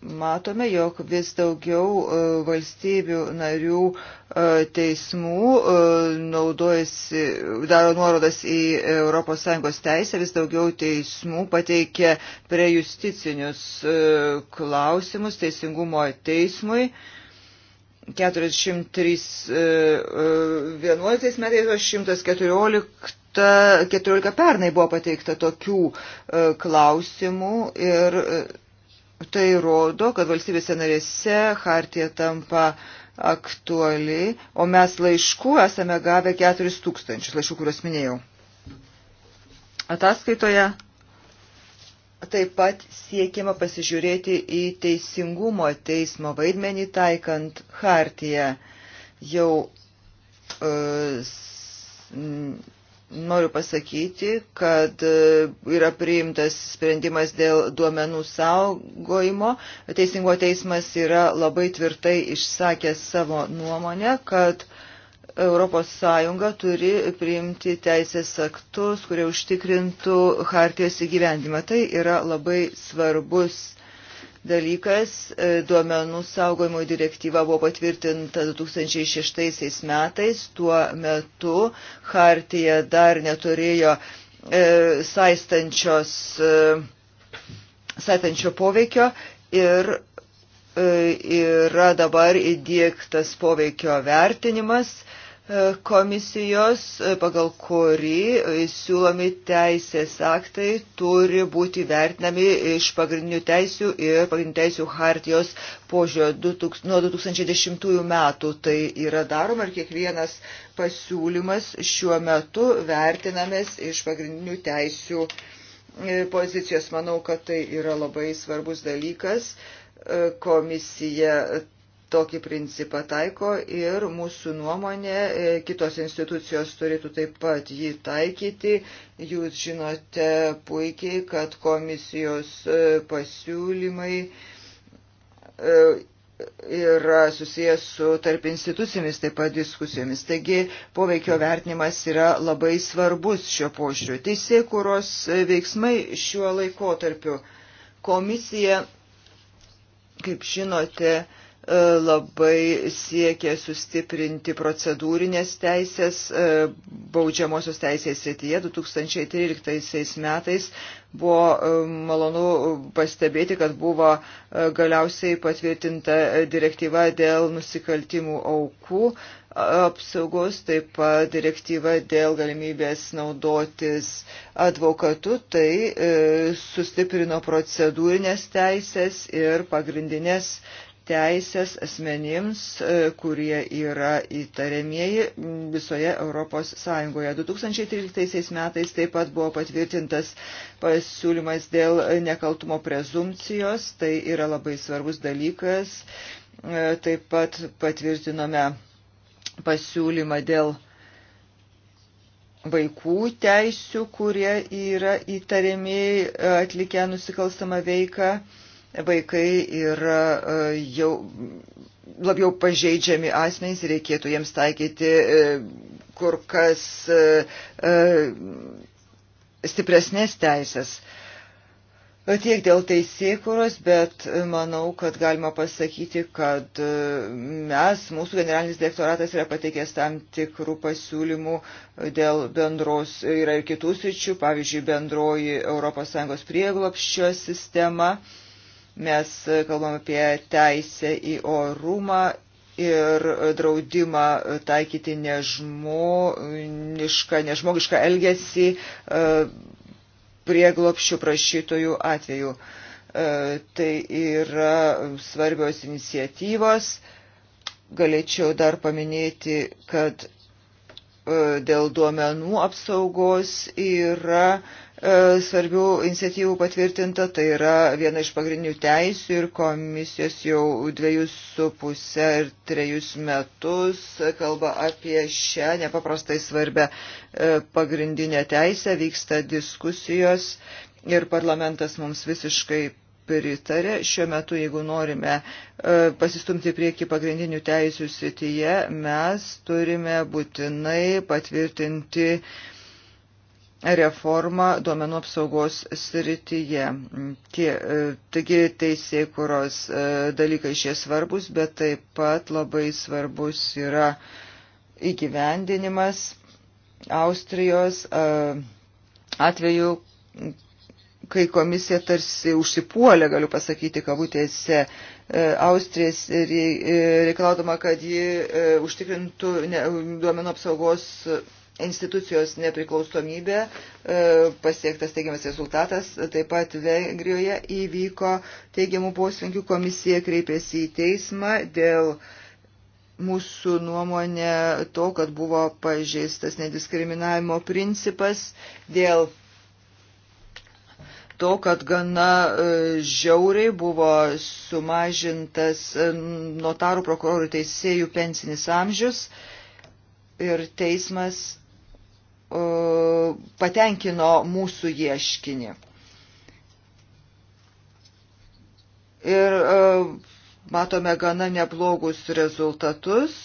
matome, jog vis daugiau e, valstybių narių e, teismų e, naudojasi, daro nuorodas į ES teisę, vis daugiau teismų pateikia prejusticinius klausimus teisingumo teismui. 43 11 metais 114 14 pernai buvo pateikta tokių klausimų ir Tai rodo, kad valstybėse narėse hartija tampa aktuali, o mes laiškų esame gavę 4 tūkstančius laiškų, kuriuos minėjau. Ataskaitoje taip pat siekiama pasižiūrėti į teisingumo teismo vaidmenį taikant hartiją. Jau e, noriu pasakyti, kad e, yra priimtas sprendimas dėl duomenų saugojimo. Teisingo teismas yra labai tvirtai išsakęs savo nuomonę, kad ES turi priimti teisės aktus, kurie užtikrintų hartijos įgyvendimą. Tai yra labai svarbus dalykas. E, duomenų saugojimo direktyva buvo patvirtinta 2006 metais. Tuo metu Hartija dar neturėjo e, saistančios, e, saistančio poveikio ir e, yra dabar įdėktas poveikio vertinimas. E, E, komisijos, e, pagal kurį e, siūlomi teisės aktai turi būti vertinami iš pagrindinių teisių ir pagrindinių teisių hartijos požio nuo 2010 metų. Tai yra daroma ir kiekvienas pasiūlymas šiuo metu vertinamas iš pagrindinių teisių pozicijos. Manau, kad tai yra labai svarbus dalykas. Komisija tokį principą taiko ir mūsų nuomonė e, kitos institucijos turėtų taip pat jį taikyti. Jūs žinote puikiai, kad komisijos e, pasiūlymai e, yra susijęs su tarp institucijomis taip pat diskusijomis. Taigi poveikio vertinimas yra labai svarbus šio požiūriu. Teisė, kuros veiksmai šiuo laikotarpiu komisija, kaip žinote, E, labai siekia sustiprinti procedūrinės teisės e, baudžiamosios teisės srityje. 2013 metais buvo e, malonu pastebėti, kad buvo galiausiai patvirtinta direktyva dėl nusikaltimų aukų apsaugos, taip pat direktyva dėl galimybės naudotis advokatu, tai sustiprino procedūrinės teisės ir pagrindinės teisės asmenims, e, kurie yra įtariamieji visoje Europos Sąjungoje. 2013 metais taip pat buvo patvirtintas pasiūlymas dėl nekaltumo prezumcijos, tai yra labai svarbus dalykas. E, taip pat patvirtinome pasiūlymą dėl vaikų teisių, kurie yra įtariami e, atlikę nusikalstamą veiką vaikai yra e, jau labiau pažeidžiami asmenys ir reikėtų jiems taikyti e, kur kas e, stipresnės teisės. Tiek dėl teisėkuros, bet manau, kad galima pasakyti, kad mes, mūsų generalinis direktoratas yra pateikęs tam tikrų pasiūlymų dėl bendros, yra ir kitų sričių, pavyzdžiui, bendroji ES prieglopščio sistema. E, Mes kalbam apie teisę į orumą ir draudimą taikyti nežmonišką, nežmogišką elgesį e, prieglopščių prašytojų atveju. E, tai yra svarbios iniciatyvos. Galėčiau dar paminėti, kad e, dėl duomenų apsaugos yra E, svarbių iniciatyvų patvirtinta, tai yra viena iš pagrindinių teisių ir komisijos jau dviejus su pusę ir trejus metus kalba apie šią nepaprastai svarbę e, pagrindinę teisę, vyksta diskusijos ir parlamentas mums visiškai pritarė. Šiuo metu, jeigu norime e, pasistumti prieki pagrindinių teisių sityje, mes turime būtinai patvirtinti reformą duomenų apsaugos srityje. Tie, e, taigi teisėjai, kurios e, dalykai šie svarbus, bet taip pat labai svarbus yra įgyvendinimas Austrijos e, atveju, kai komisija tarsi užsipuolė, galiu pasakyti, kabutėse Austrijas reikalaudama, kad ji užtikrintų duomenų apsaugos institucijos nepriklausomybė, e, pasiektas teigiamas rezultatas, taip pat Vengrijoje įvyko teigiamų poslinkių komisija kreipėsi į teismą dėl mūsų nuomonė to, kad buvo pažeistas nediskriminavimo principas dėl to, kad gana e, žiauriai buvo sumažintas e, notarų prokurorų teisėjų pensinis amžius ir teismas E, patenkino mūsų ieškinį. Ir e, matome gana neblogus rezultatus.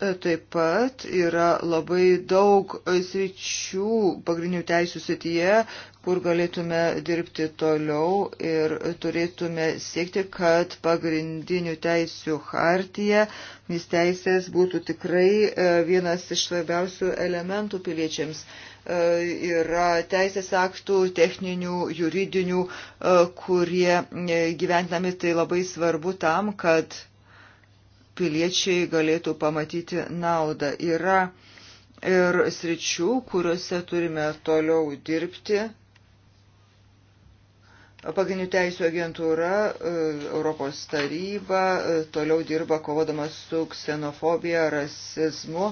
E, taip pat yra labai daug sričių pagrindinių teisų srityje, kur galėtume dirbti toliau ir turėtume siekti, kad pagrindinių teisių hartija, mis teisės būtų tikrai e, vienas iš svarbiausių elementų piliečiams. E, yra teisės aktų, techninių, juridinių, e, kurie gyventami tai labai svarbu tam, kad piliečiai galėtų pamatyti naudą. Yra ir sričių, kuriuose turime toliau dirbti Pagrindinių teisų agentūra, e, Europos taryba e, toliau dirba kovodamas su ksenofobija, rasizmu,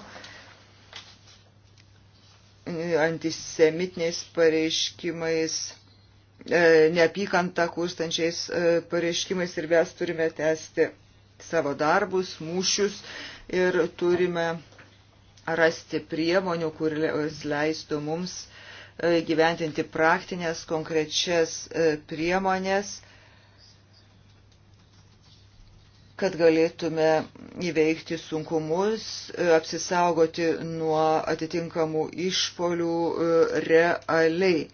antisemitiniais pareiškimais e, neapykantą kurstančiais pareiškimais ir mes turime tęsti savo darbus, mūšius ir turime rasti priemonių, kuris leistų mums uh, E, gyventinti praktinės konkrečias e, priemonės, kad galėtume įveikti sunkumus, e, apsisaugoti nuo atitinkamų išpolių realiai.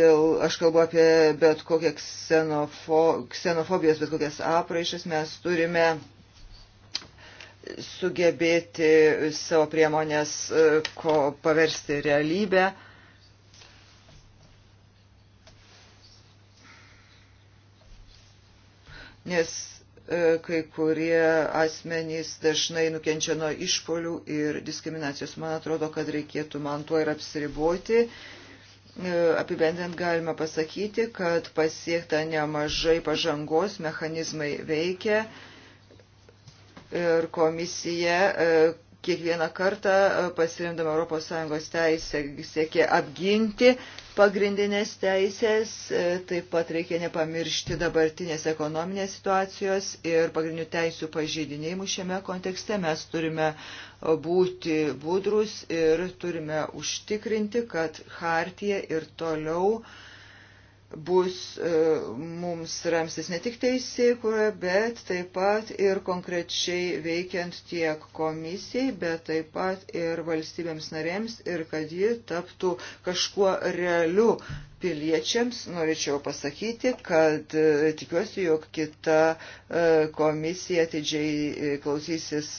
Dėl, aš kalbu apie bet kokią ksenofo, ksenofobijos, bet kokias apraišas, mes turime sugebėti savo priemonės e, ko paversti realybę. Nes e, kai kurie asmenys dažnai nukenčia nuo išpolių ir diskriminacijos. Man atrodo, kad reikėtų man tuo ir apsiriboti. E, apibendrint galima pasakyti, kad pasiekta nemažai pažangos, mechanizmai veikia ir komisija e, kiekvieną kartą e, pasiremdama ES teisę siekė apginti pagrindinės teisės, e, taip pat reikia nepamiršti dabartinės ekonominės situacijos ir pagrindinių teisų pažydinėjimų šiame kontekste. Mes turime būti budrus ir turime užtikrinti, kad hartija ir toliau uh, bus e, mums ramstis ne tik teisėkuroje, bet taip pat ir konkrečiai veikiant tiek komisijai, bet taip pat ir valstybėms narėms ir kad ji taptų kažkuo realiu piliečiams. Norėčiau pasakyti, kad e, tikiuosi, jog kita e, komisija atidžiai klausysis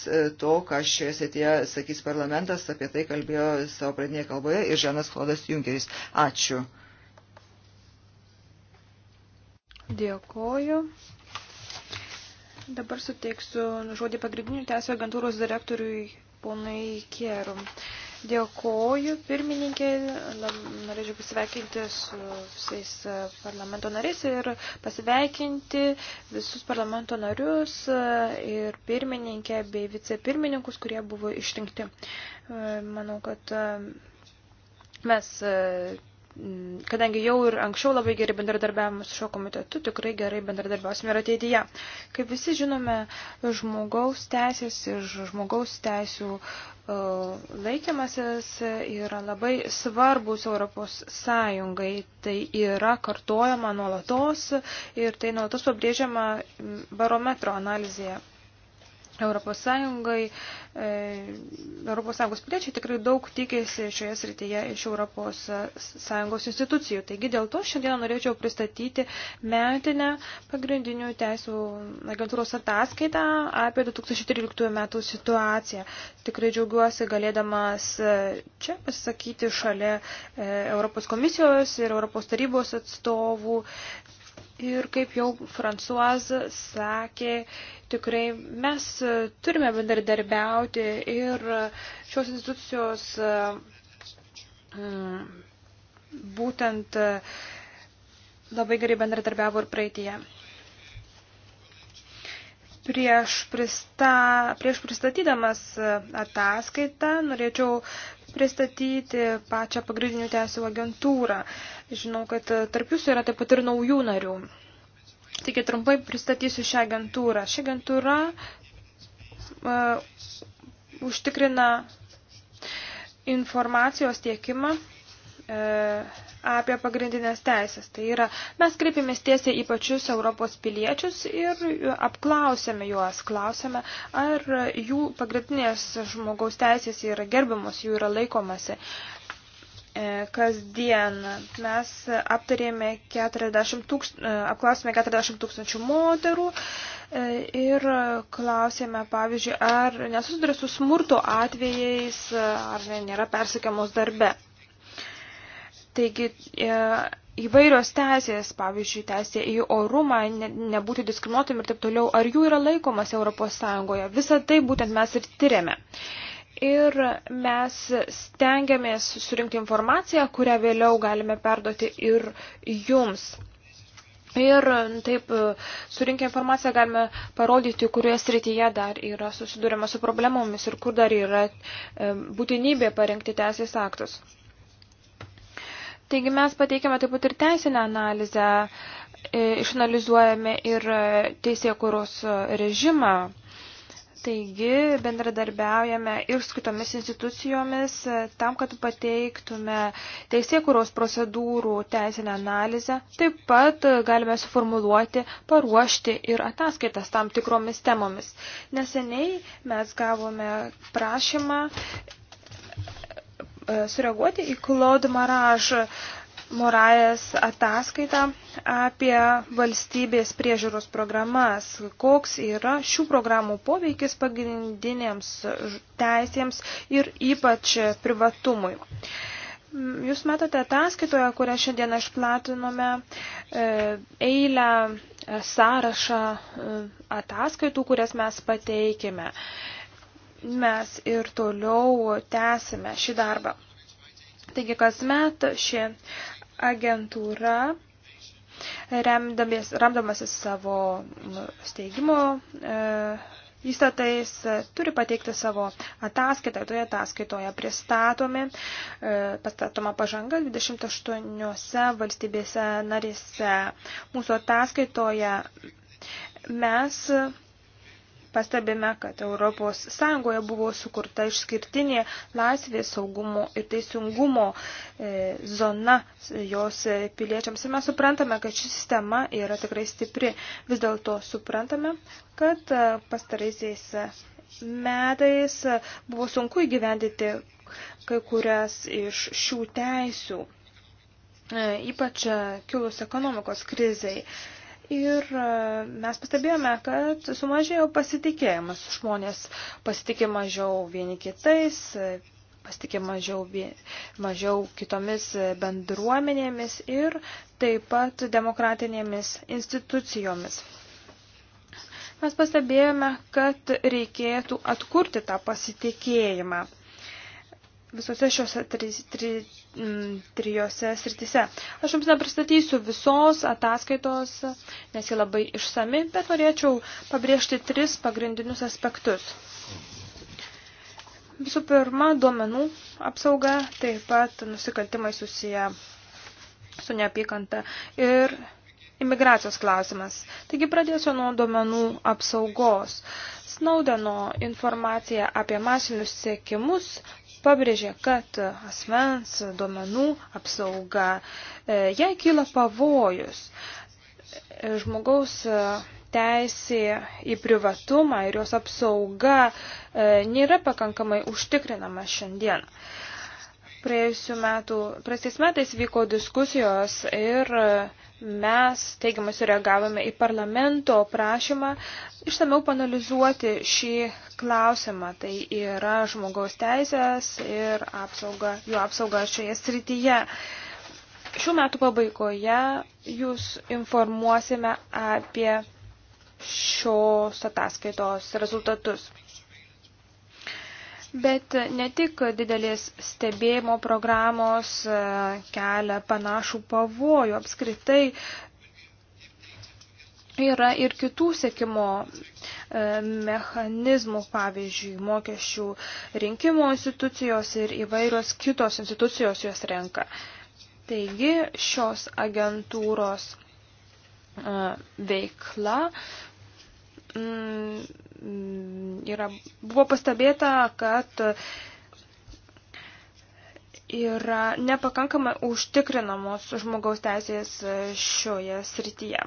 to, ką šioje srityje sakys parlamentas, apie tai kalbėjo savo pradinėje kalboje ir Žanas Klodas Junkeris. Ačiū. Dėkoju. Dabar suteiksiu žodį pagrindinių teisų agentūros direktoriui ponai Kierum. Dėkoju, pirmininkė, norėčiau pasveikinti su visais parlamento nariais ir pasveikinti visus parlamento narius ir pirmininkę bei vicepirmininkus, kurie buvo išrinkti. Manau, kad mes Mm, kadangi jau ir anksčiau labai gerai bendradarbiavome su šio komitetu, tikrai gerai bendradarbiausime ir ateityje. Kaip visi žinome, žmogaus teisės ir žmogaus teisų e, laikymasis yra labai svarbus Europos Sąjungai. Tai yra kartojama nuolatos ir tai nuolatos pabrėžiama barometro analizėje. Europos Sąjungai, e, Europos Sąjungos piliečiai tikrai daug tikėsi šioje srityje iš Europos Sąjungos institucijų. Taigi dėl to šiandien norėčiau pristatyti metinę pagrindinių teisų agentūros ataskaitą apie 2013 metų situaciją. Tikrai džiaugiuosi galėdamas e, čia pasisakyti šalia e, Europos komisijos ir Europos tarybos atstovų. Ir kaip jau Fransuaz sakė, tikrai mes turime bendradarbiauti ir šios institucijos mm, būtent labai gerai bendradarbiavo ir praeitie. Prieš, prista, prieš pristatydamas ataskaitą norėčiau pristatyti pačią pagrindinių teisų agentūrą. Žinau, kad tarp jūsų yra taip pat ir naujų narių. Tik trumpai pristatysiu šią agentūrą. Ši agentūra uh, užtikrina informacijos tiekimą uh, apie pagrindinės teisės. Tai yra, mes kreipiamės tiesiai į pačius Europos piliečius ir apklausėme juos, klausėme, ar jų pagrindinės žmogaus teisės yra gerbiamos, jų yra laikomasi. E, kasdien mes aptarėme 40 tūkstančių, e, apklausėme 40 tūkstančių moterų e, ir klausėme, pavyzdžiui, ar nesusiduria su smurto atvejais, ar nėra persikiamos darbe. Taigi e, įvairios teisės, pavyzdžiui, teisė į orumą, ne, nebūti diskriminuotam ir taip toliau, ar jų yra laikomas Europos Sąjungoje. Visą tai būtent mes ir tyriame. Ir mes stengiamės surinkti informaciją, kurią vėliau galime perduoti ir jums. Ir taip e, surinkę informaciją galime parodyti, kurioje srityje dar yra susidūrima su problemomis ir kur dar yra e, būtinybė parengti teisės aktus. Taigi mes pateikėme taip pat ir teisinę analizę, e, išanalizuojame ir e, teisėkūros e, režimą. Taigi bendradarbiaujame ir su kitomis institucijomis tam, kad pateiktume teisėkuros procedūrų teisinę analizę. Taip pat galime suformuluoti, paruošti ir ataskaitas tam tikromis temomis. Neseniai mes gavome prašymą E, sureaguoti į Claude Maraž Morajas ataskaitą apie valstybės priežiūros programas, koks yra šių programų poveikis pagrindinėms teisėms ir ypač privatumui. Jūs matote ataskaitoje, kurią šiandien išplatinome, e, eilę e, sąrašą ataskaitų, kurias mes pateikime mes ir toliau tęsime šį darbą. Taigi kasmet ši agentūra, remdamasis savo nu, steigimo e, įstatais, turi pateikti savo ataskaitą. Toje ataskaitoje pristatomi, e, pastatoma pažanga 28 valstybėse narėse. Mūsų ataskaitoje mes Pastebime, kad ES buvo sukurta išskirtinė laisvės saugumo ir teisingumo e, zona jos piliečiams. Ir mes suprantame, kad ši sistema yra tikrai stipri. Vis dėlto suprantame, kad e, pastaraisiais metais buvo sunku įgyvendyti kai kurias iš šių teisių, e, ypač kilus ekonomikos krizai. Ir e, mes pastebėjome, kad sumažėjo pasitikėjimas. Žmonės pasitikė mažiau vieni kitais, e, pasitikė mažiau, mažiau kitomis e, bendruomenėmis ir taip pat demokratinėmis institucijomis. Mes pastebėjome, kad reikėtų atkurti tą pasitikėjimą. Visose šiuose m, mm, trijose sritise. Aš jums nepristatysiu visos ataskaitos, nes ji labai išsami, bet norėčiau pabrėžti tris pagrindinius aspektus. Visų pirma, duomenų apsauga, taip pat nusikaltimai susiję su neapykanta ir imigracijos klausimas. Taigi pradėsiu nuo duomenų apsaugos. Snaudeno informacija apie masinius sėkimus pabrėžė, kad asmens duomenų apsauga, e, jai kyla pavojus. E, žmogaus e, teisė į privatumą ir jos apsauga nėra pakankamai užtikrinama šiandien. Praėjusiu metu, praeisiais metais vyko diskusijos ir Mes teigiamai sureagavome į parlamento prašymą išsameu panalizuoti šį klausimą. Tai yra žmogaus teisės ir apsauga, jų apsauga šioje srityje. Šių metų pabaigoje jūs informuosime apie šios ataskaitos rezultatus. Bet ne tik didelės stebėjimo programos e, kelia panašų pavojų, apskritai yra ir kitų sekimo e, mechanizmų, pavyzdžiui, mokesčių rinkimo institucijos ir įvairios kitos institucijos juos renka. Taigi šios agentūros e, veikla mm, Mm, yra, buvo pastebėta, kad yra nepakankamai užtikrinamos žmogaus teisės šioje srityje.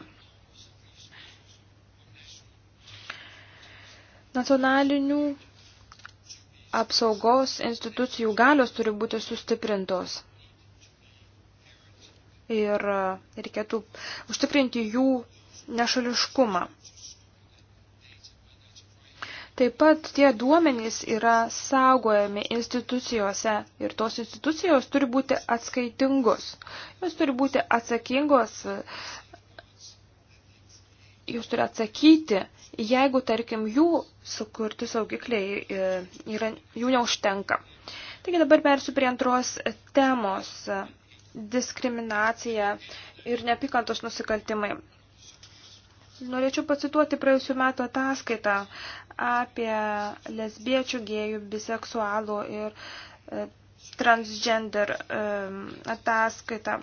Nacionalinių apsaugos institucijų galios turi būti sustiprintos. Ir reikėtų užtikrinti jų nešališkumą. Taip pat tie duomenys yra saugojami institucijose ir tos institucijos turi būti atskaitingos. Jos turi būti atsakingos, jūs turi atsakyti, jeigu, tarkim, jų sukurti saugikliai e, yra, jų neužtenka. Taigi dabar persiu prie antros temos – diskriminacija ir nepykantos nusikaltimai. Norėčiau pacituoti praėjusiu metu ataskaitą apie lesbiečių, gėjų, biseksualų ir e, transgender e, ataskaitą.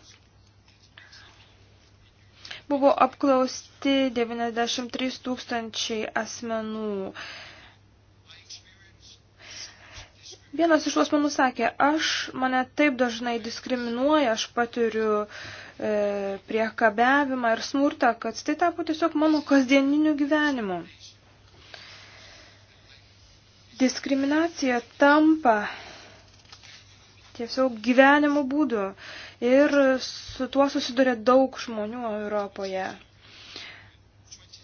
Buvo apklausti 93 tūkstančiai asmenų. Vienas iš tų asmenų sakė, aš mane taip dažnai diskriminuoja, aš patiriu uh, E, priekabiavimą ir smurtą, kad tai tapo tiesiog mano kasdieniniu gyvenimu. Diskriminacija tampa tiesiog gyvenimo būdu ir su tuo susiduria daug žmonių Europoje.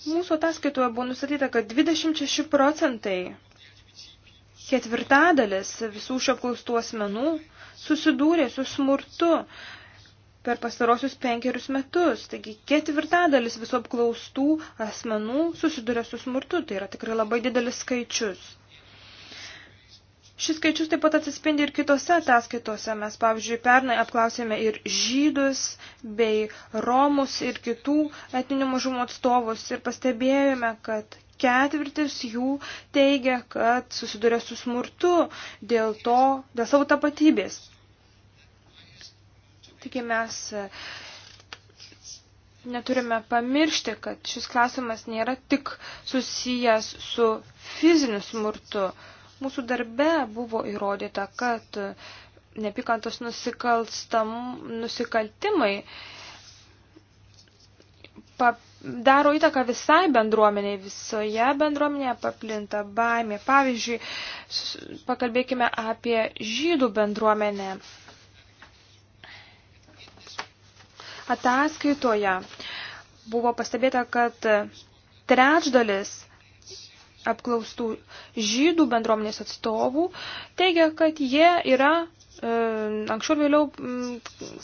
Mūsų ataskaitoje buvo nustatyta, kad 26 procentai ketvirtadalis visų šio apklaustų asmenų susidūrė su smurtu per pastarosius penkerius metus. Taigi ketvirtadalis visų apklaustų asmenų susiduria su smurtu, tai yra tikrai labai didelis skaičius. Šis skaičius taip pat atsispindi ir kitose ataskaitose. Mes, pavyzdžiui, pernai apklausėme ir žydus, bei romus, ir kitų etninių mažumų atstovus ir pastebėjome, kad ketvirtis jų teigia, kad susiduria su smurtu dėl to, dėl savo tapatybės tikimės e, neturime pamiršti, kad šis klausimas nėra tik susijęs su fiziniu smurtu. Mūsų darbe buvo įrodyta, kad neapykantos nusikaltimai daro įtaką visai bendruomeniai, visoje bendruomenėje paplinta baimė. Pavyzdžiui, pakalbėkime apie žydų bendruomenę. ataskaitoje buvo pastebėta, kad trečdalis apklaustų žydų bendruomenės atstovų teigia, kad jie yra e, anksčiau vėliau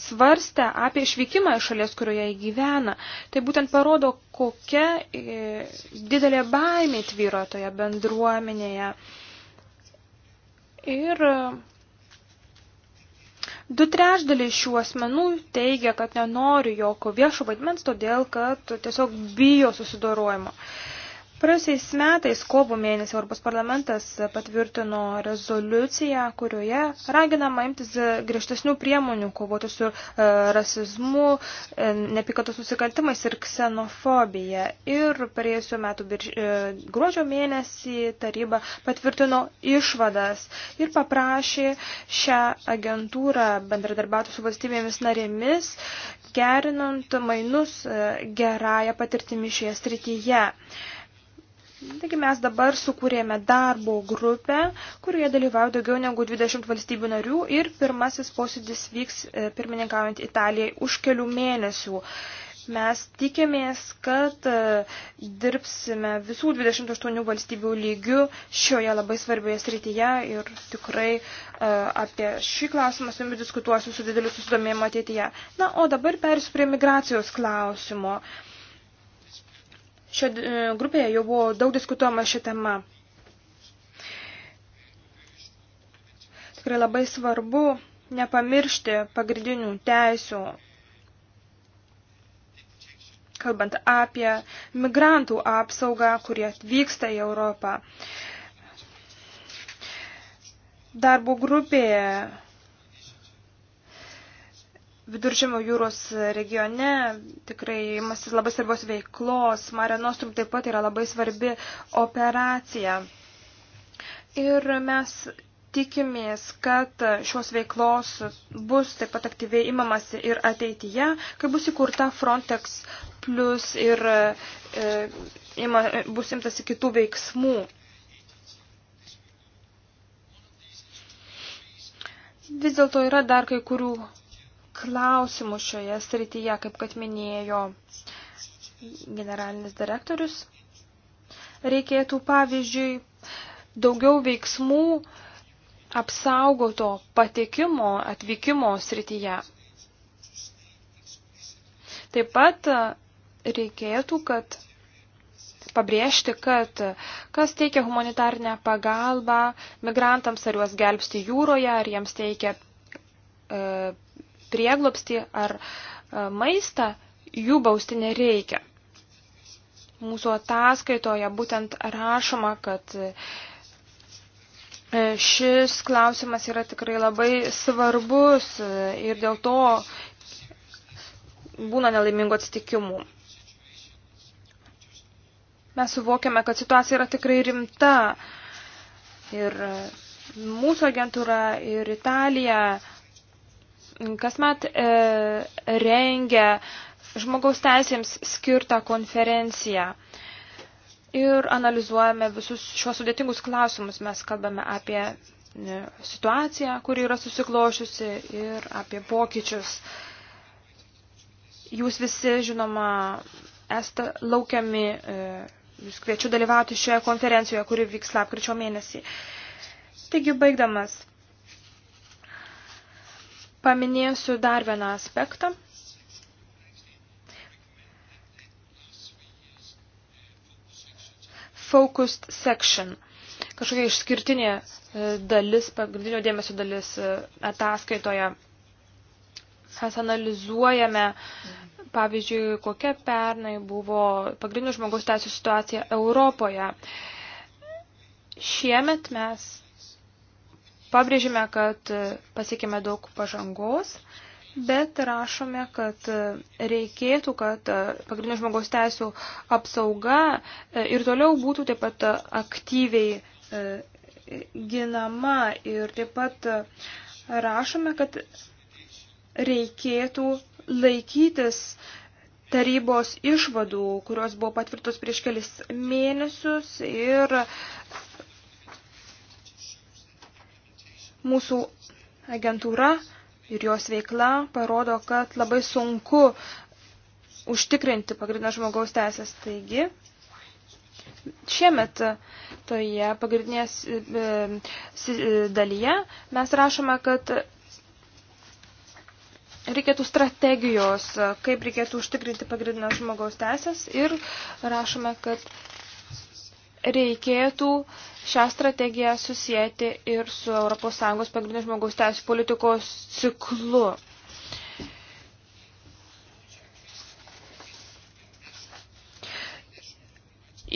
svarstę apie išvykimą iš šalies, kurioje gyvena. Tai būtent parodo, kokia e, didelė baimė tvyro toje bendruomenėje. Ir Du trešdaliai šių asmenų teigia, kad nenori jokio viešo vaidmens, todėl kad tiesiog bijo susidorojimo. Uh, Praėjusiais metais, kovo mėnesį, Europos parlamentas patvirtino rezoliuciją, kurioje raginama imtis griežtesnių priemonių kovoti su e, rasizmu, e, nepykatos nusikaltimais ir ksenofobija. Ir praėjusiu metu birž... E, gruodžio mėnesį taryba patvirtino išvadas ir paprašė šią agentūrą bendradarbiauti su valstybėmis narėmis, gerinant mainus gerąją patirtimį šioje srityje. Yeah. Taigi mes dabar sukūrėme darbo grupę, kurioje dalyvauja daugiau negu 20 valstybių narių ir pirmasis posėdis vyks e, pirmininkaujant Italijai už kelių mėnesių. Mes tikėmės, kad e, dirbsime visų 28 valstybių lygių šioje labai svarbioje srityje ir tikrai e, apie šį klausimą su jumis diskutuosiu su dideliu susidomėjimu ateityje. Na, o dabar persiu prie migracijos klausimo šio e, grupėje jau buvo daug diskutuojama šią temą. Tikrai labai svarbu nepamiršti pagrindinių teisių, kalbant apie migrantų apsaugą, kurie atvyksta į Europą. Darbo grupėje Viduržėmio jūros regione tikrai imasi labai svarbios veiklos. Mare Nostrum taip pat yra labai svarbi operacija. Ir mes tikimės, kad šios veiklos bus taip pat aktyviai imamasi ir ateityje, kai bus įkurta Frontex plus ir e, ima, bus imtasi kitų veiksmų. Vis dėlto yra dar kai kurių klausimų šioje srityje, kaip kad minėjo generalinis direktorius. Reikėtų, pavyzdžiui, daugiau veiksmų apsaugoto patekimo atvykimo srityje. Taip pat reikėtų, kad pabrėžti, kad kas teikia humanitarinę pagalbą migrantams, ar juos gelbsti jūroje, ar jiems teikia e, prieglopstį ar e, maistą, jų bausti nereikia. Mūsų ataskaitoje būtent rašoma, kad e, šis klausimas yra tikrai labai svarbus e, ir dėl to būna nelaimingų atsitikimų. Mes suvokiame, kad situacija yra tikrai rimta ir mūsų agentūra ir Italija kasmet e, rengia žmogaus teisėms skirtą konferenciją. Ir analizuojame visus šiuos sudėtingus klausimus. Mes kalbame apie e, situaciją, kuri yra susiklošiusi ir apie pokyčius. Jūs visi, žinoma, esate laukiami, e, jūs kviečiu dalyvauti šioje konferencijoje, kuri vyks lapkričio mėnesį. Taigi, baigdamas, Paminėsiu dar vieną aspektą. Focused section. Kažkokia išskirtinė e, dalis, pagrindinio dėmesio dalis e, ataskaitoje. Mes analizuojame, pavyzdžiui, kokia pernai buvo pagrindinių žmogaus teisų situacija Europoje. Šiemet mes Pabrėžime, kad e, pasiekime daug pažangos, bet rašome, kad e, reikėtų, kad e, pagrindinių žmogaus teisų apsauga ir toliau būtų taip pat aktyviai ginama ir taip pat rašome, kad reikėtų laikytis tarybos išvadų, kurios buvo patvirtos prieš kelis mėnesius ir Mūsų agentūra ir jos veikla parodo, kad labai sunku užtikrinti pagrindinę žmogaus teisės. Taigi, šiemet toje pagrindinės e, e, dalyje mes rašome, kad reikėtų strategijos, kaip reikėtų užtikrinti pagrindinės žmogaus teisės ir rašome, kad reikėtų šią strategiją susijęti ir su ES pagrindinės žmogaus teisų politikos ciklu.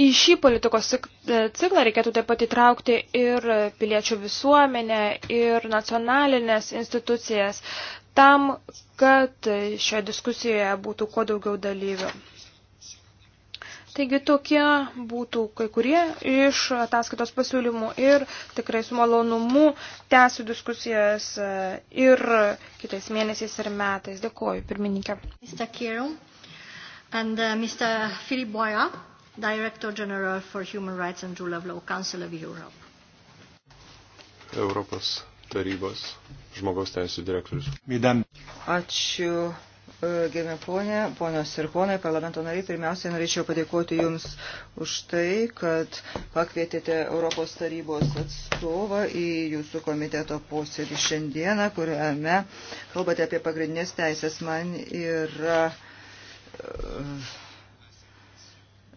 Į šį politikos e, ciklą reikėtų taip pat įtraukti ir piliečių visuomenę, ir nacionalinės institucijas, tam, kad šioje diskusijoje būtų kuo daugiau dalyvių. Taigi tokie būtų kai kurie iš ataskaitos pasiūlymų ir tikrai su malonumu tęsiu diskusijas e, ir kitais mėnesiais ir metais. Dėkuoju, pirmininkė. Mr. Kiro and uh, Mr. Philip Boya, Director General for Human Rights and Rule of Law Council of Europe. Europos tarybos žmogaus teisų direktorius. Ačiū Gerbė ponė, ponios ir ponai, parlamento nariai, pirmiausiai norėčiau padėkoti Jums už tai, kad pakvietėte Europos tarybos atstovą į Jūsų komiteto posėdį šiandieną, kuriame kalbate apie pagrindinės teisės. Man yra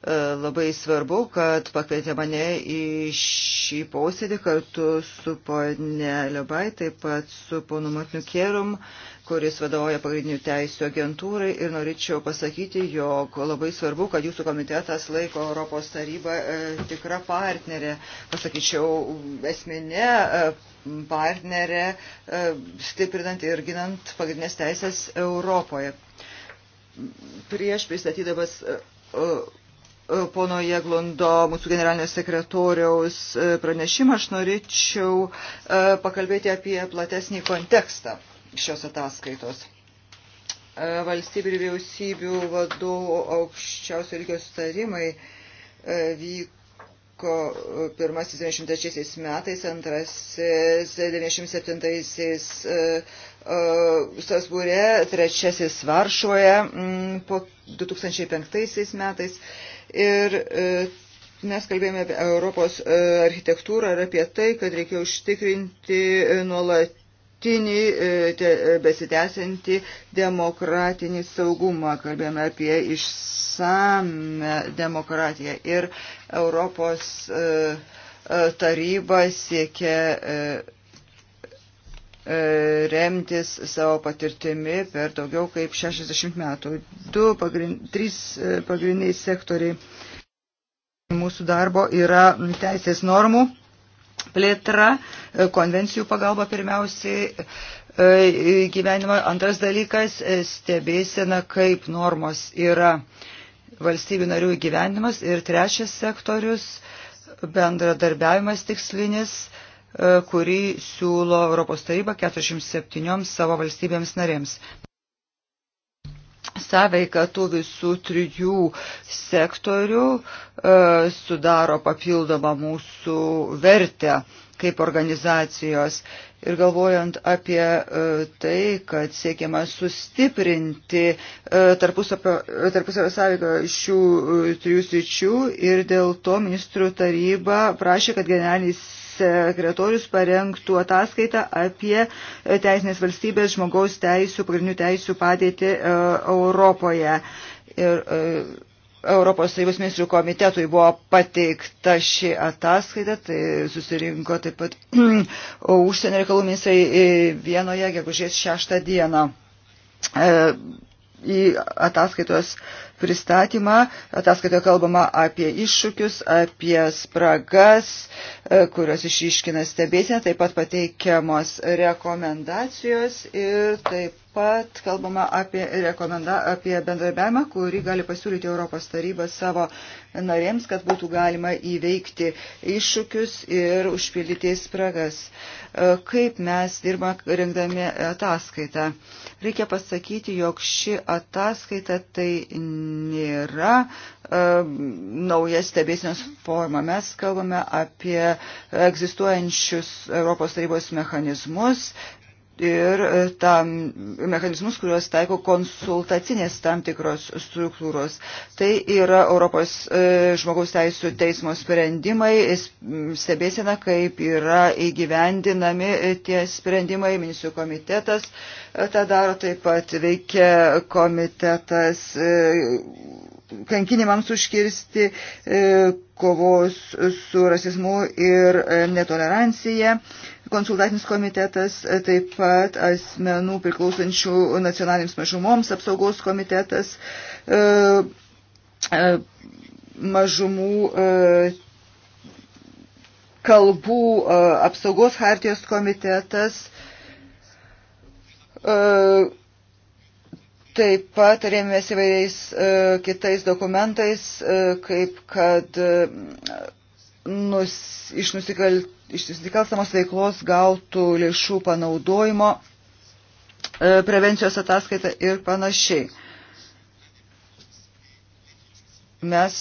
E, labai svarbu, kad pakvietė mane į šį posėdį kartu su ponė Liobai, taip pat su ponu Matniu Kierum, kuris vadovauja pagrindinių teisų agentūrai. Ir norėčiau pasakyti, jog labai svarbu, kad jūsų komitetas laiko Europos tarybą e, tikrą partnerę, pasakyčiau, esminę. E, partnerė, e, stiprinant ir ginant pagrindinės teisės Europoje. Prieš pristatydamas e, e, E, pono Jeglondo, mūsų generalinio sekretoriaus e, pranešimą, aš norėčiau e, pakalbėti apie platesnį kontekstą šios ataskaitos. Valstybių ir vyriausybių vadovų aukščiausio lygio sutarimai vyko pirmasis 93 metais, antrasis 97-aisiais Strasbūre, trečiasis Varšuoje po 2005 metais. Ir e, mes kalbėjome apie Europos e, architektūrą ir apie tai, kad reikia užtikrinti nuolat e, nuolatinį besitęsiantį demokratinį saugumą. Kalbėjome apie išsame demokratiją ir Europos taryba siekia E, remtis savo patirtimi per daugiau kaip 60 metų. Du pagrind, trys e, pagrindiniai sektoriai mūsų darbo yra teisės normų plėtra, e, konvencijų pagalba pirmiausiai gyvenimo. Antras dalykas - stebėsena, kaip normos yra valstybių narių gyvenimas. Ir trečias sektorius - bendradarbiavimas tikslinis E, kurį siūlo Europos taryba 47 savo valstybėms narėms. Sąveika tų visų trijų sektorių e, sudaro papildomą mūsų vertę kaip organizacijos. Ir galvojant apie e, tai, kad siekiama sustiprinti e, tarpusavio e, sąveiką šių e, trijų sričių ir dėl to ministrų taryba prašė, kad generalinis sekretorius parengtų ataskaitą apie teisinės valstybės žmogaus teisų, pagrindinių teisų padėti e, Europoje. Ir, e, Europos Sąjungos ministrų komitetui buvo pateikta ši ataskaita, tai susirinko taip pat užsienio reikalų ministrai e, vienoje, gegužės šeštą dieną į ataskaitos pristatymą. Ataskaitoje kalbama apie iššūkius, apie spragas, e, kurios išiškina stebėsime, taip pat pateikiamos rekomendacijos ir taip pat kalbama apie, apie bendradarbiavimą, kurį gali pasiūlyti Europos taryba savo narėms, kad būtų galima įveikti iššūkius ir užpildyti spragas. E, kaip mes dirbame rengdami ataskaitą? Reikia pasakyti, jog ši ataskaita tai nėra e, nauja stebėsinos forma. Mes kalbame apie egzistuojančius Europos tarybos mechanizmus, ir e, tam mechanizmus, kuriuos taiko konsultacinės tam tikros struktūros. Tai yra Europos e, žmogaus teisų teismo sprendimai, stebėsina, kaip yra įgyvendinami e, tie sprendimai, ministrų komitetas tą daro, taip pat veikia komitetas kankinimams užkirsti, kovos su rasizmu ir netolerancija konsultacinis komitetas, e, taip pat asmenų priklausančių nacionalinėms mažumoms apsaugos komitetas, e, e, mažumų kalbų apsaugos hartijos komitetas, Taip pat rėmėmės įvairiais e, kitais dokumentais, e, kaip kad e, nus, iš, nusikal, iš nusikalstamos veiklos gautų lėšų panaudojimo, e, prevencijos ataskaita ir panašiai. Mes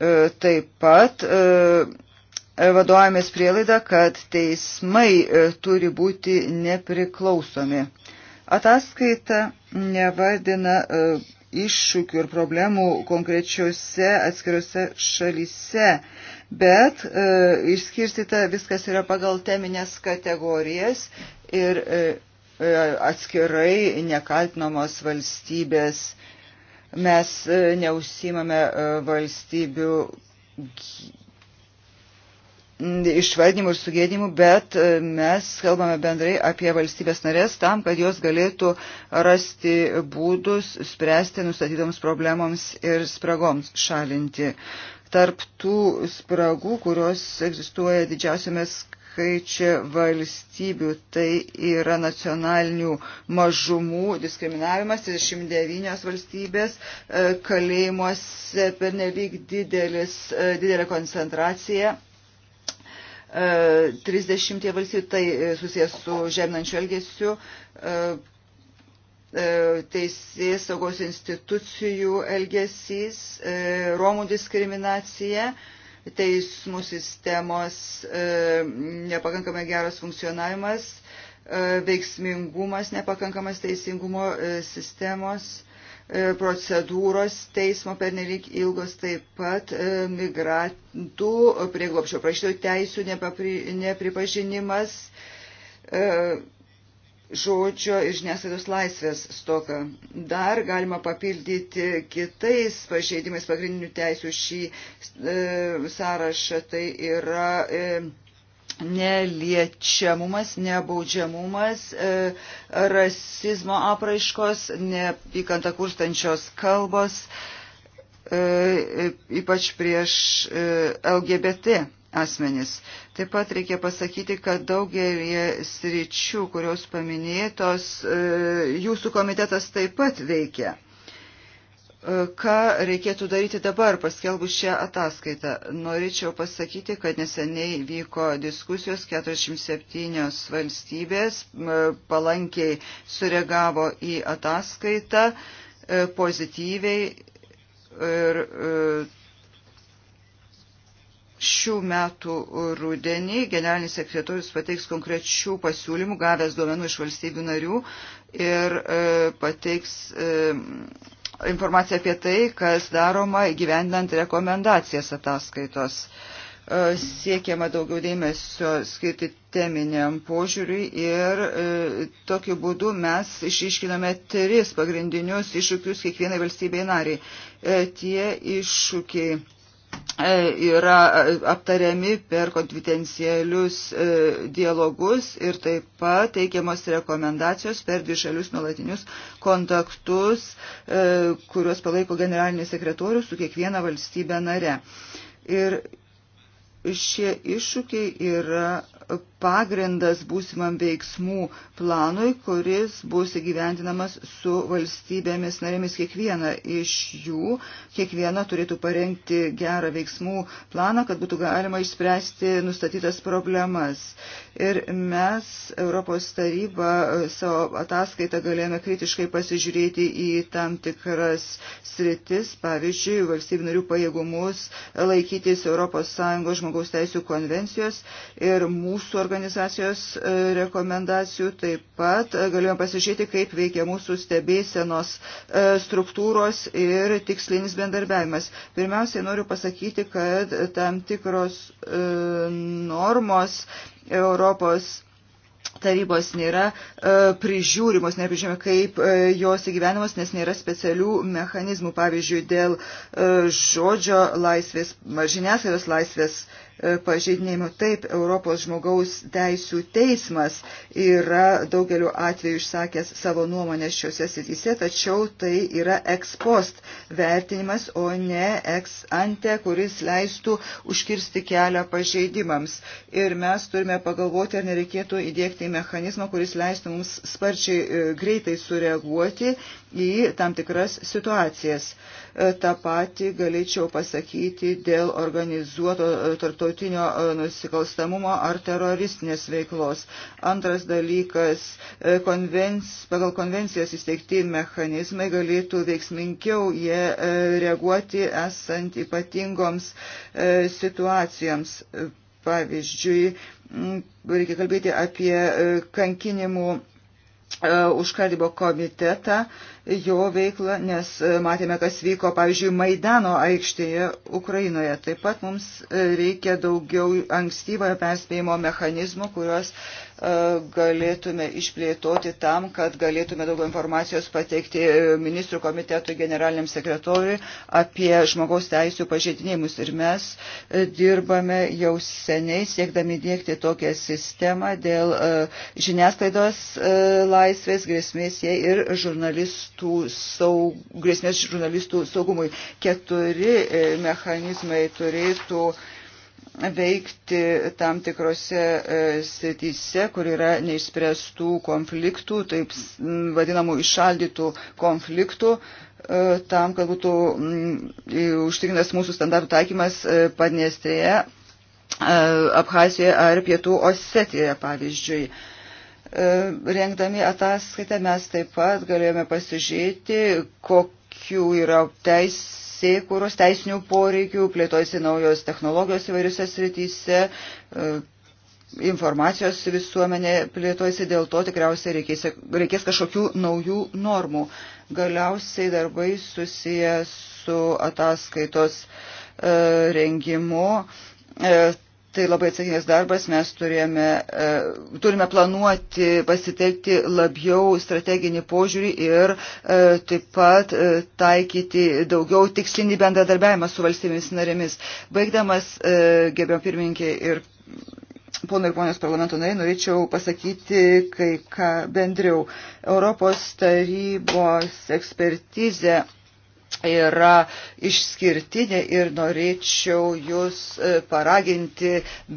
e, taip pat e, e vadovavomės prielaidą, kad teismai e, turi būti nepriklausomi. Ataskaita nevadina. E, iššūkių ir problemų konkrečiose atskiriuose šalyse bet e, išskirstyta viskas yra pagal teminės kategorijas ir e, e atskirai nekaltinamos valstybės. Mes e, neusimame e, valstybių išvadinimų ir sugėdimų, bet e, mes kalbame bendrai apie valstybės narės tam, kad jos galėtų rasti būdus spręsti nustatytoms problemoms ir spragoms šalinti. Tarp tų spragų, kurios egzistuoja didžiausiame skaičia valstybių, tai yra nacionalinių mažumų diskriminavimas, 39 valstybės, e, kalėjimuose per nevyk didelis, e, didelė koncentracija 30 e, valstybių, tai e, susijęs su žeminančiu elgesiu e, teisės saugos institucijų elgesys, Romų diskriminacija, teismų sistemos nepakankamai geras funkcionavimas, veiksmingumas nepakankamas teisingumo sistemos E, procedūros teismo pernelyg ilgos taip pat e, migrantų e, prieglopšio prašytojų teisų nepapri, nepripažinimas žodžio ir žiniasklaidos laisvės stoka. Dar galima papildyti kitais pažeidimais pagrindinių teisių šį e, sąrašą. Tai yra e, neliečiamumas, nebaudžiamumas, e, rasizmo apraiškos, neapykanta kurstančios kalbos, e, e, ypač prieš e, LGBT asmenis. Taip pat reikia pasakyti, kad daugelį sričių, kurios paminėtos, e, jūsų komitetas taip pat veikia. E, ką reikėtų daryti dabar paskelbus šią ataskaitą. Norėčiau pasakyti, kad neseniai vyko diskusijos 47 valstybės palankiai sureagavo į ataskaitą e, pozityviai ir e, šių metų rudenį generalinis sekretorius pateiks konkrečių pasiūlymų gavęs duomenų iš valstybių narių ir pateiks informaciją apie tai, kas daroma gyvendant rekomendacijas ataskaitos. E, siekiama daugiau dėmesio skirti teminiam požiūriui ir e, tokiu būdu mes išiškiname tris pagrindinius iššūkius kiekvienai valstybei nariai. E, tie iššūkiai E, yra e, aptariami per konfidencialius e, dialogus ir taip pat teikiamos rekomendacijos per dvišalius nuolatinius kontaktus, kuriuos palaiko generalinis sekretorius su kiekviena valstybė nare. Ir šie iššūkiai yra pagrindas būsimam veiksmų planui, kuris bus įgyventinamas su valstybėmis narėmis. Kiekviena iš jų, kiekviena turėtų parengti gerą veiksmų planą, kad būtų galima išspręsti nustatytas problemas. Ir mes, Europos taryba, savo ataskaitą galėjome kritiškai pasižiūrėti į tam tikras sritis, pavyzdžiui, valstybių narių pajėgumus laikytis ES žmogaus teisų konvencijos ir mūsų mūsų organizacijos e, rekomendacijų taip pat e, galime pasižiūrėti, kaip veikia mūsų stebėsenos e, struktūros ir tikslinis bendarbiavimas. Pirmiausiai noriu pasakyti, kad tam tikros normos Europos tarybos nėra prižiūrimos, neprižiūrime, kaip jos įgyvenimos, nes nėra specialių mechanizmų, pavyzdžiui, dėl žodžio laisvės, žiniasklaidos laisvės E, pažeidinėjimų. Taip, Europos žmogaus teisų teismas yra daugeliu atveju išsakęs savo nuomonę šiuose srityse, tačiau tai yra ex post vertinimas, o ne ex ante, kuris leistų užkirsti kelią pažeidimams. Ir mes turime pagalvoti, ar nereikėtų įdėkti mechanizmą, kuris leistų mums sparčiai e, greitai sureaguoti į tam tikras situacijas. E, Ta pati galėčiau pasakyti dėl organizuoto tarptautinio tarptautinio e, nusikalstamumo ar teroristinės veiklos. Antras dalykas, e, konvenc, pagal konvencijas įsteigti mechanizmai galėtų veiksminkiau jie e, reaguoti esant ypatingoms situacijoms. Pavyzdžiui, reikia kalbėti apie kankinimų E, užkardybo komitetą, jo veiklą, nes e, matėme, kas vyko, pavyzdžiui, Maidano aikštėje Ukrainoje. Taip pat mums e, reikia daugiau ankstyvojo perspėjimo mechanizmų, kurios E, galėtume išplėtoti tam, kad galėtume daugiau informacijos pateikti ministrų komitetų generaliniam sekretoriui apie žmogaus teisų pažeidinėjimus. Ir mes e, dirbame jau seniai siekdami dėkti tokią sistemą dėl e, žiniasklaidos laisvės grėsmės jai ir žurnalistų saug, grėsmės žurnalistų saugumui. Keturi mechanizmai turėtų uh, veikti tam tikrose e, srityse, kur yra neišspręstų konfliktų, taip vadinamų išaldytų konfliktų, e, tam, kad būtų užtikrintas mūsų standartų taikymas e, Padniestrėje, Abhazijoje ar Pietų Osetijoje, pavyzdžiui. Rengdami ataskaitą mes taip pat galėjome pasižiūrėti, kokių yra teisės teisėkūros teisinių poreikių, plėtojasi naujos technologijos įvairiuose srityse, e, informacijos visuomenė plėtojasi, dėl to tikriausiai reikės, reikės kažkokių naujų normų. Galiausiai darbai susiję su ataskaitos e, rengimu e, Tai labai atsakingas darbas, mes turėjome, e, turime planuoti, pasitelkti labiau strateginį požiūrį ir e, taip pat e, taikyti daugiau tikslinį bendradarbiavimą su valstybėmis narėmis. Baigdamas, gerbiam pirmininkė ir pono ir ponios parlamento nariai, norėčiau pasakyti kai ką bendriau. Europos tarybos ekspertizė yra išskirtinė ir norėčiau jūs e, paraginti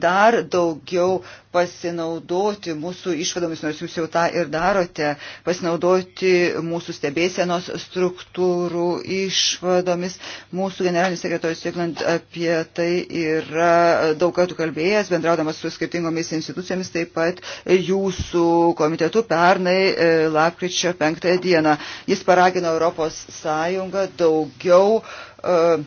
dar daugiau pasinaudoti mūsų išvadomis, nors jūs jau tą ir darote, pasinaudoti mūsų stebėsienos struktūrų išvadomis. Mūsų generalinis sekretorius Jekland apie tai yra daug kartų kalbėjęs, bendraudamas su skirtingomis institucijomis, taip pat jūsų komitetu pernai e, lapkričio penktąją dieną. Jis paragino Europos Sąjungą daugiau uh,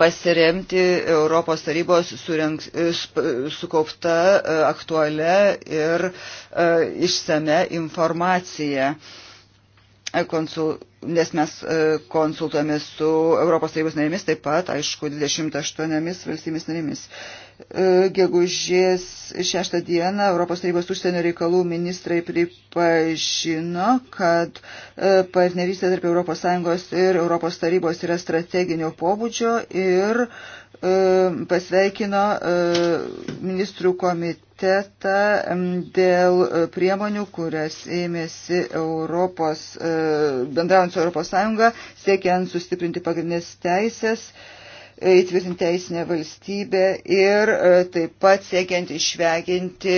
pasiremti Europos tarybos surenks, e, e, sukaupta e, aktualia ir išsame informacija konsul, nes mes e, konsultuojame su Europos tarybos narėmis, taip pat, aišku, 28 valstybės narėmis. E, gegužės 6 dieną Europos tarybos užsienio reikalų ministrai pripažino, kad e, partnerystė tarp ES ir Europos tarybos yra strateginio pobūdžio ir uh, E, pasveikino e, ministrų komitetą dėl e, priemonių, kurias ėmėsi Europos, bendraujant su Europos Sąjunga, siekiant sustiprinti pagrindinės teisės įtvirtinti teisinę valstybę ir taip pat siekiant išveginti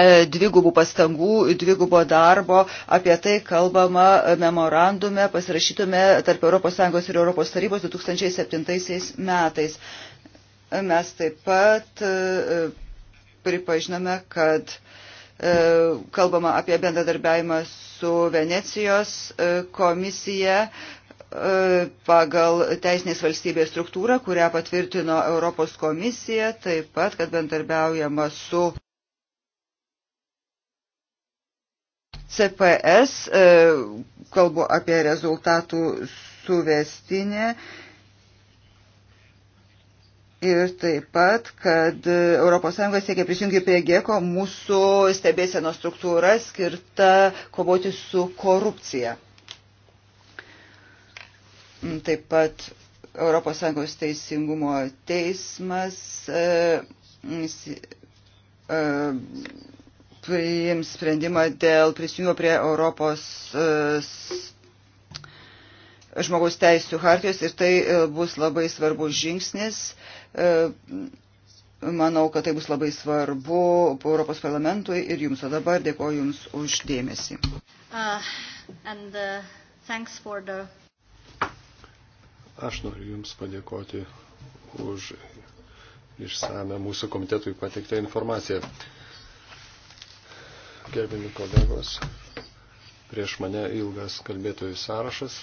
E, dvigubų pastangų, dvigubo darbo, apie tai kalbama memorandume pasirašytume tarp ES ir ES tarybos 2007 metais. Mes taip pat e, pripažinome, kad e, kalbama apie bendradarbiavimą su Venecijos komisija pagal teisinės valstybės struktūrą, kurią patvirtino Europos komisija, taip pat, kad bendarbiaujama su CPS, e, kalbu apie rezultatų suvestinę. Ir taip pat, kad ES siekia prisijungti prie GECO, mūsų stebėseno struktūra skirta kovoti su korupcija. Taip pat ES teisingumo teismas e, e, priims sprendimą dėl prisijungimo prie Europos e, žmogaus teisų hartijos ir tai e, bus labai svarbus žingsnis. E, manau, kad tai bus labai svarbu Europos parlamentui ir jums. O dabar dėkoju jums už dėmesį. Uh, and, uh, the... Aš noriu jums padėkoti už išsame mūsų komitetui pateiktą informaciją. Gerbimi kolegos, prieš mane ilgas kalbėtojų sąrašas.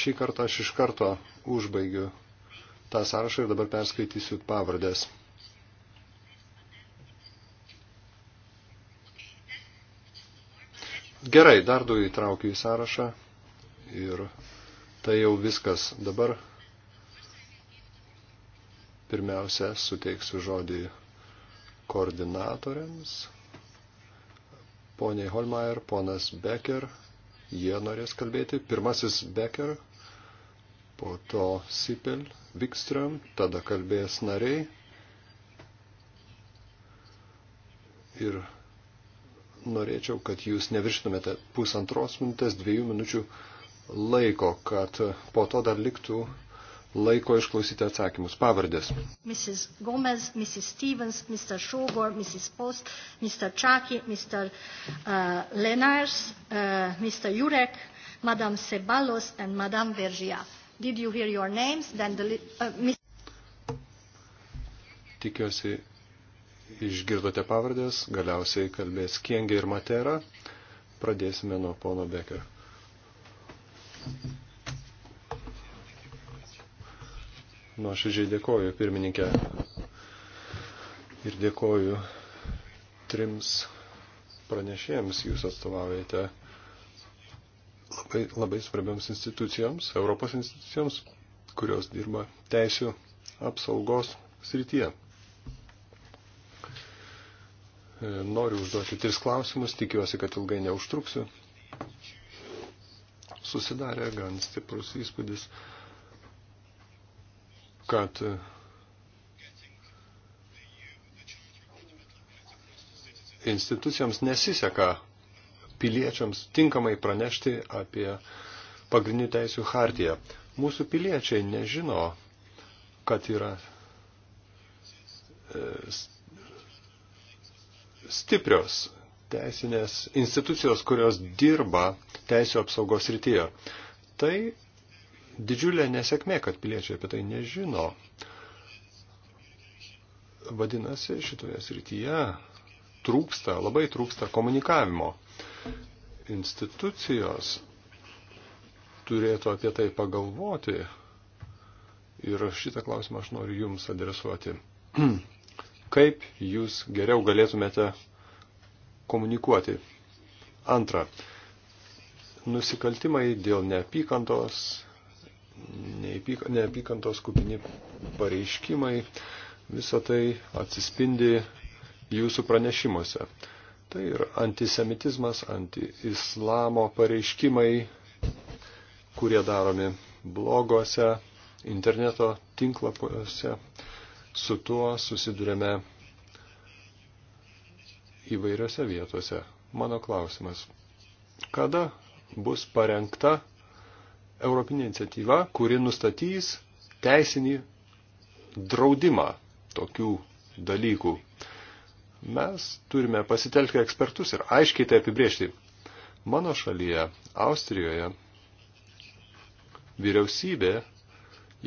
Šį kartą aš iš karto užbaigiu tą sąrašą ir dabar perskaitysiu pavardės. Gerai, dar du įtraukiu į sąrašą ir tai jau viskas. Dabar pirmiausia suteiksiu žodį koordinatoriams, poniai Holmeier, ponas Becker, jie norės kalbėti. Pirmasis Becker, po to Sipel, Wikström, tada kalbės nariai. Ir norėčiau, kad jūs nevirštumėte pusantros minutės, dviejų minučių laiko, kad po to dar liktų laiko išklausyti atsakymus. Pavardės. Mrs. Gomez, Mrs. Stevens, Mr. Šogor, Mrs. Post, Mr. Čaki, Mr. Uh, Lenars, uh, Mr. Jurek, Madam Sebalos and Madam Vergia. Did you hear your names? Then the, uh, Ms. Tikiuosi, išgirdote pavardės, galiausiai kalbės Kiengė ir Matera. Pradėsime nuo pono Bekerio. Thank you. Nuoširdžiai dėkoju pirmininkė ir dėkoju trims pranešėjams jūs atstovaujate labai, labai svarbiams institucijoms, Europos institucijoms, kurios dirba teisų apsaugos srityje. E, noriu užduoti tris klausimus, tikiuosi, kad ilgai neužtruksiu. Susidarė gan stiprus įspūdis kad institucijoms nesiseka piliečiams tinkamai pranešti apie pagrindinių teisių hartiją. Mūsų piliečiai nežino, kad yra e, stiprios teisinės institucijos, kurios dirba teisų apsaugos rytyje. Tai didžiulė nesėkmė, kad piliečiai apie tai nežino. Vadinasi, šitoje srityje trūksta, labai trūksta komunikavimo. Institucijos turėtų apie tai pagalvoti ir šitą klausimą aš noriu Jums adresuoti. Kaip Jūs geriau galėtumėte komunikuoti? Antra, nusikaltimai dėl neapykantos neapykantos kupini pareiškimai, visą tai atsispindi jūsų pranešimuose. Tai ir antisemitizmas, antiislamo pareiškimai, kurie daromi blogose, interneto tinklapuose. Su tuo susidurėme įvairiose vietose. Mano klausimas. Kada bus parengta europinė iniciatyva, kuri nustatys teisinį draudimą tokių dalykų. Mes turime pasitelkti ekspertus ir aiškiai tai apibriežti. Mano šalyje, Austrijoje, vyriausybė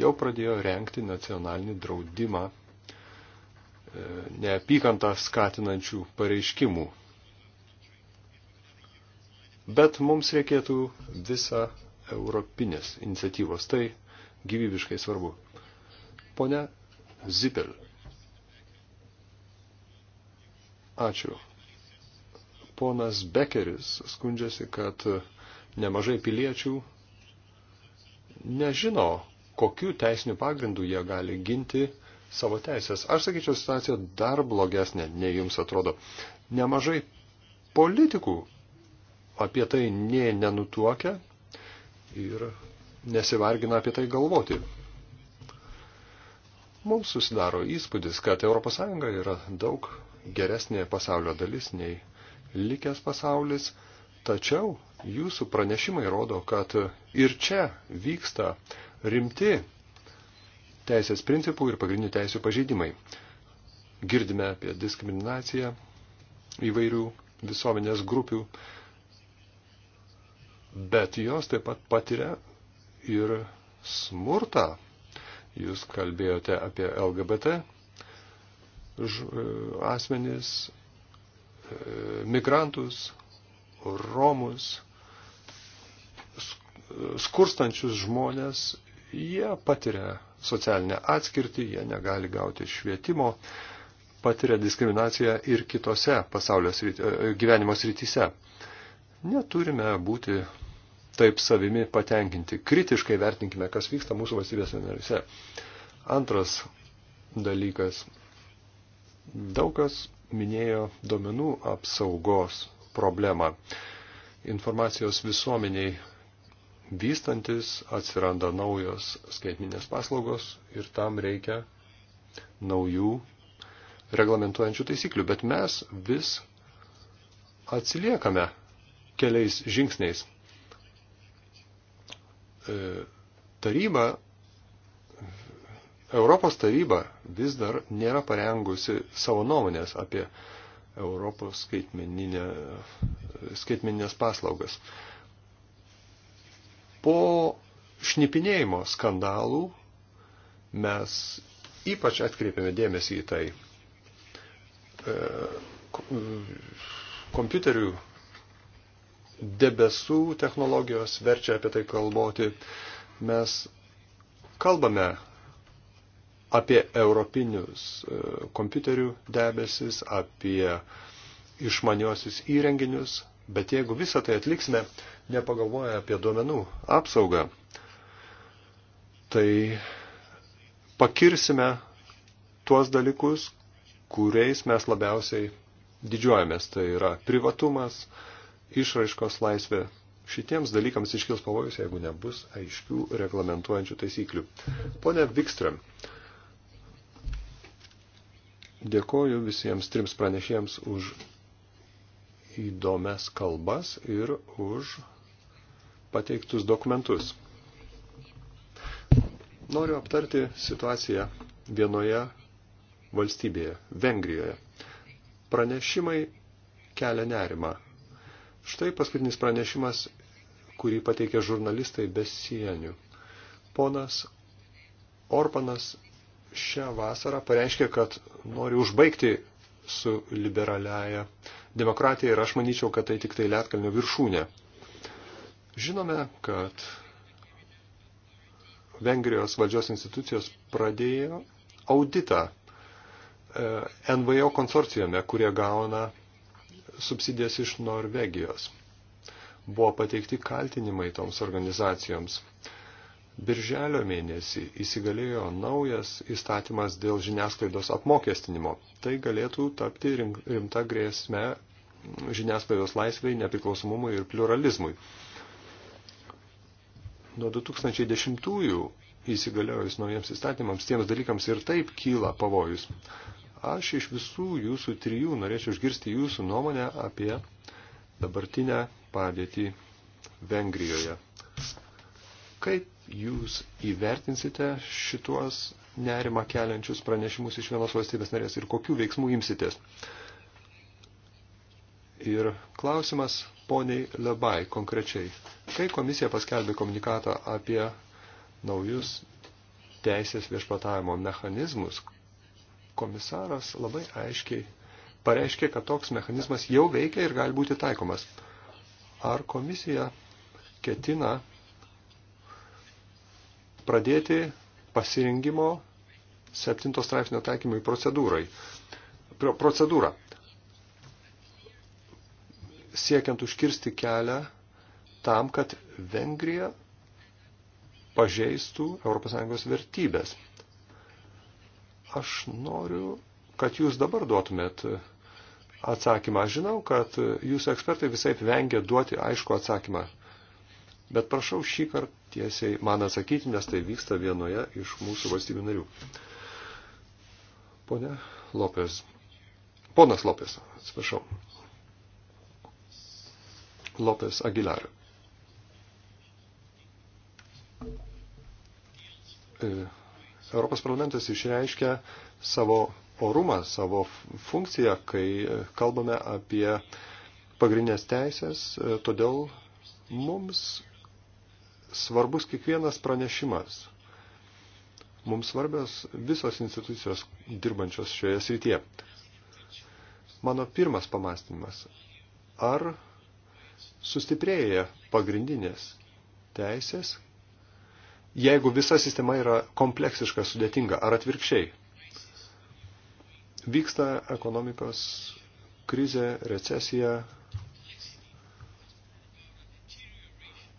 jau pradėjo renkti nacionalinį draudimą e, neapykantą skatinančių pareiškimų. Bet mums reikėtų visą europinės iniciatyvos. Tai gyvybiškai svarbu. Pone Zipel. Ačiū. Ponas Bekeris skundžiasi, kad nemažai piliečių nežino, kokiu teisiniu pagrindu jie gali ginti savo teisės. Aš sakyčiau, situacija dar blogesnė, nei jums atrodo. Nemažai politikų apie tai nė nenutuokia, ir nesivargina apie tai galvoti. Mums susidaro įspūdis, kad ES yra daug geresnė pasaulio dalis nei likęs pasaulis, tačiau jūsų pranešimai rodo, kad ir čia vyksta rimti teisės principų ir pagrindinių teisų pažeidimai. Girdime apie diskriminaciją įvairių visuomenės grupių, bet jos taip pat patiria ir smurtą. Jūs kalbėjote apie LGBT e, asmenis, e, migrantus, romus, skurstančius žmonės, jie patiria socialinę atskirtį, jie negali gauti švietimo, patiria diskriminaciją ir kitose pasaulio srity, e, gyvenimo srityse. Neturime būti taip savimi patenkinti. Kritiškai vertinkime, kas vyksta mūsų valstybės narise. Antras dalykas. Daugas minėjo domenų apsaugos problemą. Informacijos visuomeniai vystantis atsiranda naujos skaitminės paslaugos ir tam reikia naujų reglamentuojančių taisyklių, bet mes vis atsiliekame keliais žingsniais. E, taryba, Europos taryba vis dar nėra parengusi savo nuomonės apie Europos skaitmeninė, skaitmeninės paslaugas. Po šnipinėjimo skandalų mes ypač atkreipėme dėmesį į tai. E, e, kompiuterių debesų technologijos verčia apie tai kalboti. Mes kalbame apie europinius e, kompiuterių debesis, apie išmaniosius įrenginius, bet jeigu visą tai atliksime, nepagalvoja apie duomenų apsaugą, tai pakirsime tuos dalykus, kuriais mes labiausiai didžiuojamės. Tai yra privatumas, išraiškos laisvė. Šitiems dalykams iškils pavojus, jeigu nebus aiškių reglamentuojančių taisyklių. Pone Vikström, dėkoju visiems trims pranešėjams už įdomias kalbas ir už pateiktus dokumentus. Noriu aptarti situaciją vienoje valstybėje, Vengrijoje. Pranešimai kelia nerimą Štai paskutinis pranešimas, kurį pateikė žurnalistai be sienių. Ponas Orbanas šią vasarą pareiškė, kad nori užbaigti su liberaliaja demokratija ir aš manyčiau, kad tai tik tai lietkalnio viršūnė. Žinome, kad Vengrijos valdžios institucijos pradėjo auditą e, NVO konsorcijame, kurie gauna subsidijas iš Norvegijos. Buvo pateikti kaltinimai toms organizacijoms. Birželio mėnesį įsigalėjo naujas įstatymas dėl žiniasklaidos apmokestinimo. Tai galėtų tapti rimta grėsme žiniasklaidos laisvai, nepriklausomumui ir pluralizmui. Nuo 2010-ųjų įsigaliojus naujiems įstatymams, tiems dalykams ir taip kyla pavojus. Aš iš visų jūsų trijų norėčiau išgirsti jūsų nuomonę apie dabartinę padėtį Vengrijoje. Kaip jūs įvertinsite šituos nerimą keliančius pranešimus iš vienos valstybės narės ir kokių veiksmų imsitės? Ir klausimas poniai Lebai konkrečiai. Kai komisija paskelbė komunikatą apie naujus teisės viešpatavimo mechanizmus, komisaras labai aiškiai pareiškė, kad toks mechanizmas jau veikia ir gali būti taikomas. Ar komisija ketina pradėti pasirinkimo 7 straipsnio taikymui procedūrai? Procedūra. Siekiant užkirsti kelią tam, kad Vengrija pažeistų ES vertybės. Aš noriu, kad jūs dabar duotumėt atsakymą. Aš žinau, kad jūsų ekspertai visai vengia duoti aišku atsakymą. Bet prašau šį kartą tiesiai man atsakyti, nes tai vyksta vienoje iš mūsų valstybių narių. Pone Lopez. Ponas Lopez, atsiprašau. Lopez Aguilar. E, Europos parlamentas išreiškia savo orumą, savo funkciją, kai kalbame apie pagrindinės teisės, todėl mums svarbus kiekvienas pranešimas. Mums svarbios visos institucijos dirbančios šioje srityje. Mano pirmas pamastymas. Ar sustiprėja pagrindinės teisės, jeigu visa sistema yra kompleksiška, sudėtinga ar atvirkščiai. Vyksta ekonomikos krizė, recesija.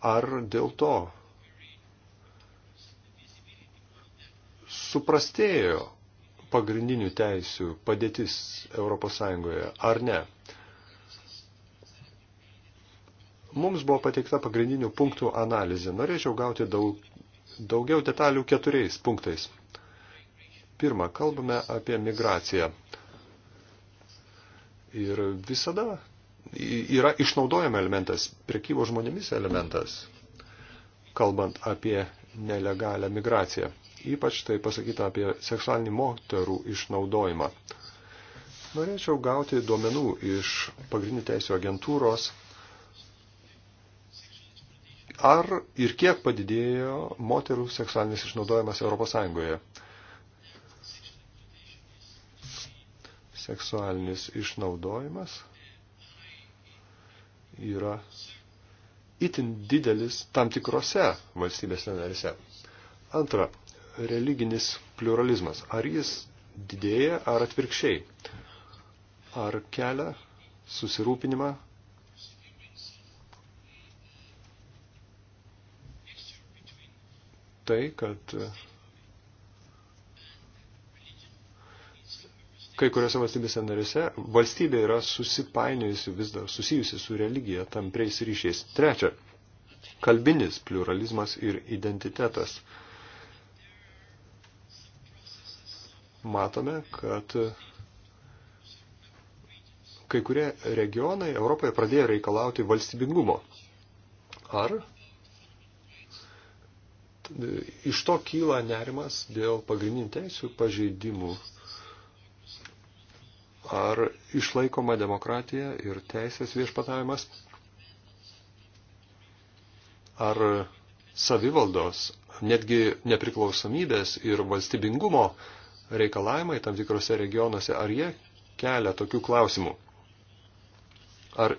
Ar dėl to suprastėjo pagrindinių teisių padėtis ES ar ne. Mums buvo pateikta pagrindinių punktų analizė. Norėčiau gauti daug, Daugiau detalių keturiais punktais. Pirma, kalbame apie migraciją. Ir visada yra išnaudojama elementas, prekybo žmonėmis elementas, kalbant apie nelegalią migraciją. Ypač tai pasakyta apie seksualinį moterų išnaudojimą. Norėčiau gauti duomenų iš pagrindinių teisų agentūros Ar ir kiek padidėjo moterų seksualinis išnaudojimas ES? Seksualinis išnaudojimas yra itin didelis tam tikrose valstybės narėse. Antra, religinis pluralizmas. Ar jis didėja ar atvirkščiai? Ar kelia susirūpinimą tai, kad kai kuriuose valstybėse narėse valstybė yra susipainiojusi vis dar, susijusi su religija tampriais ryšiais. Trečia, kalbinis pluralizmas ir identitetas. Matome, kad kai kurie regionai Europoje pradėjo reikalauti valstybingumo. Ar Iš to kyla nerimas dėl pagrindinių teisų pažeidimų. Ar išlaikoma demokratija ir teisės viešpatavimas? Ar savivaldos, netgi nepriklausomybės ir valstybingumo reikalavimai tam tikrose regionuose, ar jie kelia tokių klausimų? Ar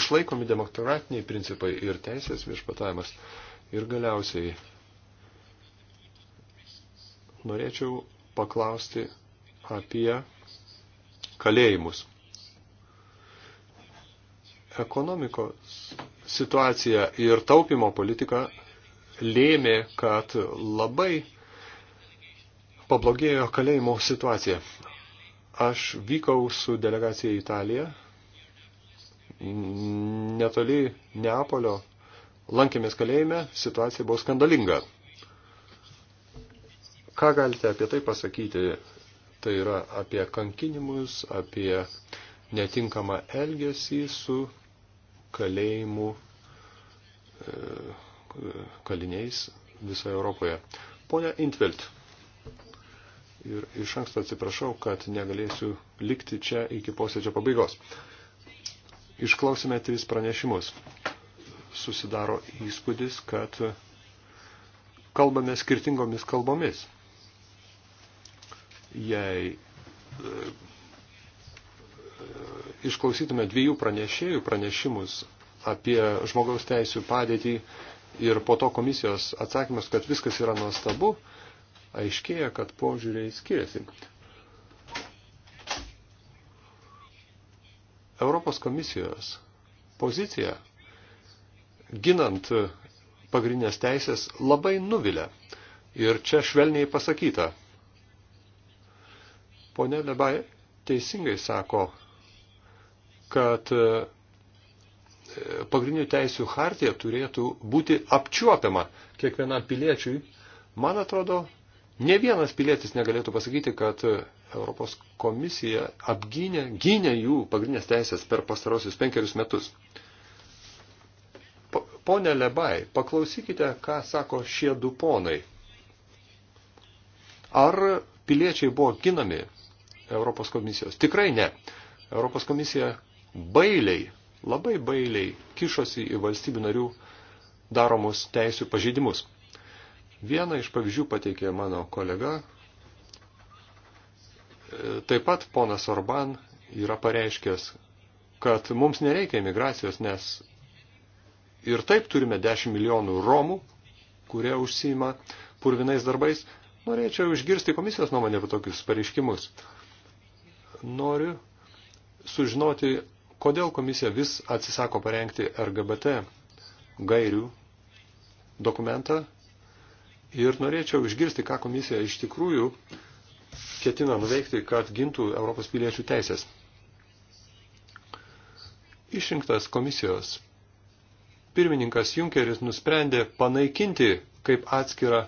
išlaikomi demokratiniai principai ir teisės viešpatavimas? Ir galiausiai norėčiau paklausti apie kalėjimus. Ekonomikos situacija ir taupimo politika lėmė, kad labai pablogėjo kalėjimo situacija. Aš vykau su delegacija į Italiją, netoli Neapolio lankėmės kalėjime, situacija buvo skandalinga. Ką galite apie tai pasakyti? Tai yra apie kankinimus, apie netinkamą elgesį su kalėjimų e, kaliniais visoje Europoje. Pone Intvelt, ir iš anksto atsiprašau, kad negalėsiu likti čia iki posėdžio pabaigos. Išklausime tris pranešimus susidaro įspūdis, kad kalbame skirtingomis kalbomis. Jei e, e, išklausytume dviejų pranešėjų pranešimus apie žmogaus teisų padėtį ir po to komisijos atsakymas, kad viskas yra nuostabu, aiškėja, kad požiūriai skiriasi. Europos komisijos pozicija ginant e, pagrindinės teisės labai nuvilia. Ir čia švelniai pasakyta. Pone Lebai teisingai sako, kad e, pagrindinių teisių hartija turėtų būti apčiuopiama kiekvienam piliečiui. Man atrodo, ne vienas pilietis negalėtų pasakyti, kad e, Europos komisija apgynė, gynė jų pagrindinės teisės per pastarosius penkerius metus. Pone Lebai, paklausykite, ką sako šie du ponai. Ar piliečiai buvo ginami Europos komisijos? Tikrai ne. Europos komisija bailiai, labai bailiai kišosi į valstybių narių daromus teisų pažeidimus. Vieną iš pavyzdžių pateikė mano kolega. Taip pat ponas Orban yra pareiškęs, kad mums nereikia imigracijos, nes ir taip turime 10 milijonų romų, kurie užsima purvinais darbais. Norėčiau išgirsti komisijos nuomonę apie tokius pareiškimus. Noriu sužinoti, kodėl komisija vis atsisako parengti RGBT gairių dokumentą ir norėčiau išgirsti, ką komisija iš tikrųjų ketina nuveikti, kad gintų Europos piliečių teisės. Išrinktas komisijos pirmininkas Junkeris nusprendė panaikinti kaip atskirą e,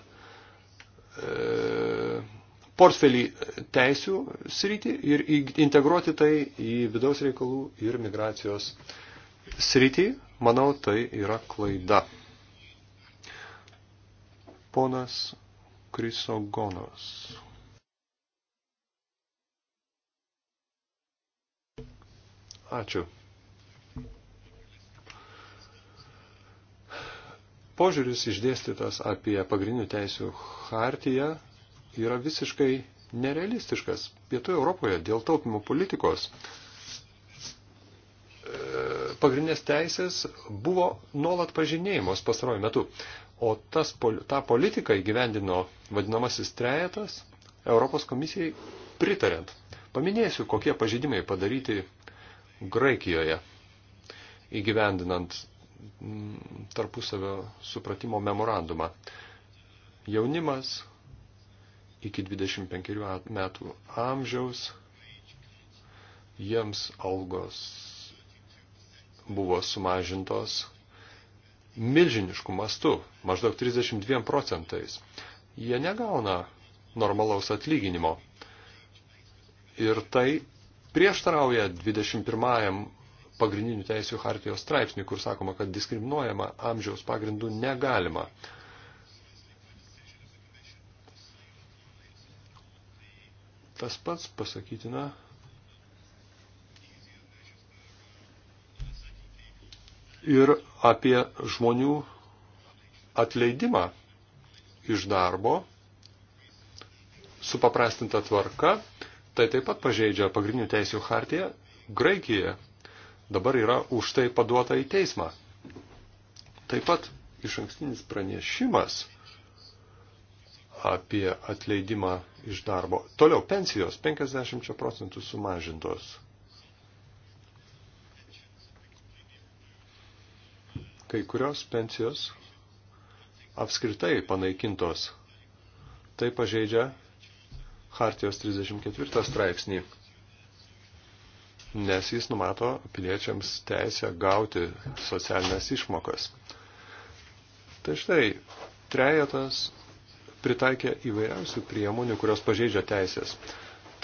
portfelį teisių sritį ir integruoti tai į vidaus reikalų ir migracijos sritį, manau, tai yra klaida. Ponas Krisogonas. Ačiū, požiūris išdėstytas apie pagrindinių teisių hartiją yra visiškai nerealistiškas. Pietų Europoje dėl taupimo politikos e, pagrindinės teisės buvo nuolat pažinėjimos pastaruoju metu, o tas, tą politiką įgyvendino vadinamasis trejetas Europos komisijai pritarent. Paminėsiu, kokie pažydimai padaryti Graikijoje įgyvendinant tarpusavio supratimo memorandumą. Jaunimas iki 25 metų amžiaus, jiems algos buvo sumažintos milžiniškų mastų, maždaug 32 procentais. Jie negauna normalaus atlyginimo. Ir tai prieštarauja 21 pagrindinių teisų hartijos straipsnį, kur sakoma, kad diskriminuojama amžiaus pagrindų negalima. Tas pats pasakytina ir apie žmonių atleidimą iš darbo supaprastinta tvarka, tai taip pat pažeidžia pagrindinių teisų hartiją Graikijoje dabar yra už tai paduota į teismą. Taip pat iš ankstinis pranešimas apie atleidimą iš darbo. Toliau pensijos 50 procentų sumažintos. Kai kurios pensijos apskritai panaikintos. Tai pažeidžia Hartijos 34 straipsnį nes jis numato piliečiams teisę gauti socialinės išmokas. Tai štai, trejetas pritaikė įvairiausių priemonių, kurios pažeidžia teisės.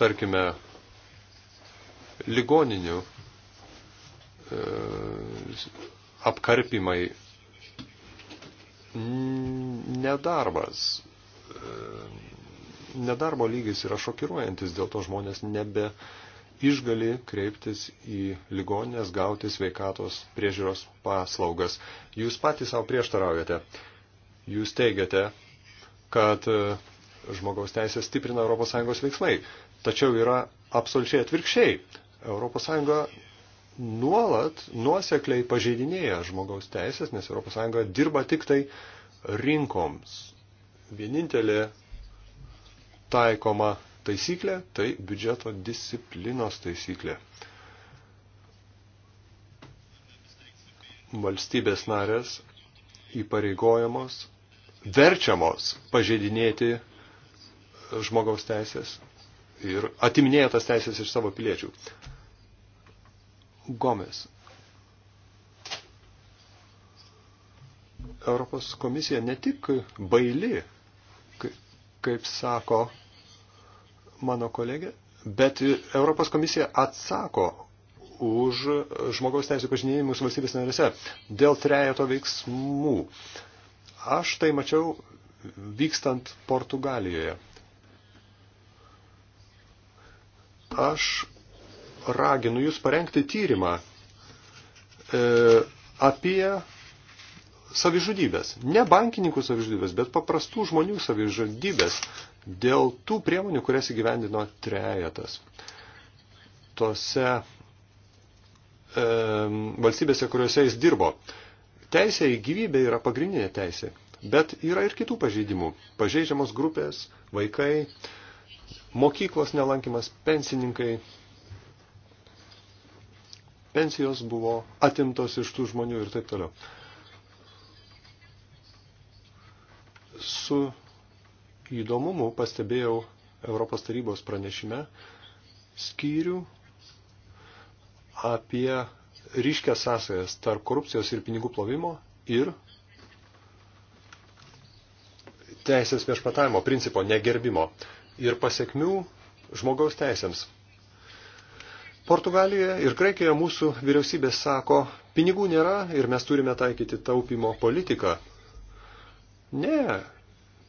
Tarkime, ligoninių e, apkarpimai, nedarbas, e, nedarbo lygis yra šokiruojantis, dėl to žmonės nebe išgali kreiptis į ligoninės gauti sveikatos priežiūros paslaugas. Jūs patys savo prieštaraujate. Jūs teigiate, kad e, žmogaus teisės stiprina ES veiksmai. Tačiau yra absoliučiai atvirkščiai. ES nuolat nuosekliai pažeidinėja žmogaus teisės, nes ES dirba tik tai rinkoms. Vienintelė taikoma taisyklė, tai biudžeto disciplinos taisyklė. Valstybės narės įpareigojamos, verčiamos pažeidinėti žmogaus teisės ir atiminėja tas teisės iš savo piliečių. Gomes. Europos komisija ne tik baili, kaip sako mano kolegė, bet Europos komisija atsako už žmogaus teisų pažinėjimus valstybės narėse dėl trejato veiksmų. Aš tai mačiau vykstant Portugalijoje. Aš raginu jūs parengti tyrimą e, apie savižudybės. Ne bankininkų savižudybės, bet paprastų žmonių savižudybės dėl tų priemonių, kurias įgyvendino trejetas. Tose e, valstybėse, kuriuose jis dirbo. Teisė į gyvybę yra pagrindinė teisė, bet yra ir kitų pažeidimų. Pažeidžiamos grupės, vaikai, mokyklos nelankimas, pensininkai, pensijos buvo atimtos iš tų žmonių ir taip toliau. su įdomumu pastebėjau Europos tarybos pranešime skyrių apie ryškę sąsajas tarp korupcijos ir pinigų plovimo ir teisės viešpatavimo principo negerbimo ir pasiekmių žmogaus teisėms. Portugalijoje ir Graikijoje mūsų vyriausybės sako, pinigų nėra ir mes turime taikyti taupimo politiką. Ne,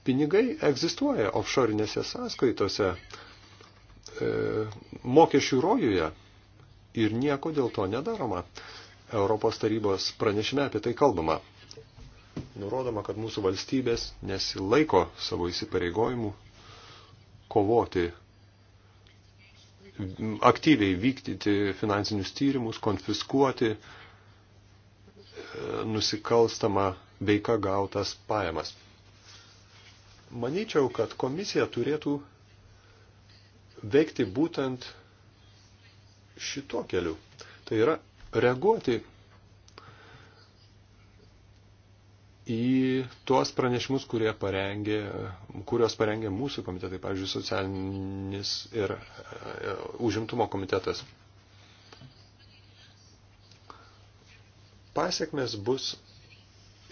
pinigai egzistuoja offshore'inėse sąskaitose, e, mokesčių rojuje ir nieko dėl to nedaroma. Europos tarybos pranešime apie tai kalbama. Nurodoma, kad mūsų valstybės nesilaiko savo įsipareigojimų kovoti, aktyviai vykdyti finansinius tyrimus, konfiskuoti, nusikalstama veika gautas pajamas. Manyčiau, kad komisija turėtų veikti būtent šito keliu. Tai yra reaguoti į tuos pranešimus, kurie parengė, kurios parengė mūsų komitetai, pavyzdžiui, socialinis ir e, e, užimtumo komitetas. Pasiekmes bus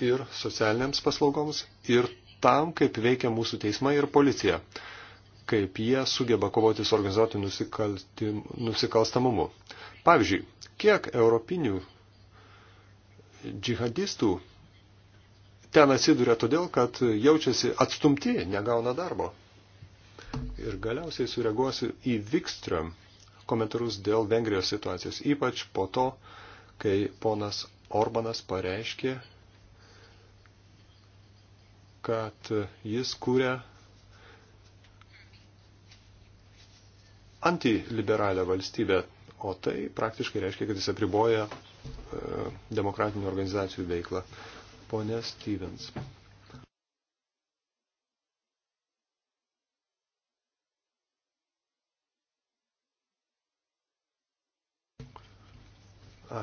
ir socialiniams paslaugoms, ir tam, kaip veikia mūsų teismai ir policija, kaip jie sugeba kovoti su organizuotų nusikalstamumu. Pavyzdžiui, kiek europinių džihadistų ten atsiduria todėl, kad jaučiasi atstumti, negauna darbo. Ir galiausiai sureaguosiu į Vikström komentarus dėl Vengrijos situacijos, ypač po to, kai ponas Orbanas pareiškė, kad jis kūrė antiliberalią valstybę, o tai praktiškai reiškia, kad jis apriboja e, demokratinių organizacijų veiklą. Pone Stevens.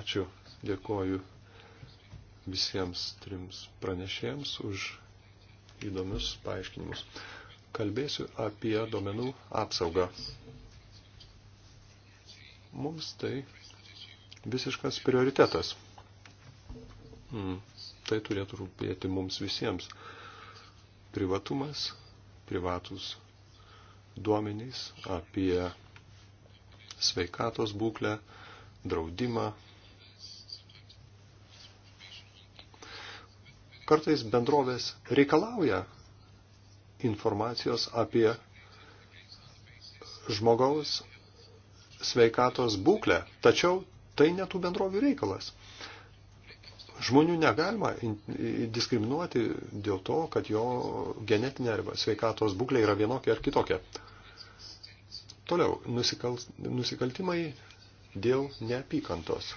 Ačiū, dėkoju visiems trims pranešėjams už įdomius paaiškinimus. Kalbėsiu apie domenų apsaugą. Mums tai visiškas prioritetas. Mm, tai turėtų rūpėti mums visiems. Privatumas, privatus duomenys apie sveikatos būklę, draudimą, Kartais bendrovės reikalauja informacijos apie žmogaus sveikatos būklę, tačiau tai netų bendrovių reikalas. Žmonių negalima diskriminuoti dėl to, kad jo genetinė arba sveikatos būklė yra vienokia ar kitokia. Toliau, nusikal, nusikaltimai dėl neapykantos.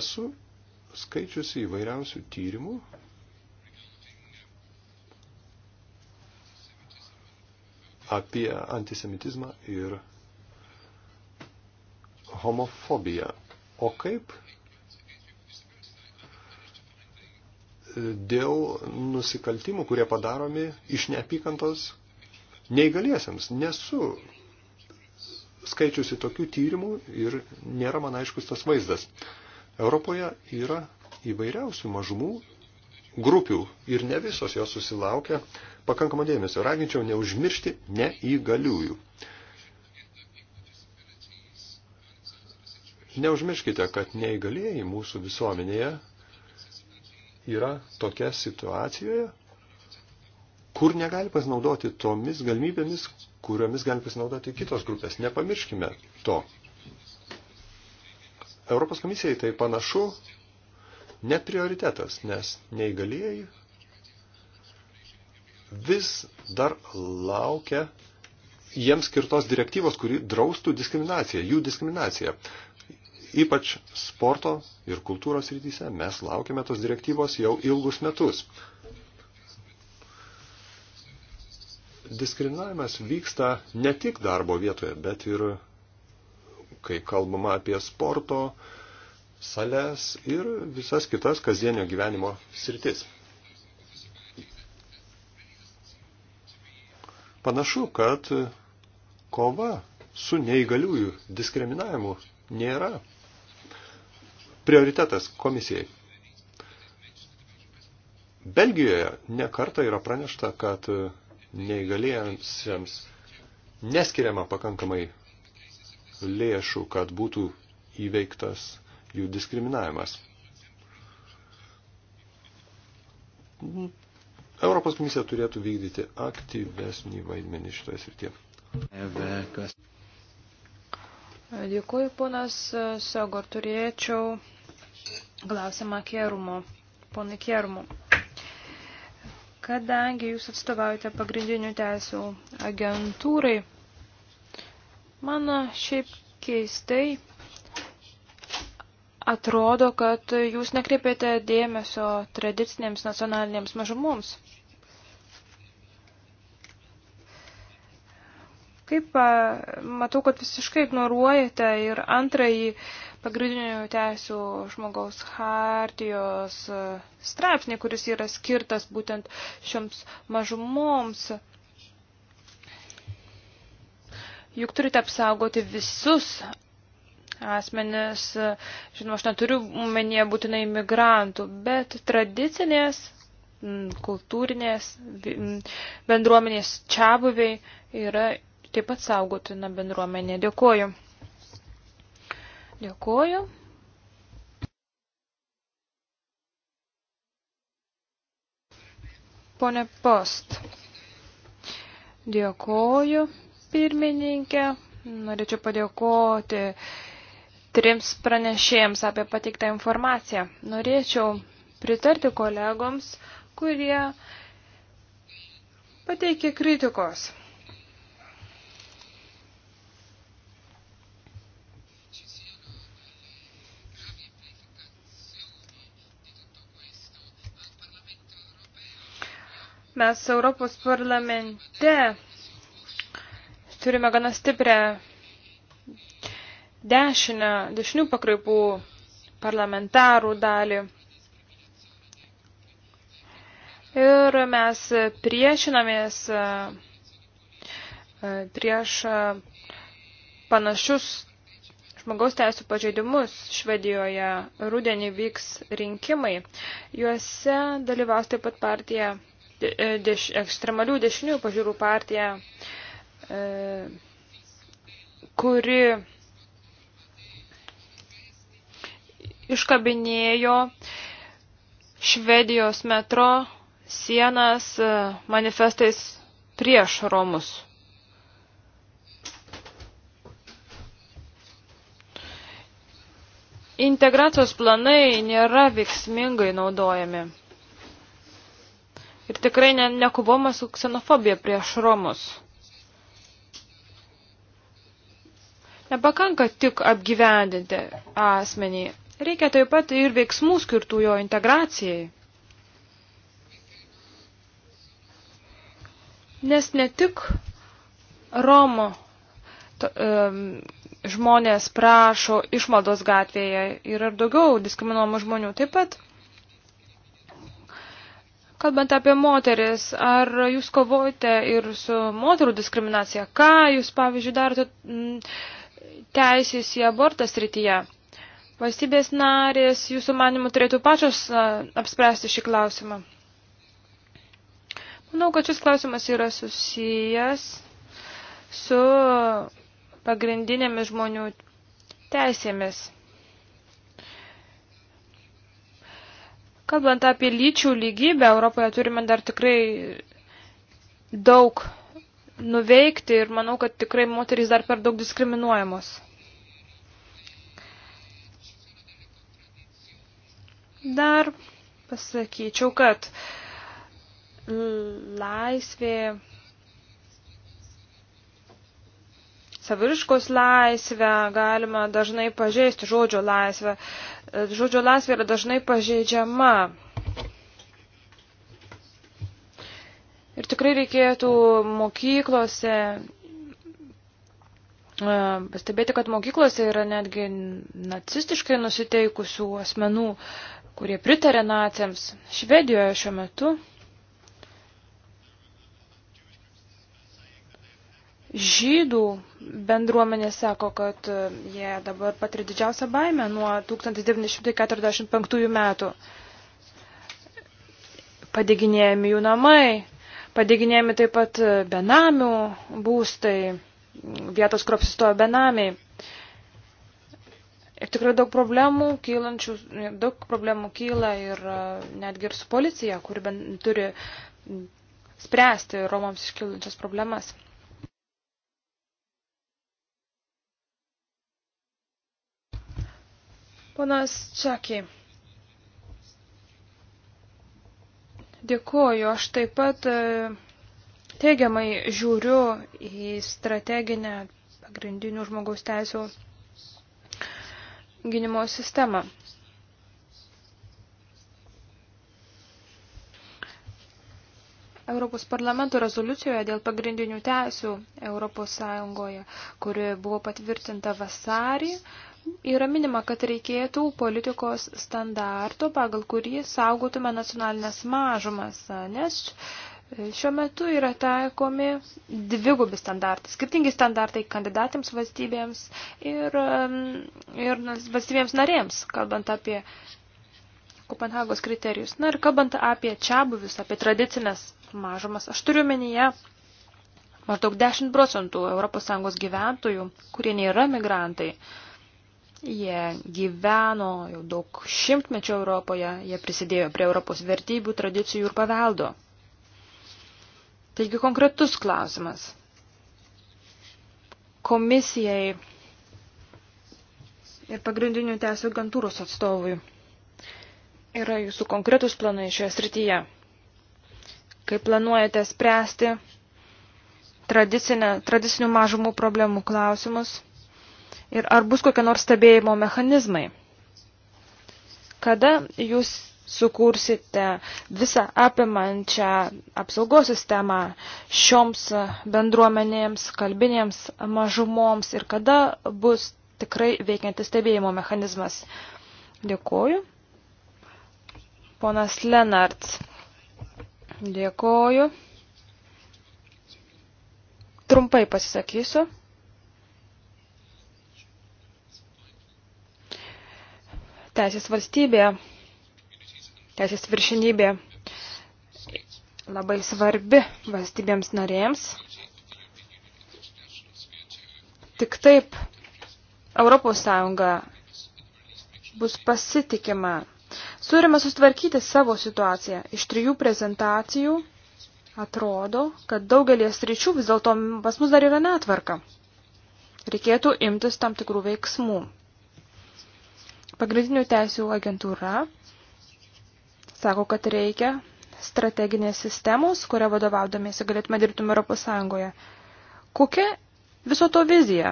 Esu skaičiusi įvairiausių tyrimų, apie antisemitizmą ir homofobiją. O kaip dėl nusikaltimų, kurie padaromi iš neapykantos neįgaliesiams. Nesu skaičiusi tokių tyrimų ir nėra man aiškus tas vaizdas. Europoje yra įvairiausių mažumų grupių ir ne visos jos susilaukia pakankamą dėmesio. Raginčiau neužmiršti neįgaliųjų. Neužmirškite, kad neįgalėjai mūsų visuomenėje yra tokia situacijoje, kur negali pasinaudoti tomis galimybėmis, kuriomis gali pasinaudoti kitos grupės. Nepamirškime to. Europos komisijai tai panašu ne prioritetas, nes neįgalieji vis dar laukia jiems skirtos direktyvos, kuri draustų diskriminaciją, jų diskriminaciją. Ypač sporto ir kultūros rytise mes laukiame tos direktyvos jau ilgus metus. Diskriminavimas vyksta ne tik darbo vietoje, bet ir kai kalbama apie sporto sales ir visas kitas kasdienio gyvenimo sritis. Panašu, kad kova su neįgaliųjų diskriminavimu nėra prioritetas komisijai. Belgijoje nekarta yra pranešta, kad neįgalėjams neskiriama pakankamai lėšų, kad būtų įveiktas jų diskriminavimas. Europos komisija turėtų vykdyti aktyvesnį vaidmenį šitoje srityje. Dėkuoju, ponas Sogor. Turėčiau klausimą Kierumo. Pone Kierumo, kadangi jūs atstovaujate pagrindinių teisų agentūrai, Man šiaip keistai atrodo, kad jūs nekreipėte dėmesio tradicinėms nacionalinėms mažumoms. Kaip matau, kad visiškai ignoruojate ir antrąjį pagrindinių teisų žmogaus hartijos straipsnį, kuris yra skirtas būtent šioms mažumoms. Juk turite apsaugoti visus asmenis, žinoma, aš neturiu menyje būtinai imigrantų, bet tradicinės, kultūrinės bendruomenės čiabuviai yra taip pat saugotina bendruomenė. Dėkuoju. Dėkuoju. Pone Post. Dėkuoju pirmininkė. Norėčiau padėkoti trims pranešėjams apie pateiktą informaciją. Norėčiau pritarti kolegoms, kurie pateikė kritikos. Mes Europos parlamente turime gana stiprią dešinę, dešinių pakraipų parlamentarų dalį. Ir mes priešinamės e, prieš e, panašius žmogaus teisų pažeidimus Švedijoje. Rudenį vyks rinkimai. Juose dalyvaus taip pat partija e, deš, ekstremalių dešinių pažiūrų partija. E, kuri iškabinėjo Švedijos metro sienas e, manifestais prieš Romus. Integracijos planai nėra veiksmingai naudojami. Ir tikrai ne, nekovoma su ksenofobija prieš Romus. Nepakanka tik apgyvendinti asmenį. Reikia taip pat ir veiksmų skirtų jo integracijai. Nes ne tik Romo to, um, žmonės prašo išmaldos gatvėje ir ar daugiau diskriminuomų žmonių taip pat. Kalbant apie moteris, ar jūs kovojate ir su moterų diskriminacija? Ką jūs, pavyzdžiui, darote teisės į abortą srityje. Valstybės narės, jūsų manimų, turėtų pačios apspręsti šį klausimą. Manau, kad šis klausimas yra susijęs su pagrindinėmis žmonių teisėmis. Kalbant apie lyčių lygybę, Europoje turime dar tikrai daug nuveikti ir manau, kad tikrai moterys dar per daug diskriminuojamos. Dar pasakyčiau, kad laisvė, saviriškos laisvę galima dažnai pažeisti, žodžio laisvę. Žodžio laisvė yra dažnai pažeidžiama Ir tikrai reikėtų mokyklose e, pastebėti, kad mokyklose yra netgi nacistiškai nusiteikusių asmenų, kurie pritarė naciams. Švedijoje šiuo metu žydų bendruomenė sako, kad jie dabar patiria didžiausią baimę nuo 1945 metų. Padeginėjami jų namai, Padeginėjami taip pat benamių būstai, vietos, kur apsistojo benamiai. Ir tikrai daug problemų, kylančių, daug problemų kyla ir e, netgi ir su policija, kuri ben, turi spręsti Romams iškilančias problemas. Ponas Čakiai. Dėkuoju, aš taip pat e, teigiamai žiūriu į strateginę pagrindinių žmogaus teisų gynimo sistemą. Europos parlamento rezoliucijoje dėl pagrindinių teisių Europos Sąjungoje, kuri buvo patvirtinta vasarį, yra minima, kad reikėtų politikos standarto, pagal kurį saugotume nacionalinės mažumas, nes šiuo metu yra taikomi dvigubi standartai, skirtingi standartai kandidatėms valstybėms ir, ir valstybėms narėms, kalbant apie Kopenhagos kriterijus. Na ir kalbant apie čia buvius, apie tradicinės mažumas, aš turiu menyje maždaug 10 procentų ES gyventojų, kurie nėra migrantai. Uh, Jie gyveno jau daug šimtmečių Europoje, jie prisidėjo prie Europos vertybių, tradicijų ir paveldo. Taigi konkretus klausimas. Komisijai ir pagrindinių teisų agentūros atstovui yra jūsų konkretus planai šioje srityje? Kaip planuojate spręsti tradicinių mažumų problemų klausimus? Ir ar bus kokie nors stebėjimo mechanizmai? Kada jūs sukursite visą apimančią apsaugos sistemą šioms bendruomenėms, kalbinėms mažumoms ir kada bus tikrai veikiantis stebėjimo mechanizmas. Dėkoju. Ponas Lenarts. Dėkoju. Trumpai pasisakysiu. teisės valstybė, teisės viršinybė labai svarbi valstybėms narėms. Tik taip Europos Sąjunga bus pasitikima. Turime sustvarkyti savo situaciją. Iš trijų prezentacijų atrodo, kad daugelies ryčių vis dėlto pas mus dar yra netvarka. Reikėtų imtis tam tikrų veiksmų. Pagrindinių teisių agentūra sako, kad reikia strateginės sistemos, kurią vadovaudomėsi galėtume dirbtume Europos Sąjungoje. Kokia viso to vizija?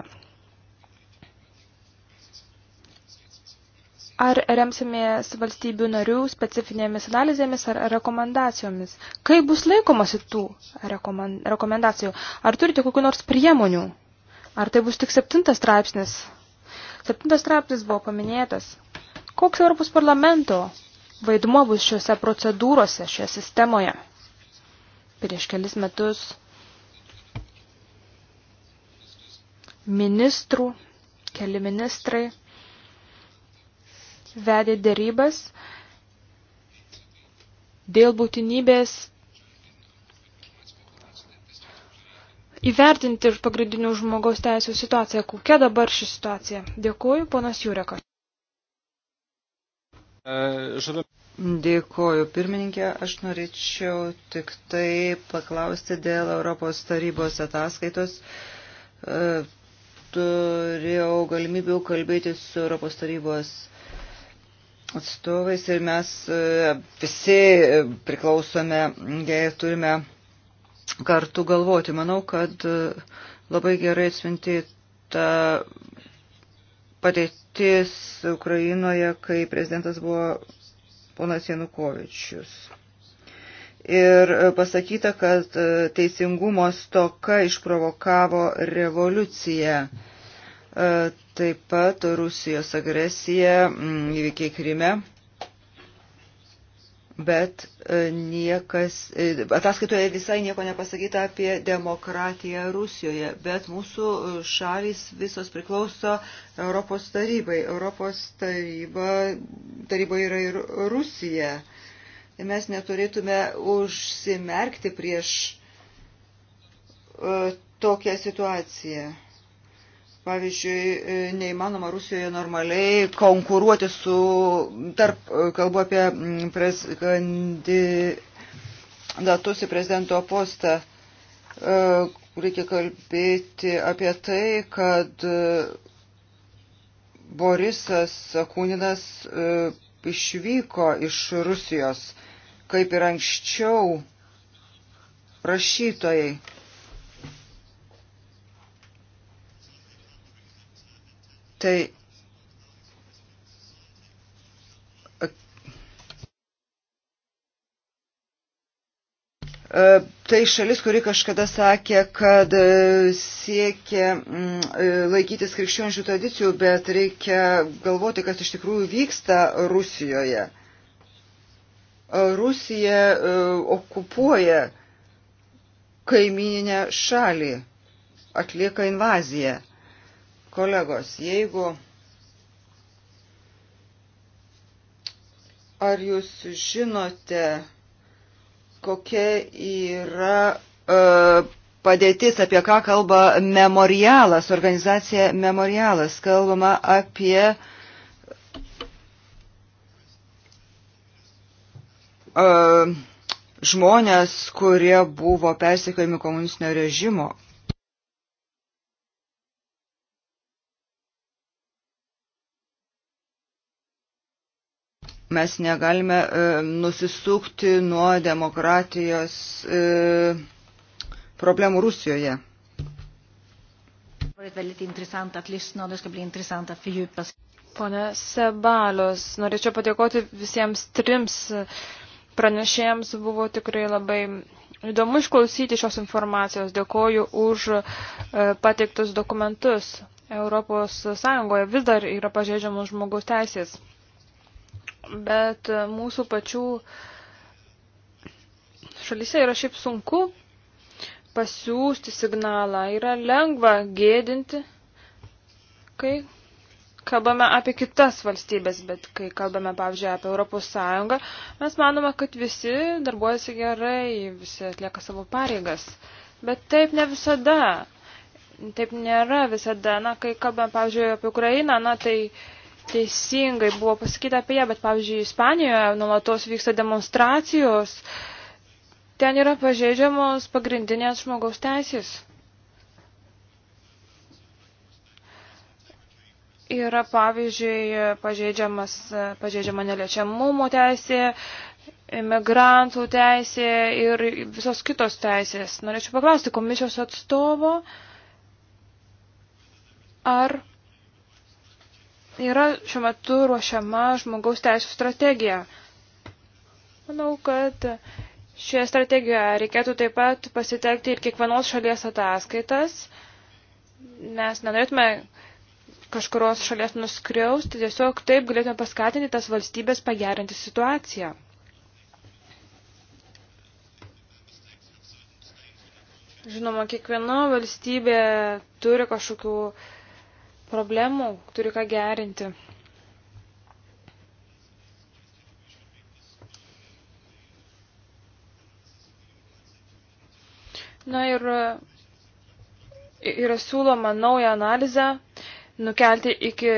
Ar remsimės valstybių narių specifinėmis analizėmis ar rekomendacijomis? Kaip bus laikomasi tų rekomendacijų? Ar turite kokiu nors priemonių? Ar tai bus tik septintas straipsnis? Septintas straipsnis buvo paminėtas. Koks Europos parlamento vaidmuo bus šiuose procedūrose, šioje sistemoje? Prieš kelis metus ministrų, keli ministrai vedė dėrybas dėl būtinybės įvertinti ir pagrindinių žmogaus teisų situaciją. Kokia dabar ši situacija? Dėkuoju, ponas Jureka. Dėkuoju, pirmininkė. Aš norėčiau tik tai paklausti dėl Europos tarybos ataskaitos. E, turėjau galimybių kalbėti su Europos tarybos atstovais ir mes e, visi e, priklausome, jei turime kartu galvoti. Manau, kad e, labai gerai atsvinti ta padėtis Ukrainoje, kai prezidentas buvo ponas Janukovičius. Ir e, pasakyta, kad e, teisingumo stoka išprovokavo revoliuciją. Taip pat Rusijos agresija įvykiai Krime bet e, niekas, e, ataskaitoje visai nieko nepasakyta apie demokratiją Rusijoje, bet mūsų e, šalis visos priklauso Europos tarybai. Europos taryba, taryba yra ir Rusija. Mes neturėtume užsimerkti prieš tokią situaciją. Pavyzdžiui, e, neįmanoma Rusijoje normaliai konkuruoti su, tarp, e, kalbu apie mm, pres, kandidatus į prezidento postą, e, reikia kalbėti apie tai, kad Borisas Kūninas išvyko iš Rusijos, kaip ir anksčiau rašytojai Tai e, Tai šalis, kuri kažkada sakė, kad e, siekia mm, e, laikytis krikščionių tradicijų, bet reikia galvoti, kas iš tikrųjų vyksta Rusijoje. Rusija okupuoja kaimininę šalį, atlieka invaziją. Kolegos, jeigu ar jūs žinote, kokia yra e, padėtis, apie ką kalba memorialas, organizacija memorialas. Kalbama apie e, žmonės, kurie buvo persikojami komunistinio režimo Mes negalime e, nusisukti nuo demokratijos e, problemų Rusijoje. Pone Sebalios, norėčiau padėkoti visiems trims pranešėjams. Buvo tikrai labai įdomu išklausyti šios informacijos. Dėkoju už e, pateiktus dokumentus. Europos Sąjungoje vis dar yra pažeidžiamos žmogaus teisės bet mūsų pačių šalyse yra šiaip sunku pasiūsti signalą, yra lengva gėdinti, kai kalbame apie kitas valstybės, bet kai kalbame, pavyzdžiui, apie Europos Sąjungą, mes manome, kad visi darbuojasi gerai, visi atlieka savo pareigas. Bet taip ne visada. Taip nėra visada. Na, kai kalbame, pavyzdžiui, apie Ukrainą, na, tai uh, teisingai buvo pasakyta apie ją, bet pavyzdžiui, Ispanijoje nuolatos vyksta demonstracijos, ten yra pažeidžiamos pagrindinės žmogaus teisės. Yra pavyzdžiui pažeidžiamas, pažeidžiama neliečiamumo teisė, imigrantų teisė ir visos kitos teisės. Norėčiau paklausti komisijos atstovo, ar Yra šiuo metu ruošiama žmogaus teisų strategija. Manau, kad šioje strategijoje reikėtų taip pat pasitekti ir kiekvienos šalies ataskaitas, nes nenorėtume kažkurios šalies nuskriausti, tiesiog taip galėtume paskatinti tas valstybės pagerinti situaciją. Žinoma, kiekviena valstybė turi kažkokių uh, problemų, turi ką gerinti. Na ir yra siūloma naują analizę nukelti iki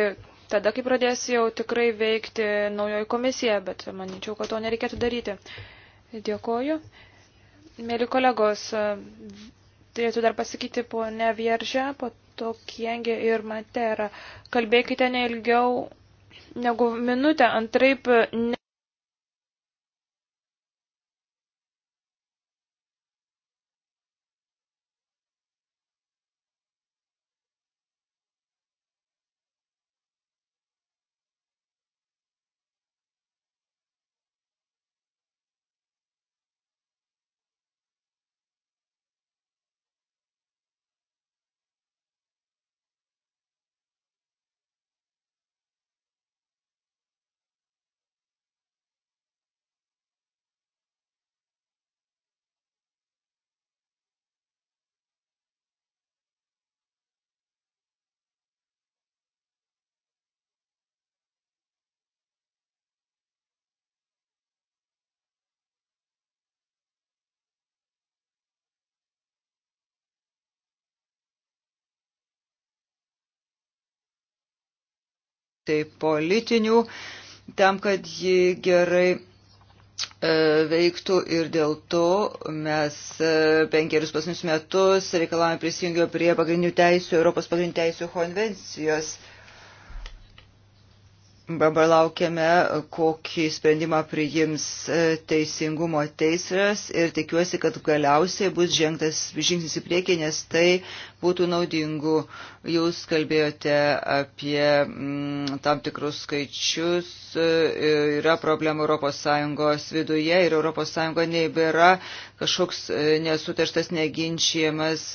tada, kai pradės jau tikrai veikti naujoji komisija, bet manyčiau, kad to nereikėtų daryti. Dėkoju. Mėly kolegos, turėtų dar pasakyti ponė Vieržė, po Tokiengė ir Matera. Kalbėkite neilgiau negu minutę, antraip tai politinių, tam, kad ji gerai e, veiktų ir dėl to mes e, penkerius pasnius metus reikalavome prisijungio prie pagrindinių teisų, Europos pagrindinių teisų konvencijos. Dabar laukiame, kokį sprendimą priims e, teisingumo teisės ir tikiuosi, kad galiausiai bus žengtas žingsnis į priekį, nes tai būtų naudingu. Jūs kalbėjote apie m, mm, tam tikrus skaičius, e, yra problemų ES viduje ir ES nebėra kažkoks e, nesuteštas neginčiamas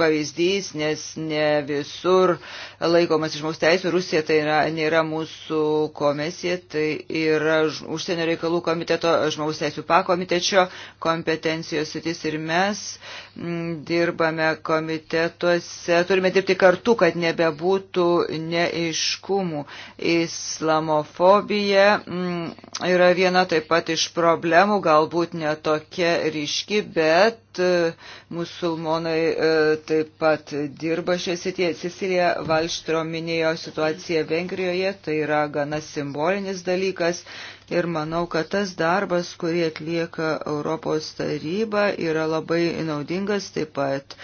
pavyzdys, nes ne visur laikomas žmogaus teisų. Rusija tai yra, nėra mūsų mūsų komisija, tai yra užsienio reikalų komiteto, žmogaus teisų pakomitečio kompetencijos sitis ir mes mm, dirbame komitetuose, turime dirbti kartu, kad nebebūtų neiškumų. Islamofobija mm, yra viena taip pat iš problemų, galbūt netokia ryški, bet E, musulmonai e, taip pat dirba šioje srityje. Cecilija Valštro minėjo situaciją Vengrijoje, tai yra gana simbolinis dalykas ir manau, kad tas darbas, kurį atlieka Europos taryba, yra labai naudingas, taip pat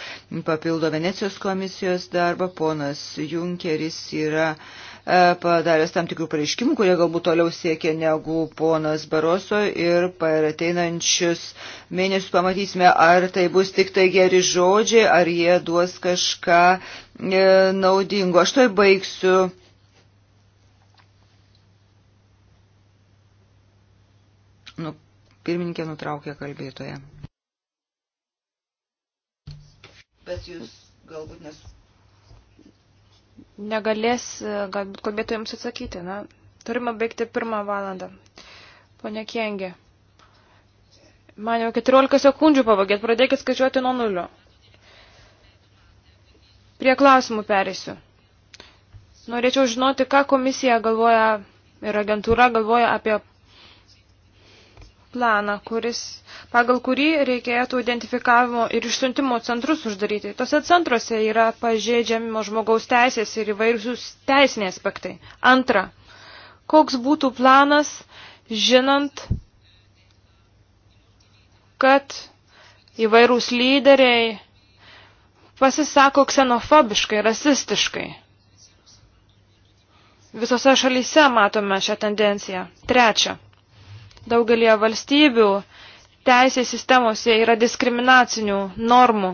papildo Venecijos komisijos darbą. Ponas Junkeris yra. Uh, E, padaręs tam tikrų pareiškimų, kurie galbūt toliau siekia negu ponas Baroso ir per ateinančius mėnesius pamatysime, ar tai bus tik tai geri žodžiai, ar jie duos kažką e, naudingo. Aš to tai baigsiu. Nu, pirmininkė nutraukė kalbėtoje. Bet jūs galbūt nesu negalės e, galbūt kalbėtojams atsakyti. Na, turime baigti pirmą valandą. Pone Kengė. Man jau 14 sekundžių pavagėt, pradėkit skaičiuoti nuo nulio. Prie klausimų perėsiu. Norėčiau žinoti, ką komisija galvoja ir agentūra galvoja apie planą, kuris, pagal kurį reikėtų identifikavimo ir išsiuntimo centrus uždaryti. Tose centruose yra pažeidžiamimo žmogaus teisės ir įvairius teisiniai aspektai. Antra, koks būtų planas, žinant, kad įvairūs lyderiai pasisako ksenofobiškai, rasistiškai. Visose šalyse matome šią tendenciją. Trečia daugelie valstybių teisės sistemose yra diskriminacinių normų.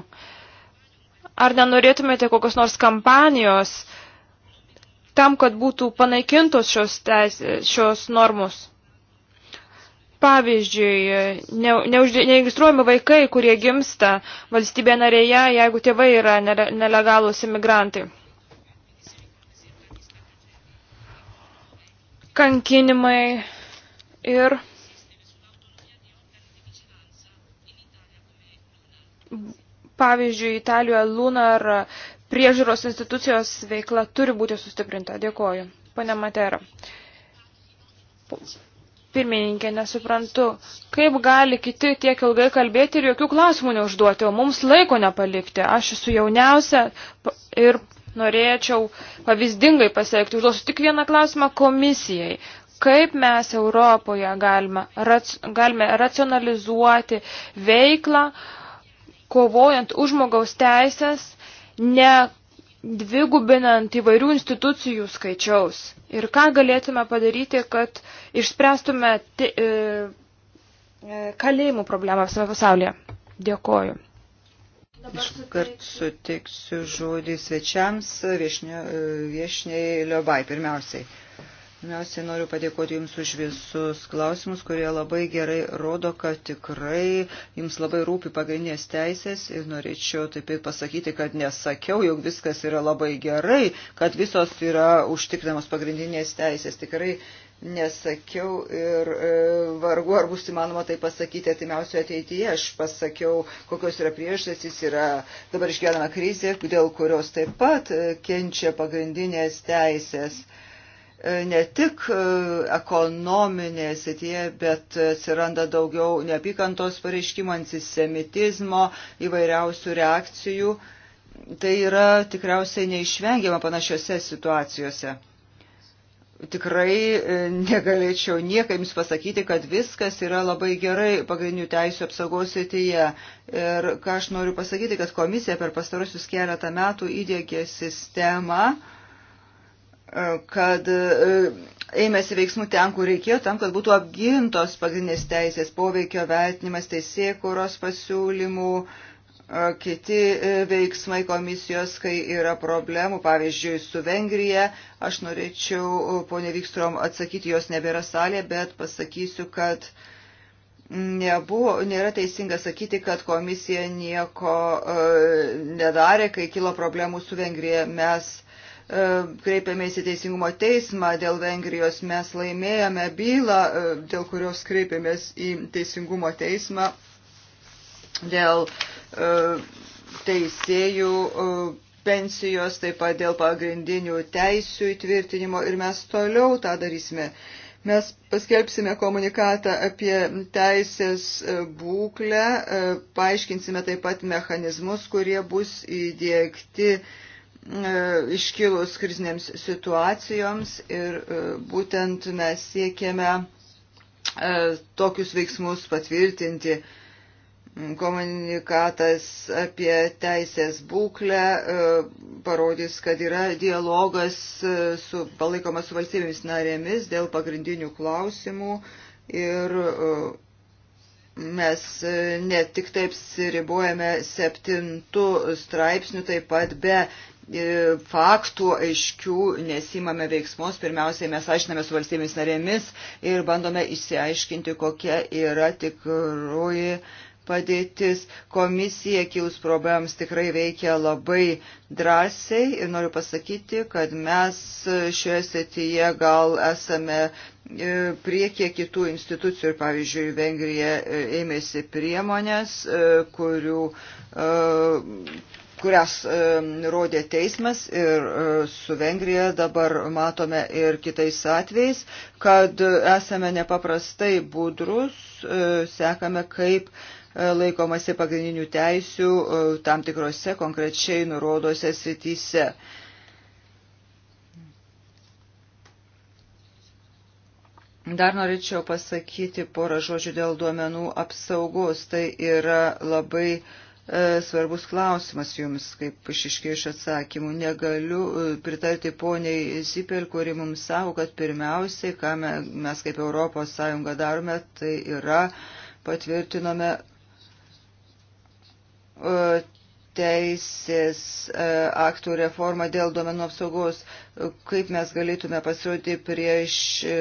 Ar nenorėtumėte kokios nors kampanijos tam, kad būtų panaikintos šios, teisės, šios normos? Pavyzdžiui, ne, neregistruojami vaikai, kurie gimsta valstybė narėje, jeigu tėvai yra nele, nelegalūs imigrantai. Kankinimai ir Pavyzdžiui, Italijoje Lunar priežiūros institucijos veikla turi būti sustiprinta. Dėkoju. Pane Matera. Pirmininkė, nesuprantu, kaip gali kiti tiek ilgai kalbėti ir jokių klausimų neužduoti, o mums laiko nepalikti. Aš esu jauniausia ir norėčiau pavyzdingai pasiekti. Užduosiu tik vieną klausimą komisijai kaip mes Europoje galime, rac, galime racionalizuoti veiklą, kovojant už žmogaus teisės, ne dvigubinant įvairių institucijų skaičiaus. Ir ką galėtume padaryti, kad išspręstume t, e, e, kalėjimų problemą visame pasaulyje. Dėkoju. Iškart suteiksiu žodį svečiams, e, viešniai Liobai pirmiausiai. Pirmiausiai noriu padėkoti Jums už visus klausimus, kurie labai gerai rodo, kad tikrai Jums labai rūpi pagrindinės teisės ir norėčiau taip pat pasakyti, kad nesakiau, jog viskas yra labai gerai, kad visos yra užtikrinamos pagrindinės teisės. Tikrai nesakiau ir e, vargu ar bus įmanoma tai pasakyti atimiausioje ateityje. Aš pasakiau, kokios yra priežastys, yra dabar išgyvenama krizė, dėl kurios taip pat e, kenčia pagrindinės teisės. E, E, ne tik e, ekonominėje srityje, bet atsiranda daugiau neapykantos pareiškimų, antisemitizmo, įvairiausių reakcijų. Tai yra tikriausiai neišvengiama panašiose situacijose. Tikrai e, negalėčiau niekaip jums pasakyti, kad viskas yra labai gerai pagrindinių teisų apsaugos srityje. Ir ką aš noriu pasakyti, kad komisija per pastarosius keletą metų įdėkė sistemą, uh, kad e, ėmėsi veiksmų ten, kur reikėjo, tam, kad būtų apgintos pagrindinės teisės, poveikio vertinimas, teisėkuros pasiūlymų, e, kiti e, veiksmai komisijos, kai yra problemų, pavyzdžiui, su Vengrija. Aš norėčiau, ponė Vikstrom, atsakyti, jos nebėra salė, bet pasakysiu, kad nebuvo, nėra teisinga sakyti, kad komisija nieko e, nedarė, kai kilo problemų su Vengrija. Mes E, kreipėmės į Teisingumo teismą dėl Vengrijos, mes laimėjome bylą, e, dėl kurios kreipėmės į Teisingumo teismą dėl e, teisėjų pensijos, taip pat dėl pagrindinių teisių įtvirtinimo ir mes toliau tą darysime. Mes paskelbsime komunikatą apie teisės būklę, paaiškinsime taip pat mechanizmus, kurie bus įdėkti uh, E, iškilus krizinėms situacijoms ir e, būtent mes siekiame e, tokius veiksmus patvirtinti. Komunikatas apie teisės būklę parodys, kad yra dialogas su, palaikomas su valstybėmis narėmis dėl pagrindinių klausimų ir mes ne tik taip siribojame septintų straipsnių, taip pat be E, faktų aiškių nesimame veiksmus. Pirmiausiai mes aiškiname su valstybėmis narėmis ir bandome išsiaiškinti, kokia yra tikroji padėtis. Komisija kilus problemams tikrai veikia labai drąsiai ir noriu pasakyti, kad mes šioje srityje gal esame e, priekyje kitų institucijų ir pavyzdžiui Vengrija e, ėmėsi priemonės, kurių kurias nurodė teismas ir e, su Vengrija dabar matome ir kitais atvejais, kad esame nepaprastai budrus, e, sekame kaip e, laikomasi pagrindinių teisių tam tikrose konkrečiai nurodose srityse. Dar norėčiau pasakyti porą žodžių dėl duomenų apsaugos. Tai yra labai uh, E, svarbus klausimas jums, kaip išiškėjo iš atsakymų. Negaliu e, pritarti poniai Zipel, kuri mums savo, kad pirmiausiai, ką mes kaip ES darome, tai yra patvirtinome e, teisės e, aktų reformą dėl duomenų apsaugos, kaip mes galėtume pasirodyti prieš e,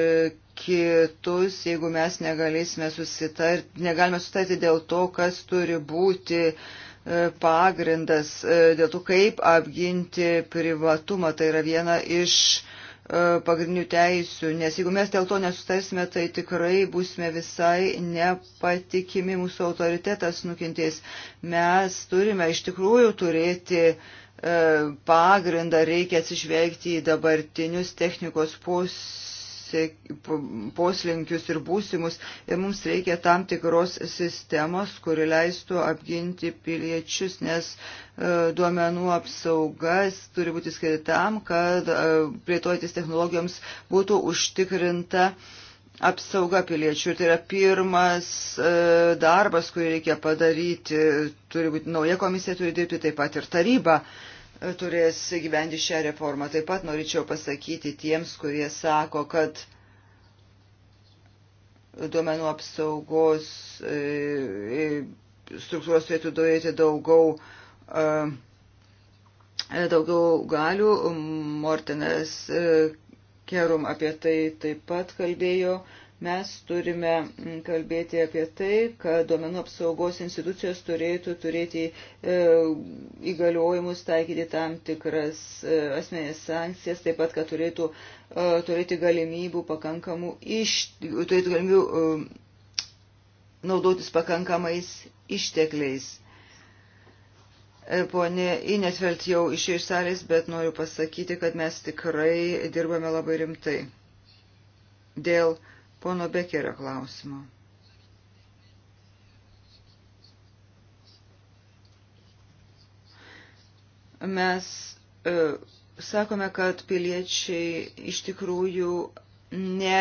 kitus, jeigu mes negalėsime susitarti, negalime sutarti dėl to, kas turi būti e, pagrindas, dėl to, kaip apginti privatumą. Tai yra viena iš E, pagrindinių teisių, nes jeigu mes dėl to nesutarsime, tai tikrai būsime visai nepatikimi, mūsų autoritetas nukentės. Mes turime iš tikrųjų turėti e, pagrindą, reikia atsižvelgti į dabartinius technikos pus poslinkius ir būsimus ir mums reikia tam tikros sistemos, kuri leistų apginti piliečius, nes e, duomenų apsaugas turi būti skiritam, kad e, plėtojantis technologijoms būtų užtikrinta apsauga piliečių. Tai yra pirmas e, darbas, kurį reikia padaryti. Turi būti nauja komisija, turi dirbti taip pat ir taryba turės gyventi šią reformą. Taip pat norėčiau pasakyti tiems, kurie sako, kad duomenų apsaugos e, e, struktūros turėtų duoti daugiau, e, daugiau galių. Mortinas Kerum apie tai taip pat kalbėjo. Mes turime mm, kalbėti apie tai, kad duomenų apsaugos institucijos turėtų turėti e, įgaliojimus taikyti tam tikras e, asmenės sankcijas, taip pat, kad turėtų e, turėti galimybių pakankamų iš, turėtų galimybių e, naudotis pakankamais ištekliais. E, Pone Inesvelt jau išėjo iš salės, bet noriu pasakyti, kad mes tikrai dirbame labai rimtai. Dėl uh, pono Bekerio klausimo. Mes e, sakome, kad piliečiai iš tikrųjų ne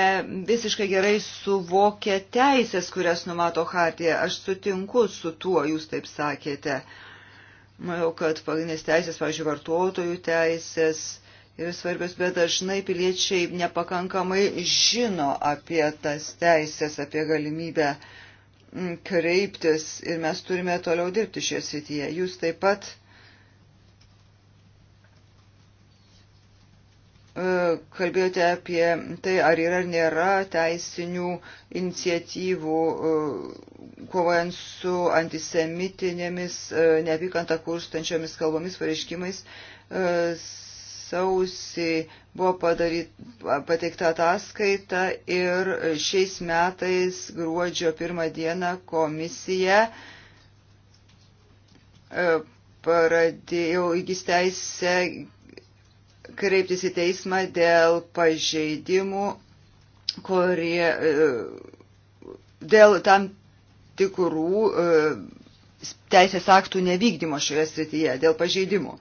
visiškai gerai suvokia teisės, kurias numato Hartija. Aš sutinku su tuo, jūs taip sakėte. Manau, kad pagrindinės teisės, pavyzdžiui, vartotojų teisės, ir svarbios, bet dažnai piliečiai nepakankamai žino apie tas teisės, apie galimybę mm, kreiptis ir mes turime toliau dirbti šioje srityje. Jūs taip pat e, kalbėjote apie tai, ar yra ar nėra teisinių iniciatyvų e, kovojant su antisemitinėmis, e, neapykantą kurstančiomis kalbomis, pareiškimais sausį buvo padaryt, pateikta ataskaita ir šiais metais gruodžio pirmą dieną komisija e, pradėjo įgis teisę kreiptis į teismą dėl pažeidimų, kurie e, dėl tam tikrų e, teisės aktų nevykdymo šioje srityje, dėl pažeidimų.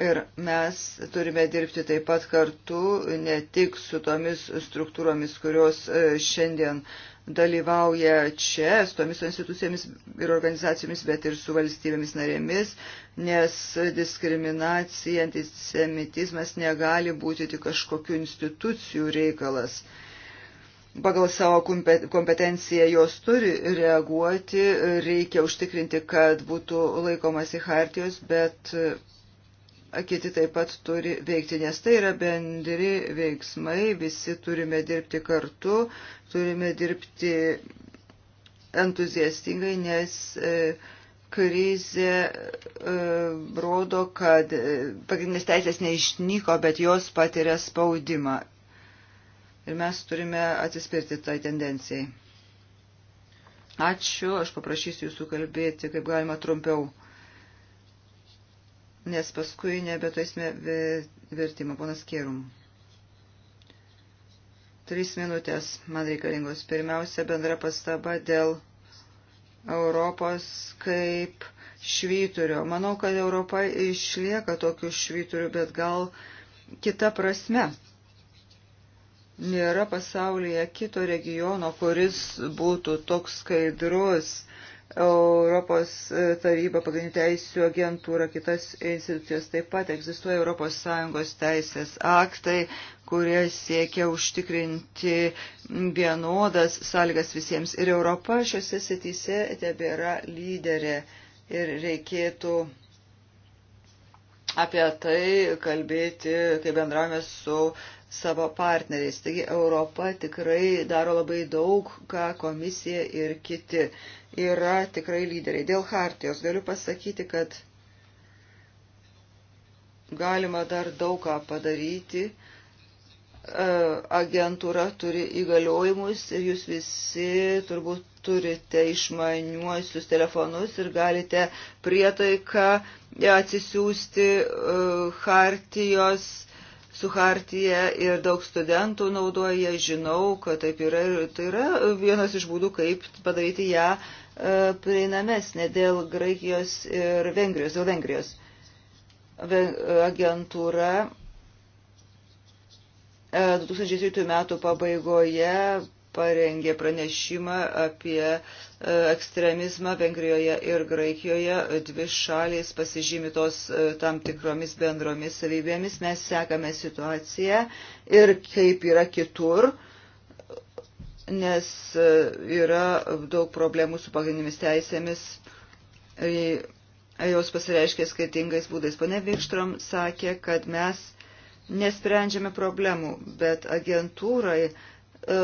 Ir mes turime dirbti taip pat kartu ne tik su tomis struktūromis, kurios e, šiandien dalyvauja čia, su tomis institucijomis ir organizacijomis, bet ir su valstybėmis narėmis, nes diskriminacija, antisemitizmas negali būti tik kažkokių institucijų reikalas. Pagal savo kompetenciją jos turi reaguoti, reikia užtikrinti, kad būtų laikomasi hartijos, bet kiti taip pat turi veikti, nes tai yra bendri veiksmai, visi turime dirbti kartu, turime dirbti entuziastingai, nes e, krizė e, rodo, kad e, pagrindinės teisės neišnyko, bet jos patiria spaudimą. Ir mes turime atsispirti tai tendencijai. Ačiū, aš paprašysiu jūsų kalbėti kaip galima trumpiau nes paskui nebetaisime vertimo. Ponas Kierum. Trys minutės man reikalingos. Pirmiausia, bendra pastaba dėl Europos kaip švyturio. Manau, kad Europa išlieka tokiu švyturiu, bet gal kita prasme. Nėra pasaulyje kito regiono, kuris būtų toks skaidrus, Europos e, taryba, pagrindinių teisų agentūra, kitas institucijas. Taip pat egzistuoja ES teisės aktai, kurie siekia užtikrinti vienodas sąlygas visiems. Ir Europa šiuose sityse tebėra lyderė ir reikėtų apie tai kalbėti, kai bendravome su uh, savo partneriais. Taigi Europa tikrai daro labai daug, ką komisija ir kiti yra tikrai lyderiai. Dėl hartijos galiu pasakyti, kad galima dar daug ką padaryti. E, agentūra turi įgaliojimus ir jūs visi turbūt turite išmaniuosius telefonus ir galite prietaiką atsisiųsti e, hartijos su Hartija ir daug studentų naudoja, žinau, kad taip yra ir tai yra vienas iš būdų, kaip padaryti ją e, prieinamesnė dėl Graikijos ir Vengrijos, dėl Vengrijos. Agentūra 2007 e, metų pabaigoje parengė pranešimą apie e, ekstremizmą Vengrijoje ir Graikijoje. Dvi šalys pasižymitos e, tam tikromis bendromis savybėmis. Mes sekame situaciją ir kaip yra kitur, nes e, yra daug problemų su pagrindinėmis teisėmis. Jos pasireiškia skirtingais būdais. Pane Vikštrom sakė, kad mes nesprendžiame problemų, bet agentūrai E,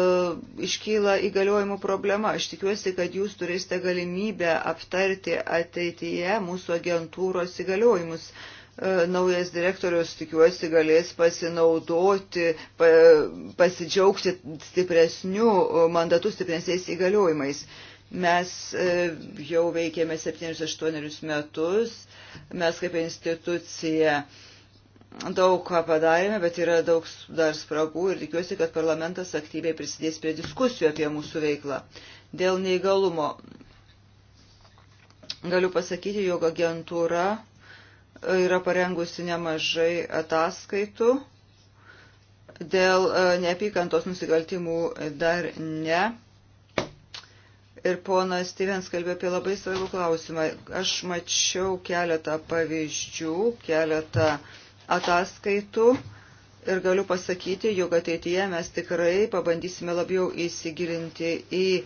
iškyla įgaliojimų problema. Aš tikiuosi, kad jūs turėsite galimybę aptarti ateityje mūsų agentūros įgaliojimus. E, naujas direktorius, tikiuosi, galės pasinaudoti, pasidžiaugti stipresniu e, mandatu, stipresniais įgaliojimais. Mes jau veikėme 7-8 metus, mes kaip institucija daug ką padarėme, bet yra daug dar spragų ir tikiuosi, kad parlamentas aktyviai prisidės prie diskusijų apie mūsų veiklą. Dėl neįgalumo galiu pasakyti, jog agentūra yra parengusi nemažai ataskaitų. Dėl e, neapykantos nusikaltimų dar ne. Ir ponas Stevens kalbėjo apie labai svarbų klausimą. Aš mačiau keletą pavyzdžių, keletą uh, ataskaitų ir galiu pasakyti, jog ateityje mes tikrai pabandysime labiau įsigilinti į e,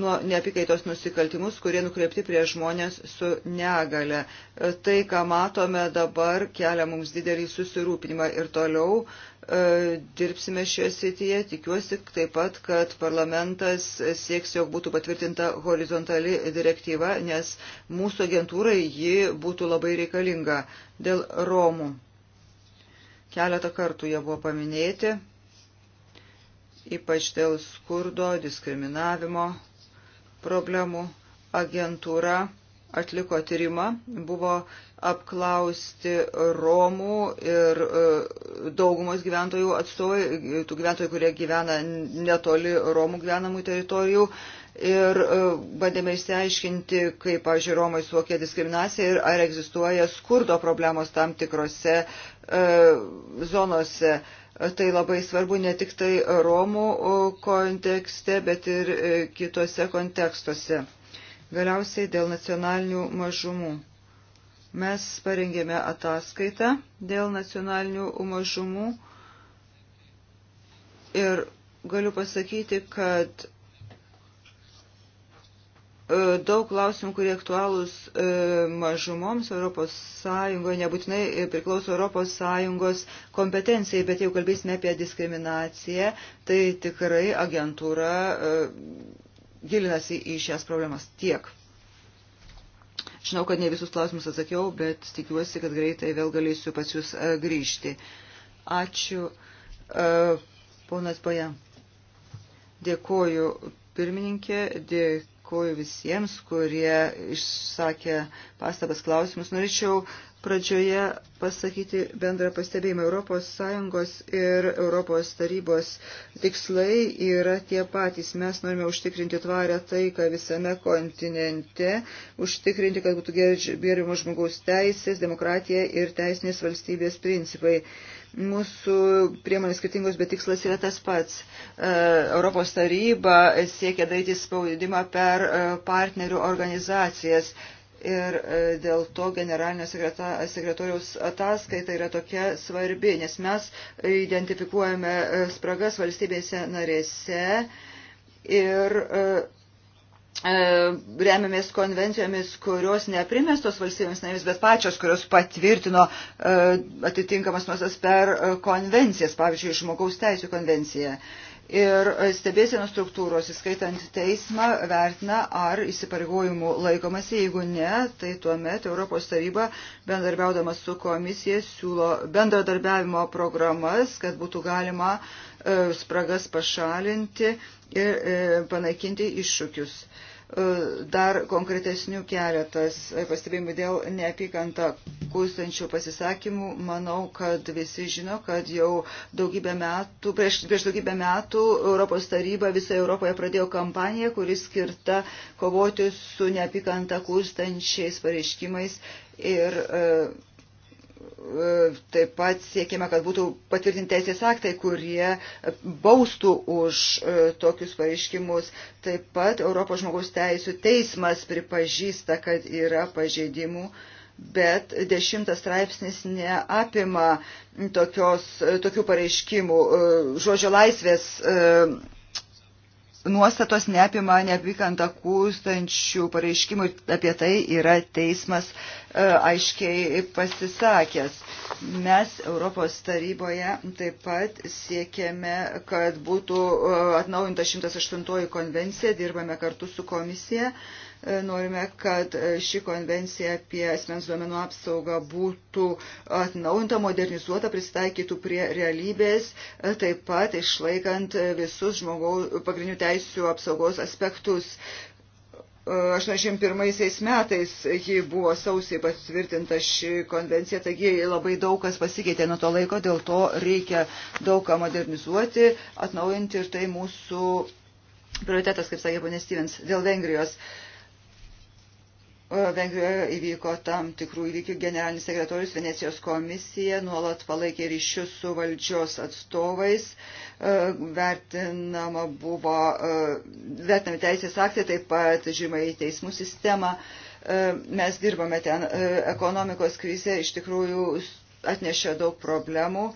nuo neapykaitos nusikaltimus, kurie nukreipti prie žmonės su negale. E, tai, ką matome dabar, kelia mums didelį susirūpinimą ir toliau e, dirbsime šioje srityje. Tikiuosi taip pat, kad parlamentas sieks, jog būtų patvirtinta horizontali direktyva, nes mūsų agentūrai ji būtų labai reikalinga dėl Romų Keletą kartų jie buvo paminėti, ypač dėl skurdo, diskriminavimo problemų. Agentūra atliko tyrimą, buvo apklausti Romų ir e, daugumos gyventojų atstovai, tų gyventojų, kurie gyvena netoli Romų gyvenamų teritorijų, ir e, bandėme išsiaiškinti, kaip, pavyzdžiui, Romai suokė diskriminaciją ir ar egzistuoja skurdo problemos tam tikrose e, zonose. Tai labai svarbu ne tik tai Romų e, kontekste, bet ir kitose kontekstuose. Galiausiai dėl nacionalinių mažumų. Mes parengėme ataskaitą dėl nacionalinių mažumų ir galiu pasakyti, kad E, daug klausimų, kurie aktualūs e, mažumoms Europos Sąjungoje, nebūtinai e, priklauso Europos Sąjungos kompetencijai, bet jau kalbėsime apie diskriminaciją, tai tikrai agentūra gilinasi į šias problemas tiek. Žinau, kad ne visus klausimus atsakiau, bet tikiuosi, kad greitai vėl galėsiu pas jūs grįžti. Ačiū, ponas Paja. Dėkoju pirmininkė, dėkoju dėkoju visiems, kurie išsakė pastabas klausimus. Norėčiau pradžioje pasakyti bendrą pastebėjimą. ES ir ES tarybos tikslai yra tie patys. Mes norime užtikrinti tvarę taiką visame kontinente, užtikrinti, kad būtų gerbiamos žmogaus teisės, demokratija ir teisinės valstybės principai. Mūsų priemonės skirtingos, bet tikslas yra tas pats. E, Europos taryba siekia daryti spaudimą per e, partnerių organizacijas Ir e, dėl to generalinio sekretoriaus ataskaita yra tokia svarbi, nes mes identifikuojame e, spragas valstybėse narėse ir e, remiamės konvencijomis, kurios neprimestos valstybėms narėms, bet pačios, kurios patvirtino atitinkamas nuosas per konvencijas, pavyzdžiui, žmogaus teisų konvenciją ir stebėsienos struktūros, įskaitant teismą, vertina, ar įsipareigojimų laikomasi. Jeigu ne, tai tuomet Europos taryba, bendarbiaudama su komisija, siūlo bendradarbiavimo programas, kad būtų galima e, spragas pašalinti ir e, panaikinti iššūkius. E, dar konkretesnių keletas e, pastebėjimų dėl neapykantą kūstančių pasisakymų. Manau, kad visi žino, kad jau daugybę metų, prieš, prieš daugybę metų Europos taryba visoje Europoje pradėjo kampaniją, kuris skirta kovoti su neapykantą kūstančiais pareiškimais ir e, E, taip pat siekime, kad būtų patvirtinti teisės aktai, kurie baustų už e, tokius pareiškimus. Taip pat Europos žmogaus teisų teismas pripažįsta, kad yra pažeidimų, bet dešimtas straipsnis neapima tokios, tokių pareiškimų e, žodžio laisvės nuostatos neapima neapykantą kūstančių pareiškimų ir apie tai yra teismas e, aiškiai pasisakęs. Mes Europos taryboje taip pat siekiame, kad būtų e, atnaujinta 108 konvencija, dirbame kartu su komisija. E, E, norime, kad e, ši konvencija apie asmens duomenų apsaugą būtų atnaujinta, modernizuota, pristaikytų prie realybės, e, taip pat išlaikant visus žmogaus pagrindinių teisų apsaugos aspektus. 81 metais ji buvo sausiai patvirtinta ši konvencija, taigi labai daug kas pasikeitė nuo to laiko, dėl to reikia daug ką modernizuoti, atnaujinti ir tai mūsų prioritetas, kaip sakė ponė Stevens, dėl Vengrijos. Uh, Vengrijoje įvyko tam tikrų įvykių generalinis sekretorius Venecijos komisija, nuolat palaikė ryšius su valdžios atstovais, e, vertinama buvo, e, vertinami teisės aktai, taip pat žymai teismų sistema. E, mes dirbame ten, ekonomikos krizė iš tikrųjų atnešė daug problemų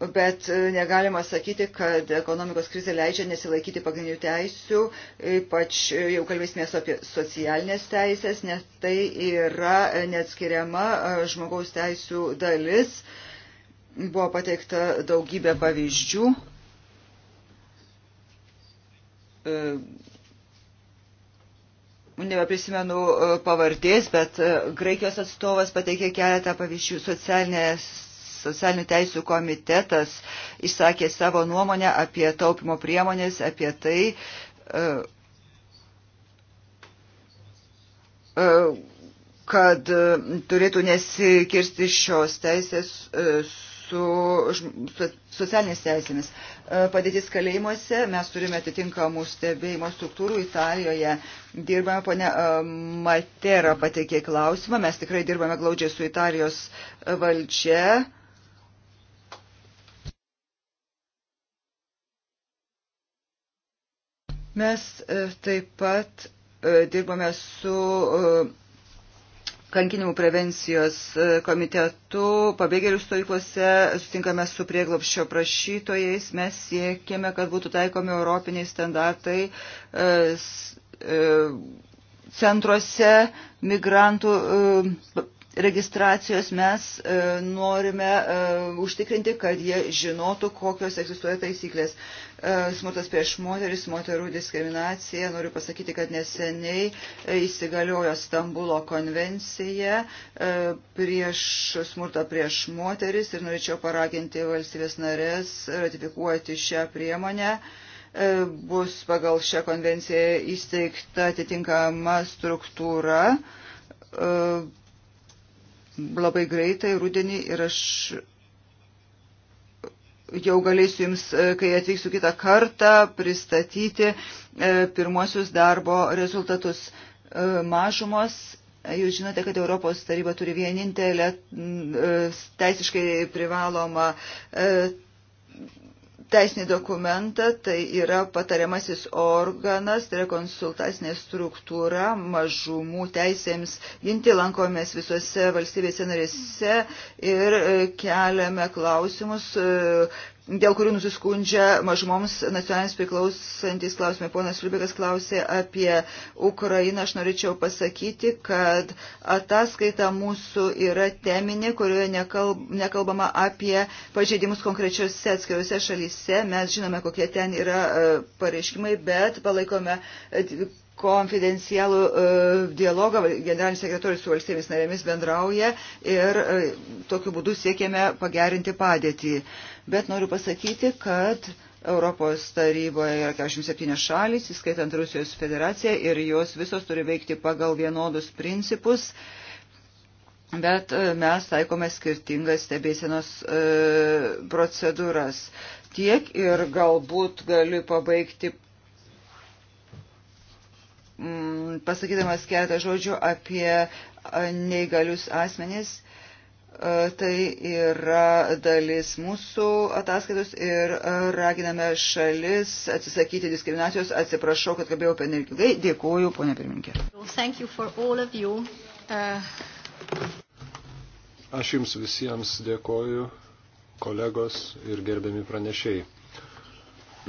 Bet e, negalima sakyti, kad ekonomikos krizė leidžia nesilaikyti pagrindinių teisių, ypač e, jau kalbėsime apie socialinės teisės, nes tai yra neatskiriama e, žmogaus teisų dalis. Buvo pateikta daugybė pavyzdžių. Nebeprisimenu pavardės, bet Graikijos atstovas pateikė keletą pavyzdžių socialinės socialinių teisų komitetas išsakė savo nuomonę apie taupimo priemonės, apie tai, e, e, kad e, turėtų nesikirsti šios teisės su socialinės teisėmis. Padėtis kalėjimuose, mes turime atitinkamų stebėjimo struktūrų Italijoje. Dirbame, ponia Matera pateikė klausimą, mes tikrai dirbame glaudžiai su Italijos valdžia Mes e, taip pat e, dirbame su e, kankinimų prevencijos komitetu, pabėgėlių stovyklose, sutinkame su prieglopščio prašytojais, mes siekėme, kad būtų taikomi europiniai standartai centruose migrantų registracijos mes e, norime e, užtikrinti, kad jie žinotų, kokios egzistuoja taisyklės. E, smurtas prieš moteris, moterų diskriminacija. Noriu pasakyti, kad neseniai įsigaliojo Stambulo konvencija prieš smurtą prieš moteris ir norėčiau paraginti valstybės narės ratifikuoti šią priemonę bus pagal šią konvenciją įsteigta atitinkama struktūra labai greitai rudenį ir aš jau galėsiu jums, e, kai atvyksiu kitą kartą, pristatyti e, pirmosius darbo rezultatus. E, mažumos, jūs žinote, kad Europos taryba turi vienintelę teisiškai privalomą teisinį dokumentą, tai yra patariamasis organas, tai yra konsultacinė struktūra mažumų teisėms ginti, lankomės visose valstybėse narėse ir e, keliame klausimus, e, dėl kurių nusiskundžia mažumoms nacionalinis priklausantis klausimai. Ponas Liubikas klausė apie Ukrainą. Aš norėčiau pasakyti, kad ataskaita mūsų yra teminė, kurioje nekalb, nekalbama apie pažeidimus konkrečiose atskiriuose šalyse. Mes žinome, kokie ten yra e, pareiškimai, bet palaikome e, konfidencialų e, dialogą, generalinis sekretorius su valstybės narėmis bendrauja ir tokiu būdu siekėme pagerinti padėtį bet noriu pasakyti, kad Europos taryboje yra 47 šalys, įskaitant Rusijos federaciją, ir jos visos turi veikti pagal vienodus principus, bet e, mes taikome skirtingas stebėsienos e, procedūras. Tiek ir galbūt galiu pabaigti mm, pasakydamas keletą žodžių apie e, neįgalius asmenys E, tai yra dalis mūsų ataskaitos ir e, raginame šalis atsisakyti diskriminacijos. Atsiprašau, kad kalbėjau per nelgiai. Dėkuoju, ponė pirmininkė. E, Aš Jums visiems dėkoju, kolegos ir gerbiami pranešėjai.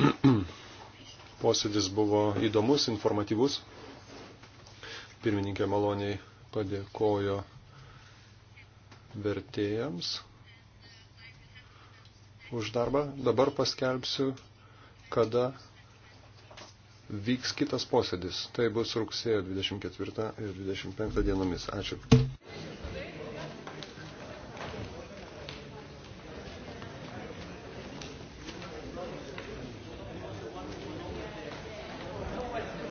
Posėdis buvo įdomus, informatyvus. Pirmininkė maloniai padėkojo vertėjams už darbą. Dabar paskelbsiu, kada vyks kitas posėdis. Tai bus rugsėjo 24 ir 25 dienomis. Ačiū.